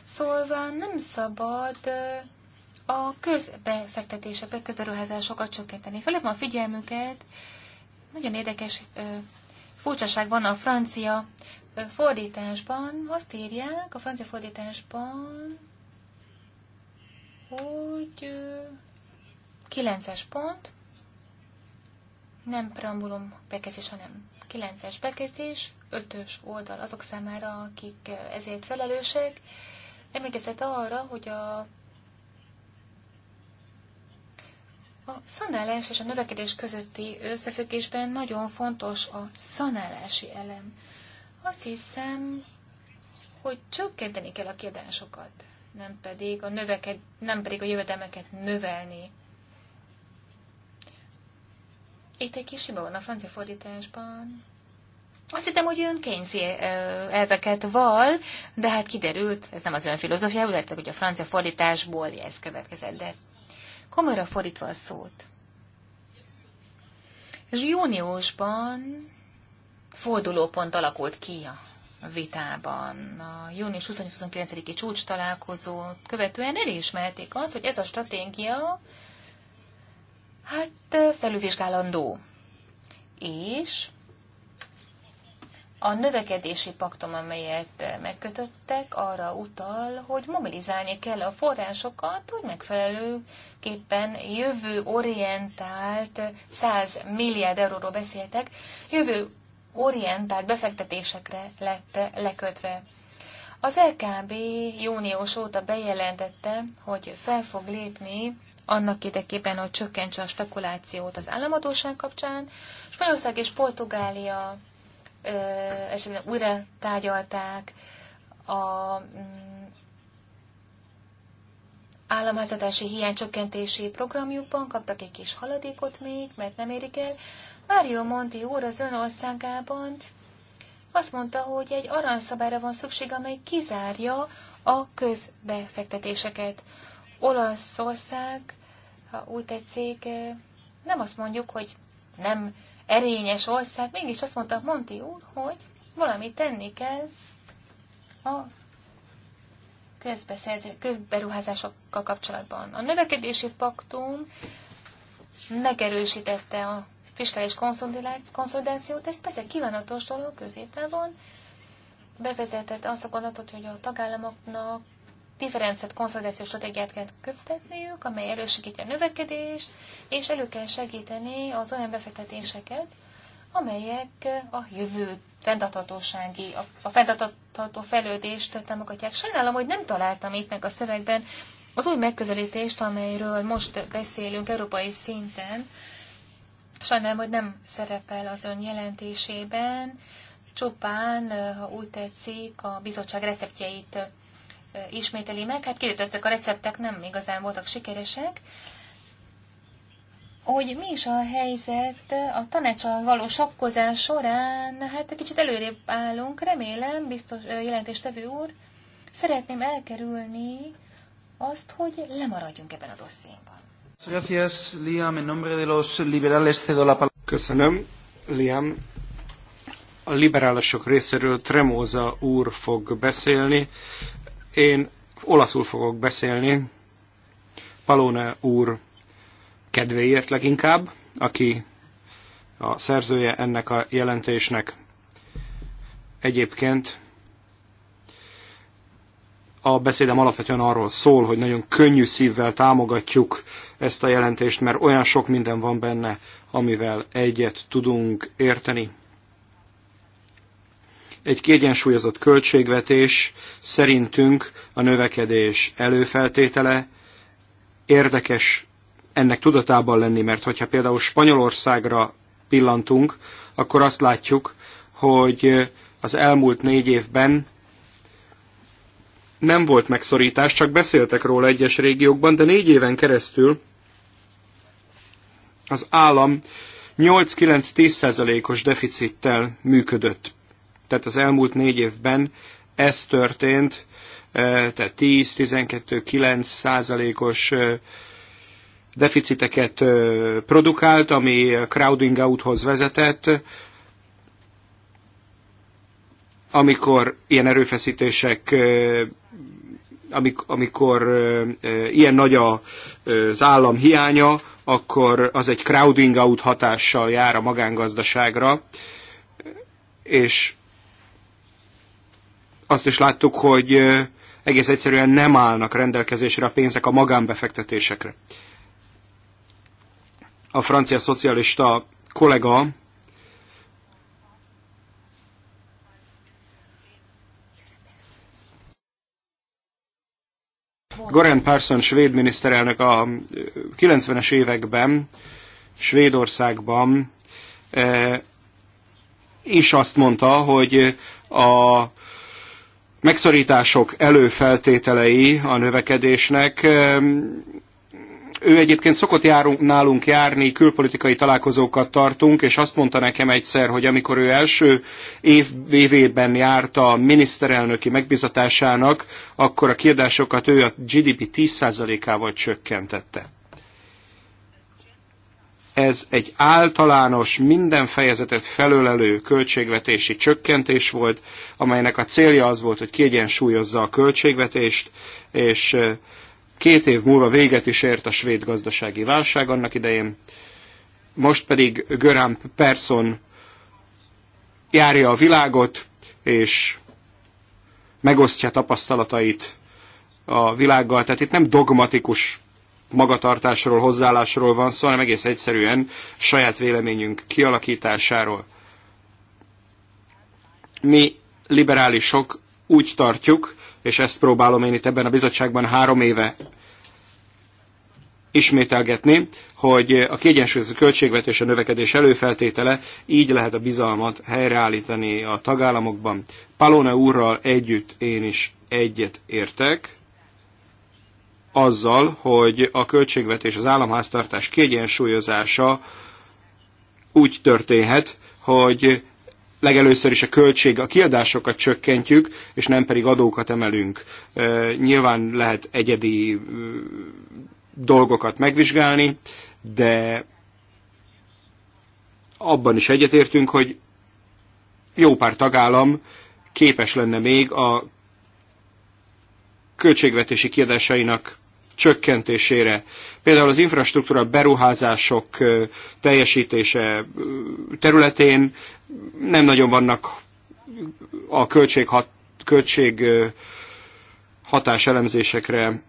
szólva nem szabad a közbefektetésekbe, közberuházásokat csökkenteni. Felhívom a figyelmüket, nagyon érdekes furcsaság van a francia fordításban, azt írják a francia fordításban, hogy 9-es pont, nem preambulum bekezdés, hanem 9-es bekezdés, 5-ös oldal azok számára, akik ezért felelősek. Emlékezett arra, hogy a, a szanálás és a növekedés közötti összefüggésben nagyon fontos a szanálási elem. Azt hiszem, hogy csökkenteni kell a kiadásokat, nem pedig a, növeked, nem pedig a jövedelmeket növelni. Itt egy kis hiba van a francia fordításban. Azt hittem, hogy ön kényszi elveket val, de hát kiderült, ez nem az ön filozófia, úgy hogy a francia fordításból ez következett, de komolyra fordítva a szót. És júniusban fordulópont alakult ki a vitában. A június 28-29-i csúcs találkozót követően elismerték azt, hogy ez a stratégia Hát felülvizsgálandó. És a növekedési paktum, amelyet megkötöttek, arra utal, hogy mobilizálni kell a forrásokat, hogy megfelelőképpen jövő-orientált, 100 milliárd euróról beszéltek, jövő orientált befektetésekre lett lekötve. Az LKB június óta bejelentette, hogy fel fog lépni annak érdekében, hogy csökkentse a spekulációt az államadóság kapcsán. Spanyolország és Portugália ö, esetben újra tárgyalták a mm, államházatási hiány csökkentési programjukban, kaptak egy kis haladékot még, mert nem érik el. Mário Monti úr az ön országában azt mondta, hogy egy aranyszabályra van szükség, amely kizárja a közbefektetéseket. Olaszország, ha úgy tetszik, nem azt mondjuk, hogy nem erényes ország, mégis azt mondta Monti úr, hogy valamit tenni kell a közberuházásokkal kapcsolatban. A növekedési paktum megerősítette a fiskális konszolidációt, ez persze kívánatos dolog van. bevezetett azt a gondolatot, hogy a tagállamoknak differenciált konszolidációs stratégiát kell követniük, amely elősegíti a növekedést, és elő kell segíteni az olyan befektetéseket, amelyek a jövő fenntarthatósági, a, a fenntartható fejlődést támogatják. Sajnálom, hogy nem találtam itt meg a szövegben az új megközelítést, amelyről most beszélünk európai szinten. Sajnálom, hogy nem szerepel az ön jelentésében, csupán, ha úgy tetszik, a bizottság receptjeit ismételi meg. Hát kiütöttek a receptek, nem igazán voltak sikeresek. Hogy mi is a helyzet a tanácsal való sakkozás során, hát egy kicsit előrébb állunk, remélem, biztos jelentéstevő úr, szeretném elkerülni azt, hogy lemaradjunk ebben a dossziénban. Köszönöm, Liam. A liberálisok részéről Tremóza úr fog beszélni. Én olaszul fogok beszélni, Palone úr kedvéért leginkább, aki a szerzője ennek a jelentésnek. Egyébként a beszédem alapvetően arról szól, hogy nagyon könnyű szívvel támogatjuk ezt a jelentést, mert olyan sok minden van benne, amivel egyet tudunk érteni. Egy kiegyensúlyozott költségvetés szerintünk a növekedés előfeltétele. Érdekes ennek tudatában lenni, mert hogyha például Spanyolországra pillantunk, akkor azt látjuk, hogy az elmúlt négy évben nem volt megszorítás, csak beszéltek róla egyes régiókban, de négy éven keresztül az állam 8-9-10%-os deficittel működött. Tehát az elmúlt négy évben ez történt, e, tehát 10-12-9 százalékos e, deficiteket e, produkált, ami crowding outhoz vezetett. Amikor ilyen erőfeszítések amikor ilyen nagy az állam hiánya, akkor az egy crowding out hatással jár a magángazdaságra, és azt is láttuk, hogy egész egyszerűen nem állnak rendelkezésre a pénzek a magánbefektetésekre. A francia szocialista kollega Goran Persson, svéd miniszterelnök a 90-es években Svédországban is azt mondta, hogy a megszorítások előfeltételei a növekedésnek. Ehm, ő egyébként szokott járunk, nálunk járni, külpolitikai találkozókat tartunk, és azt mondta nekem egyszer, hogy amikor ő első év, évében járt a miniszterelnöki megbizatásának, akkor a kiadásokat ő a GDP 10%-ával csökkentette. Ez egy általános, minden fejezetet felölelő költségvetési csökkentés volt, amelynek a célja az volt, hogy kiegyensúlyozza a költségvetést, és két év múlva véget is ért a svéd gazdasági válság annak idején. Most pedig Göran Persson járja a világot, és megosztja tapasztalatait a világgal. Tehát itt nem dogmatikus magatartásról, hozzáállásról van szó, hanem egész egyszerűen saját véleményünk kialakításáról. Mi liberálisok úgy tartjuk, és ezt próbálom én itt ebben a bizottságban három éve ismételgetni, hogy a kiegyensúlyozó költségvetés a növekedés előfeltétele, így lehet a bizalmat helyreállítani a tagállamokban. Palone úrral együtt én is egyet értek azzal, hogy a költségvetés, az államháztartás kiegyensúlyozása úgy történhet, hogy legelőször is a költség, a kiadásokat csökkentjük, és nem pedig adókat emelünk. Nyilván lehet egyedi dolgokat megvizsgálni, de abban is egyetértünk, hogy jó pár tagállam képes lenne még a költségvetési kiadásainak csökkentésére. Például az infrastruktúra beruházások teljesítése területén nem nagyon vannak a költség, hat, költség elemzésekre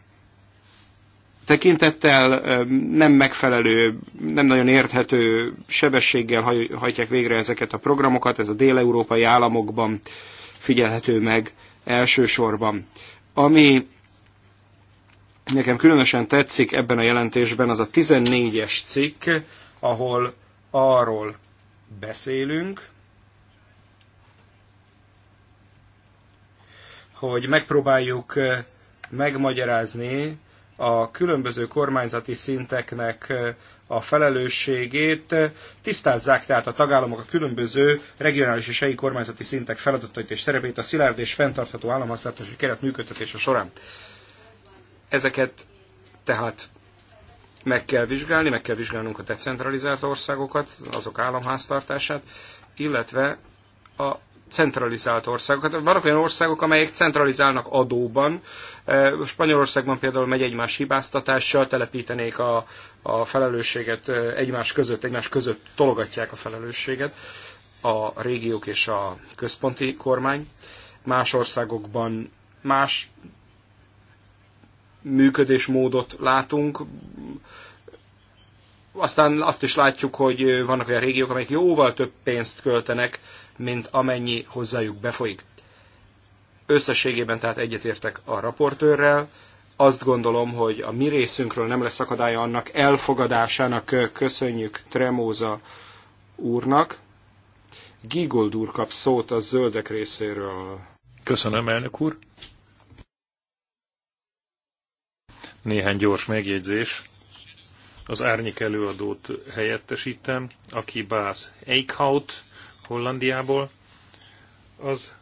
tekintettel nem megfelelő, nem nagyon érthető sebességgel hajtják végre ezeket a programokat, ez a déleurópai államokban figyelhető meg elsősorban. Ami nekem különösen tetszik ebben a jelentésben az a 14-es cikk, ahol arról beszélünk, hogy megpróbáljuk megmagyarázni a különböző kormányzati szinteknek a felelősségét, tisztázzák tehát a tagállamok a különböző regionális és helyi kormányzati szintek feladatait és szerepét a szilárd és fenntartható államhasználatási keret működtetése során. Ezeket tehát meg kell vizsgálni, meg kell vizsgálnunk a decentralizált országokat, azok államháztartását, illetve a centralizált országokat. Vannak olyan országok, amelyek centralizálnak adóban. E, Spanyolországban például megy egymás hibáztatással, telepítenék a, a felelősséget e, egymás között, egymás között tologatják a felelősséget a régiók és a központi kormány. Más országokban más működésmódot látunk. Aztán azt is látjuk, hogy vannak olyan régiók, amelyek jóval több pénzt költenek, mint amennyi hozzájuk befolyik. Összességében tehát egyetértek a raportőrrel, azt gondolom, hogy a mi részünkről nem lesz akadálya annak elfogadásának. Köszönjük Tremóza úrnak. Gigold úr kap szót a zöldek részéről. Köszönöm, elnök úr. Néhány gyors megjegyzés. Az árnyék előadót helyettesítem, aki Bász Eichhout Hollandiából. Az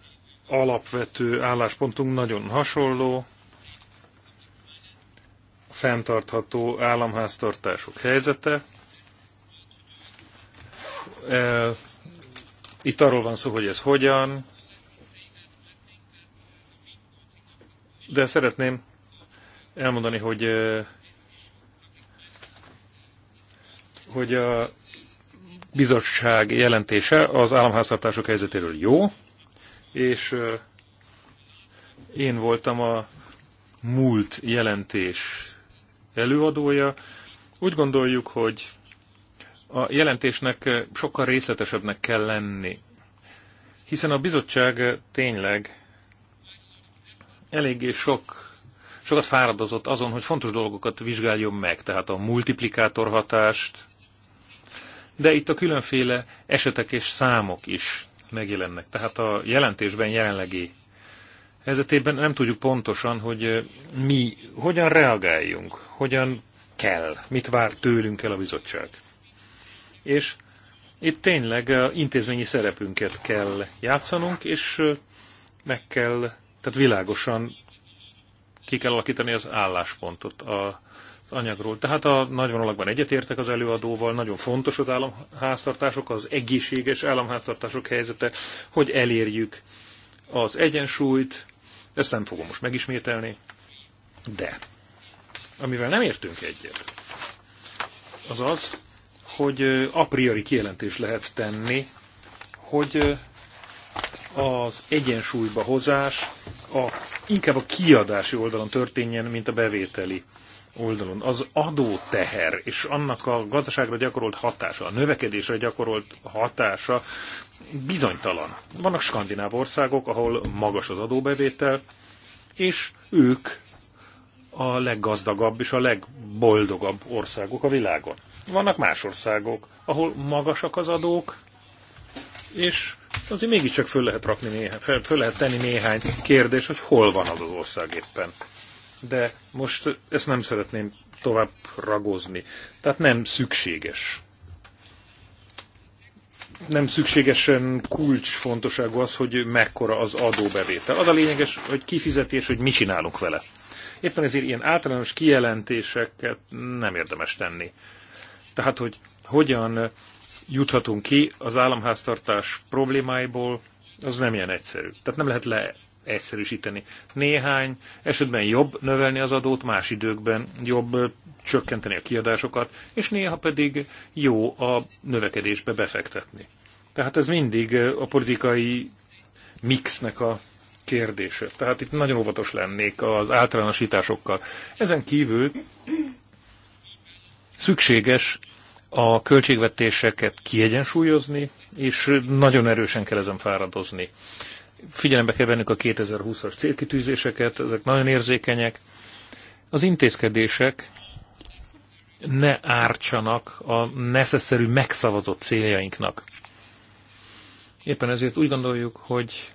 alapvető álláspontunk nagyon hasonló, Fentartható államháztartások helyzete. Itt arról van szó, hogy ez hogyan, de szeretném elmondani, hogy hogy a bizottság jelentése az államháztartások helyzetéről jó, és én voltam a múlt jelentés előadója. Úgy gondoljuk, hogy a jelentésnek sokkal részletesebbnek kell lenni, hiszen a bizottság tényleg eléggé sok sokat fáradozott azon, hogy fontos dolgokat vizsgáljon meg, tehát a multiplikátor hatást, de itt a különféle esetek és számok is megjelennek. Tehát a jelentésben jelenlegi helyzetében nem tudjuk pontosan, hogy mi hogyan reagáljunk, hogyan kell, mit vár tőlünk el a bizottság. És itt tényleg intézményi szerepünket kell játszanunk, és meg kell, tehát világosan ki kell alakítani az álláspontot a az anyagról. Tehát a nagyvonalakban egyetértek az előadóval, nagyon fontos az államháztartások, az egészséges államháztartások helyzete, hogy elérjük az egyensúlyt, ezt nem fogom most megismételni, de amivel nem értünk egyet, az az, hogy a priori kijelentést lehet tenni, hogy az egyensúlyba hozás a, inkább a kiadási oldalon történjen, mint a bevételi oldalon. Az adóteher és annak a gazdaságra gyakorolt hatása, a növekedésre gyakorolt hatása bizonytalan. Vannak skandináv országok, ahol magas az adóbevétel, és ők a leggazdagabb és a legboldogabb országok a világon. Vannak más országok, ahol magasak az adók, és azért mégiscsak föl lehet, rakni néhány, föl lehet tenni néhány kérdés, hogy hol van az az ország éppen. De most ezt nem szeretném tovább ragozni. Tehát nem szükséges. Nem szükségesen kulcsfontosságú az, hogy mekkora az adóbevétel. Az a lényeges, hogy kifizetés, hogy mi csinálunk vele. Éppen ezért ilyen általános kijelentéseket nem érdemes tenni. Tehát, hogy hogyan juthatunk ki az államháztartás problémáiból, az nem ilyen egyszerű. Tehát nem lehet le egyszerűsíteni. Néhány esetben jobb növelni az adót, más időkben jobb csökkenteni a kiadásokat, és néha pedig jó a növekedésbe befektetni. Tehát ez mindig a politikai mixnek a kérdése. Tehát itt nagyon óvatos lennék az általánosításokkal. Ezen kívül szükséges a költségvetéseket kiegyensúlyozni, és nagyon erősen kell ezen fáradozni. Figyelembe kell vennünk a 2020-as célkitűzéseket, ezek nagyon érzékenyek. Az intézkedések ne ártsanak a neszeszerű megszavazott céljainknak. Éppen ezért úgy gondoljuk, hogy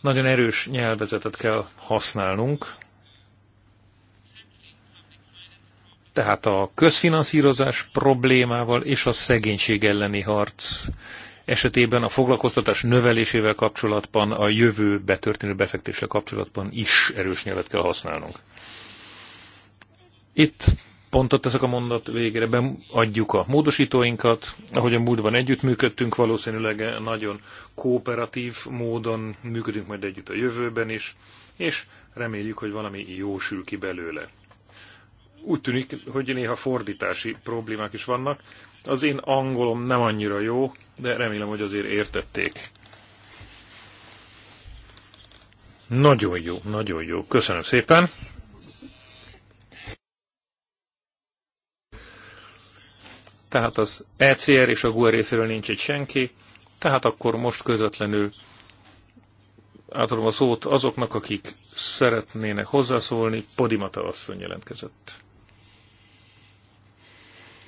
nagyon erős nyelvezetet kell használnunk, Tehát a közfinanszírozás problémával és a szegénység elleni harc esetében a foglalkoztatás növelésével kapcsolatban, a jövő betörténő befektésre kapcsolatban is erős nyelvet kell használnunk. Itt pontot teszek a mondat végére, beadjuk a módosítóinkat, ahogy a múltban együttműködtünk, valószínűleg nagyon kooperatív módon működünk majd együtt a jövőben is, és reméljük, hogy valami jó sül ki belőle úgy tűnik, hogy néha fordítási problémák is vannak. Az én angolom nem annyira jó, de remélem, hogy azért értették. Nagyon jó, nagyon jó. Köszönöm szépen. Tehát az ECR és a GUR e részéről nincs egy senki, tehát akkor most közvetlenül átadom a szót azoknak, akik szeretnének hozzászólni. Podimata asszony jelentkezett.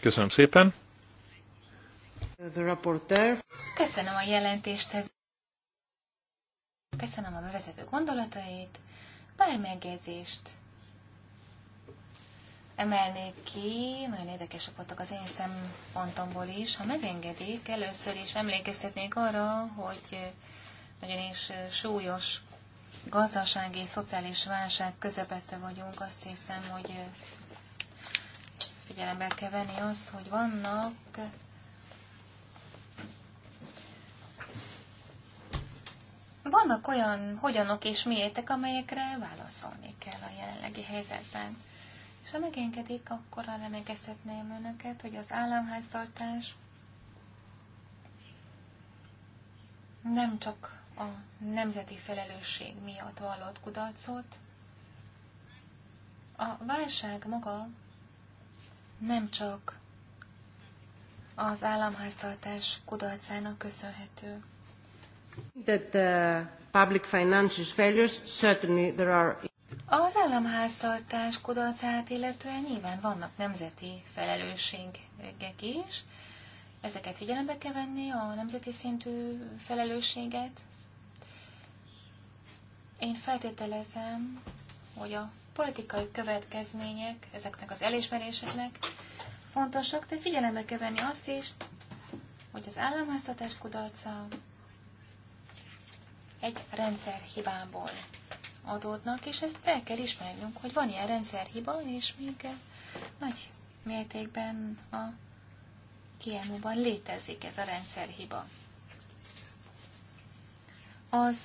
Köszönöm szépen. Köszönöm a jelentést. Köszönöm a bevezető gondolatait, pár megjegyzést emelnék ki, nagyon érdekesek voltak az én szempontomból is. Ha megengedik, először is emlékeztetnék arra, hogy nagyon is súlyos gazdasági, szociális válság közepette vagyunk. Azt hiszem, hogy figyelembe kell venni azt, hogy vannak vannak olyan hogyanok és miétek, amelyekre válaszolni kell a jelenlegi helyzetben. És ha megengedik, akkor arra megeszhetném önöket, hogy az államháztartás nem csak a nemzeti felelősség miatt vallott kudarcot, a válság maga nem csak az államháztartás kudarcának köszönhető. That the public financial failures, certainly there are... Az államháztartás kudarcát illetően nyilván vannak nemzeti felelősségek is. Ezeket figyelembe kell venni, a nemzeti szintű felelősséget. Én feltételezem, hogy a politikai következmények ezeknek az elismeréseknek fontosak, de figyelembe kell venni azt is, hogy az államháztatás kudarca egy rendszerhibából adódnak, és ezt el kell ismernünk, hogy van ilyen rendszerhiba, és még nagy mértékben a kiemúban létezik ez a rendszerhiba. Az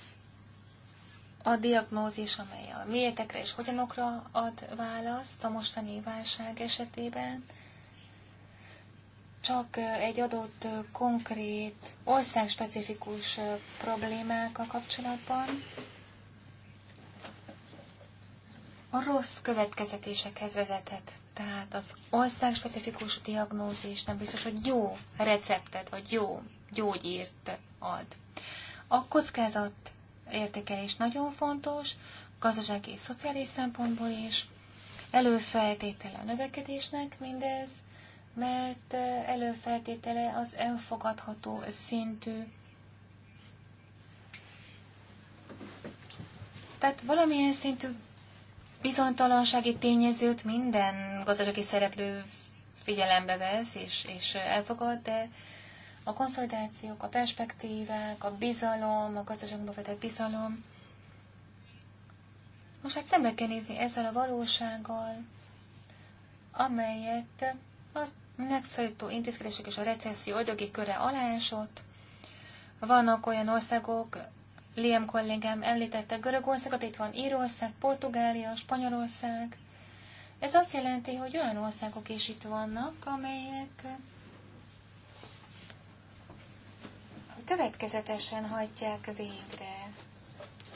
a diagnózis, amely a miértekre és hogyanokra ad választ a mostani válság esetében, csak egy adott konkrét, országspecifikus a kapcsolatban a rossz következetésekhez vezethet. Tehát az országspecifikus diagnózis nem biztos, hogy jó receptet, vagy jó gyógyírt ad. A kockázat értékelés nagyon fontos, gazdasági és szociális szempontból is. Előfeltétele a növekedésnek mindez, mert előfeltétele az elfogadható szintű. Tehát valamilyen szintű bizonytalansági tényezőt minden gazdasági szereplő figyelembe vesz és, és elfogad, de a konszolidációk, a perspektívák, a bizalom, a gazdaságban vetett bizalom. Most hát szembe kell nézni ezzel a valósággal, amelyet az megszorító intézkedések és a recesszió oldogi köre alásott. Vannak olyan országok, Liam kollégám említette Görögországot, itt van Írország, Portugália, Spanyolország. Ez azt jelenti, hogy olyan országok is itt vannak, amelyek következetesen hajtják végre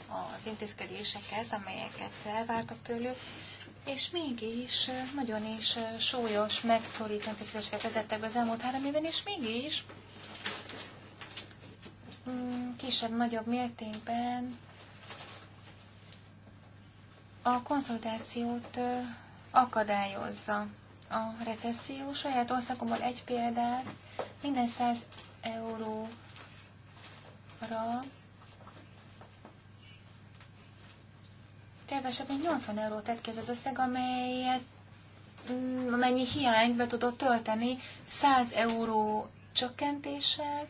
az intézkedéseket, amelyeket elvártak tőlük, és mégis nagyon is súlyos, megszorító intézkedéseket vezettek be az elmúlt három évben, és mégis mm, kisebb-nagyobb mértékben a konszolidációt akadályozza a recesszió. Saját országomból egy példát, minden 100 euró számukra kevesebb, mint 80 eurót tett ki ez az összeg, amelyet, mm, amennyi hiányt be tudott tölteni 100 euró csökkentéssel,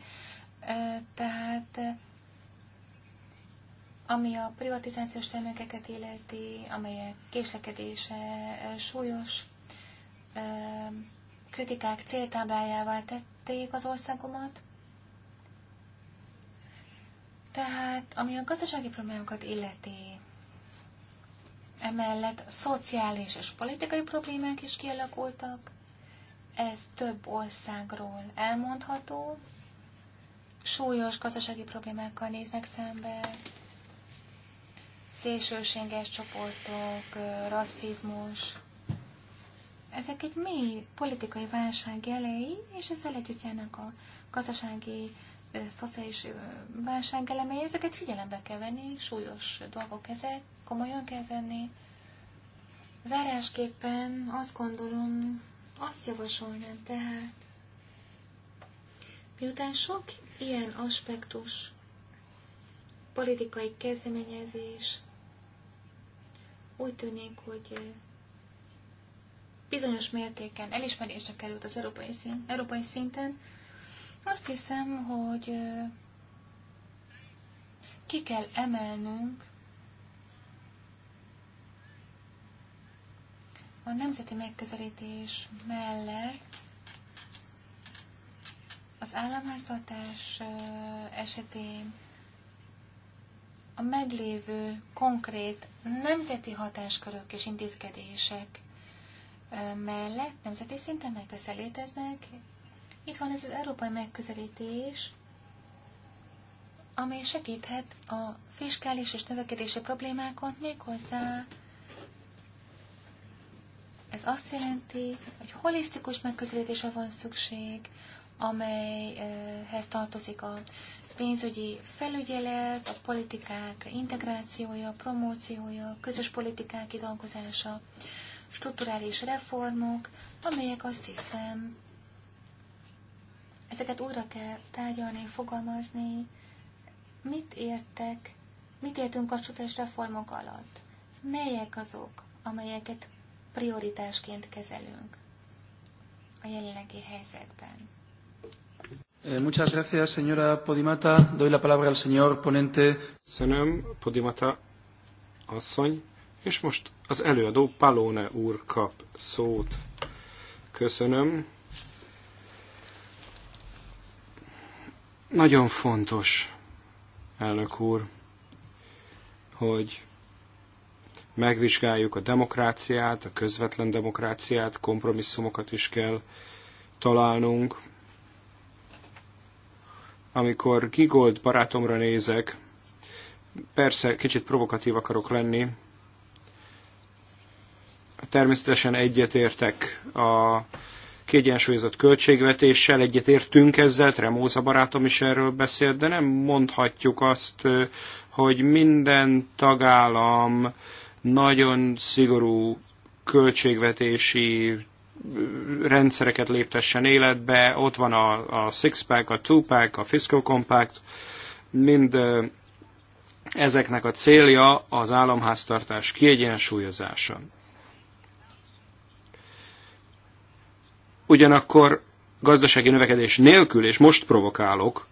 e, tehát e, ami a privatizációs termékeket illeti, amelyek késlekedése e, súlyos kritikák céltáblájával tették az országomat, tehát, ami a gazdasági problémákat illeti, emellett szociális és politikai problémák is kialakultak, ez több országról elmondható, súlyos gazdasági problémákkal néznek szembe, szélsőséges csoportok, rasszizmus. Ezek egy mély politikai válság jelei, és ezzel együtt járnak a gazdasági szociális válság elemei, ezeket figyelembe kell venni, súlyos dolgok ezek, komolyan kell venni. Zárásképpen azt gondolom, azt javasolnám tehát, miután sok ilyen aspektus, politikai kezdeményezés, úgy tűnik, hogy bizonyos mértéken elismerésre került az európai, szín, európai szinten, azt hiszem, hogy ki kell emelnünk a nemzeti megközelítés mellett az államháztartás esetén a meglévő konkrét nemzeti hatáskörök és intézkedések mellett nemzeti szinten megközelíteznek, itt van ez az európai megközelítés, amely segíthet a fiskális és növekedési problémákon méghozzá. Ez azt jelenti, hogy holisztikus megközelítésre van szükség, amelyhez tartozik a pénzügyi felügyelet, a politikák integrációja, promóciója, közös politikák kidolgozása, strukturális reformok, amelyek azt hiszem Ezeket újra kell tárgyalni, fogalmazni, mit értek, mit értünk a csutás reformok alatt, melyek azok, amelyeket prioritásként kezelünk a jelenlegi helyzetben. Eh, muchas gracias, señora Podimata. Doy la palabra al señor ponente. Köszönöm, Podimata asszony. És most az előadó Palone úr kap szót. Köszönöm. Nagyon fontos, elnök úr, hogy megvizsgáljuk a demokráciát, a közvetlen demokráciát, kompromisszumokat is kell találnunk. Amikor Gigold barátomra nézek, persze kicsit provokatív akarok lenni, természetesen egyetértek a kiegyensúlyozott költségvetéssel, egyetértünk ezzel, Tremóza barátom is erről beszélt, de nem mondhatjuk azt, hogy minden tagállam nagyon szigorú költségvetési rendszereket léptessen életbe, ott van a, a six-pack, a two-pack, a fiscal compact, mind ezeknek a célja az államháztartás kiegyensúlyozása. ugyanakkor gazdasági növekedés nélkül, és most provokálok,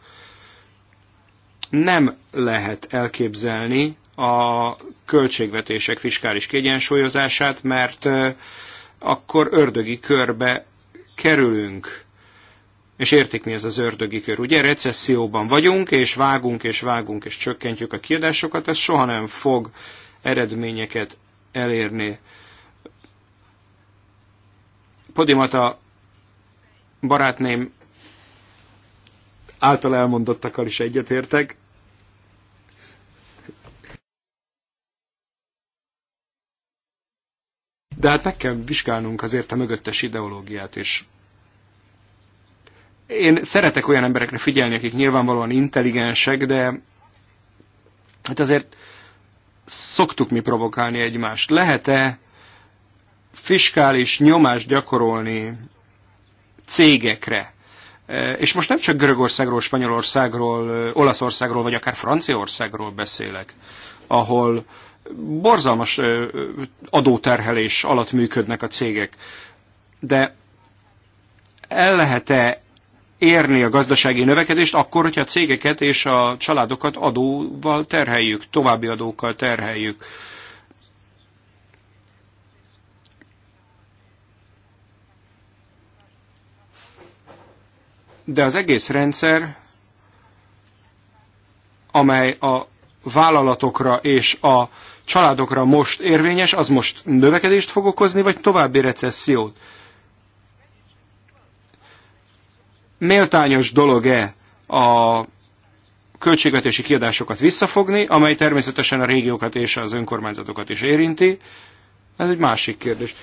nem lehet elképzelni a költségvetések fiskális kiegyensúlyozását, mert akkor ördögi körbe kerülünk. És értik mi ez az ördögi kör. Ugye recesszióban vagyunk, és vágunk, és vágunk, és csökkentjük a kiadásokat, ez soha nem fog eredményeket elérni. Podimata barátném által elmondottakkal is egyetértek. De hát meg kell vizsgálnunk azért a mögöttes ideológiát is. Én szeretek olyan emberekre figyelni, akik nyilvánvalóan intelligensek, de hát azért szoktuk mi provokálni egymást. Lehet-e fiskális nyomást gyakorolni cégekre. E, és most nem csak Görögországról, Spanyolországról, e, Olaszországról, vagy akár Franciaországról beszélek, ahol borzalmas e, adóterhelés alatt működnek a cégek. De el lehet-e érni a gazdasági növekedést akkor, hogyha a cégeket és a családokat adóval terheljük, további adókkal terheljük? de az egész rendszer, amely a vállalatokra és a családokra most érvényes, az most növekedést fog okozni, vagy további recessziót? Méltányos dolog-e a költségvetési kiadásokat visszafogni, amely természetesen a régiókat és az önkormányzatokat is érinti? Ez egy másik kérdés.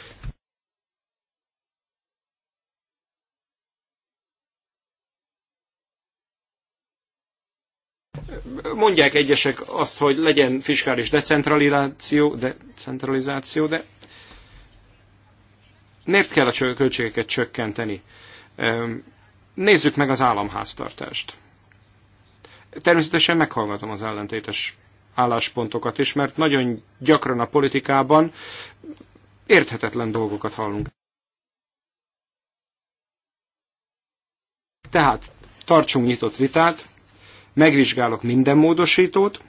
mondják egyesek azt, hogy legyen fiskális decentralizáció, decentralizáció, de miért kell a költségeket csökkenteni? Nézzük meg az államháztartást. Természetesen meghallgatom az ellentétes álláspontokat is, mert nagyon gyakran a politikában érthetetlen dolgokat hallunk. Tehát tartsunk nyitott vitát, megvizsgálok minden módosítót,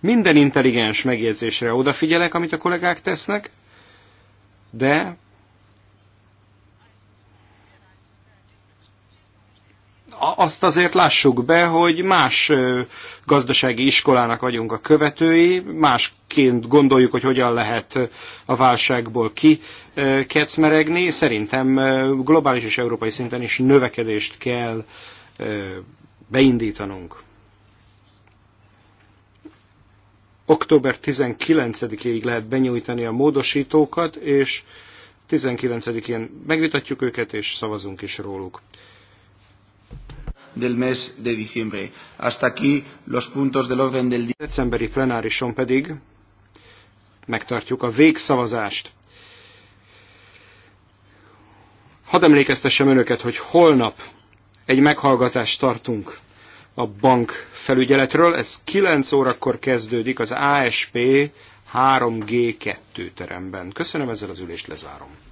minden intelligens megjegyzésre odafigyelek, amit a kollégák tesznek, de azt azért lássuk be, hogy más gazdasági iskolának vagyunk a követői, másként gondoljuk, hogy hogyan lehet a válságból ki kecmeregni. Szerintem globális és európai szinten is növekedést kell beindítanunk. Október 19-ig lehet benyújtani a módosítókat, és 19-én megvitatjuk őket, és szavazunk is róluk. Del mes de diciembre. Hasta aquí los puntos del orden del día. Decemberi plenárison pedig megtartjuk a végszavazást. Hadd emlékeztessem önöket, hogy holnap egy meghallgatást tartunk a bank felügyeletről. Ez 9 órakor kezdődik az ASP 3G2 teremben. Köszönöm, ezzel az ülést lezárom.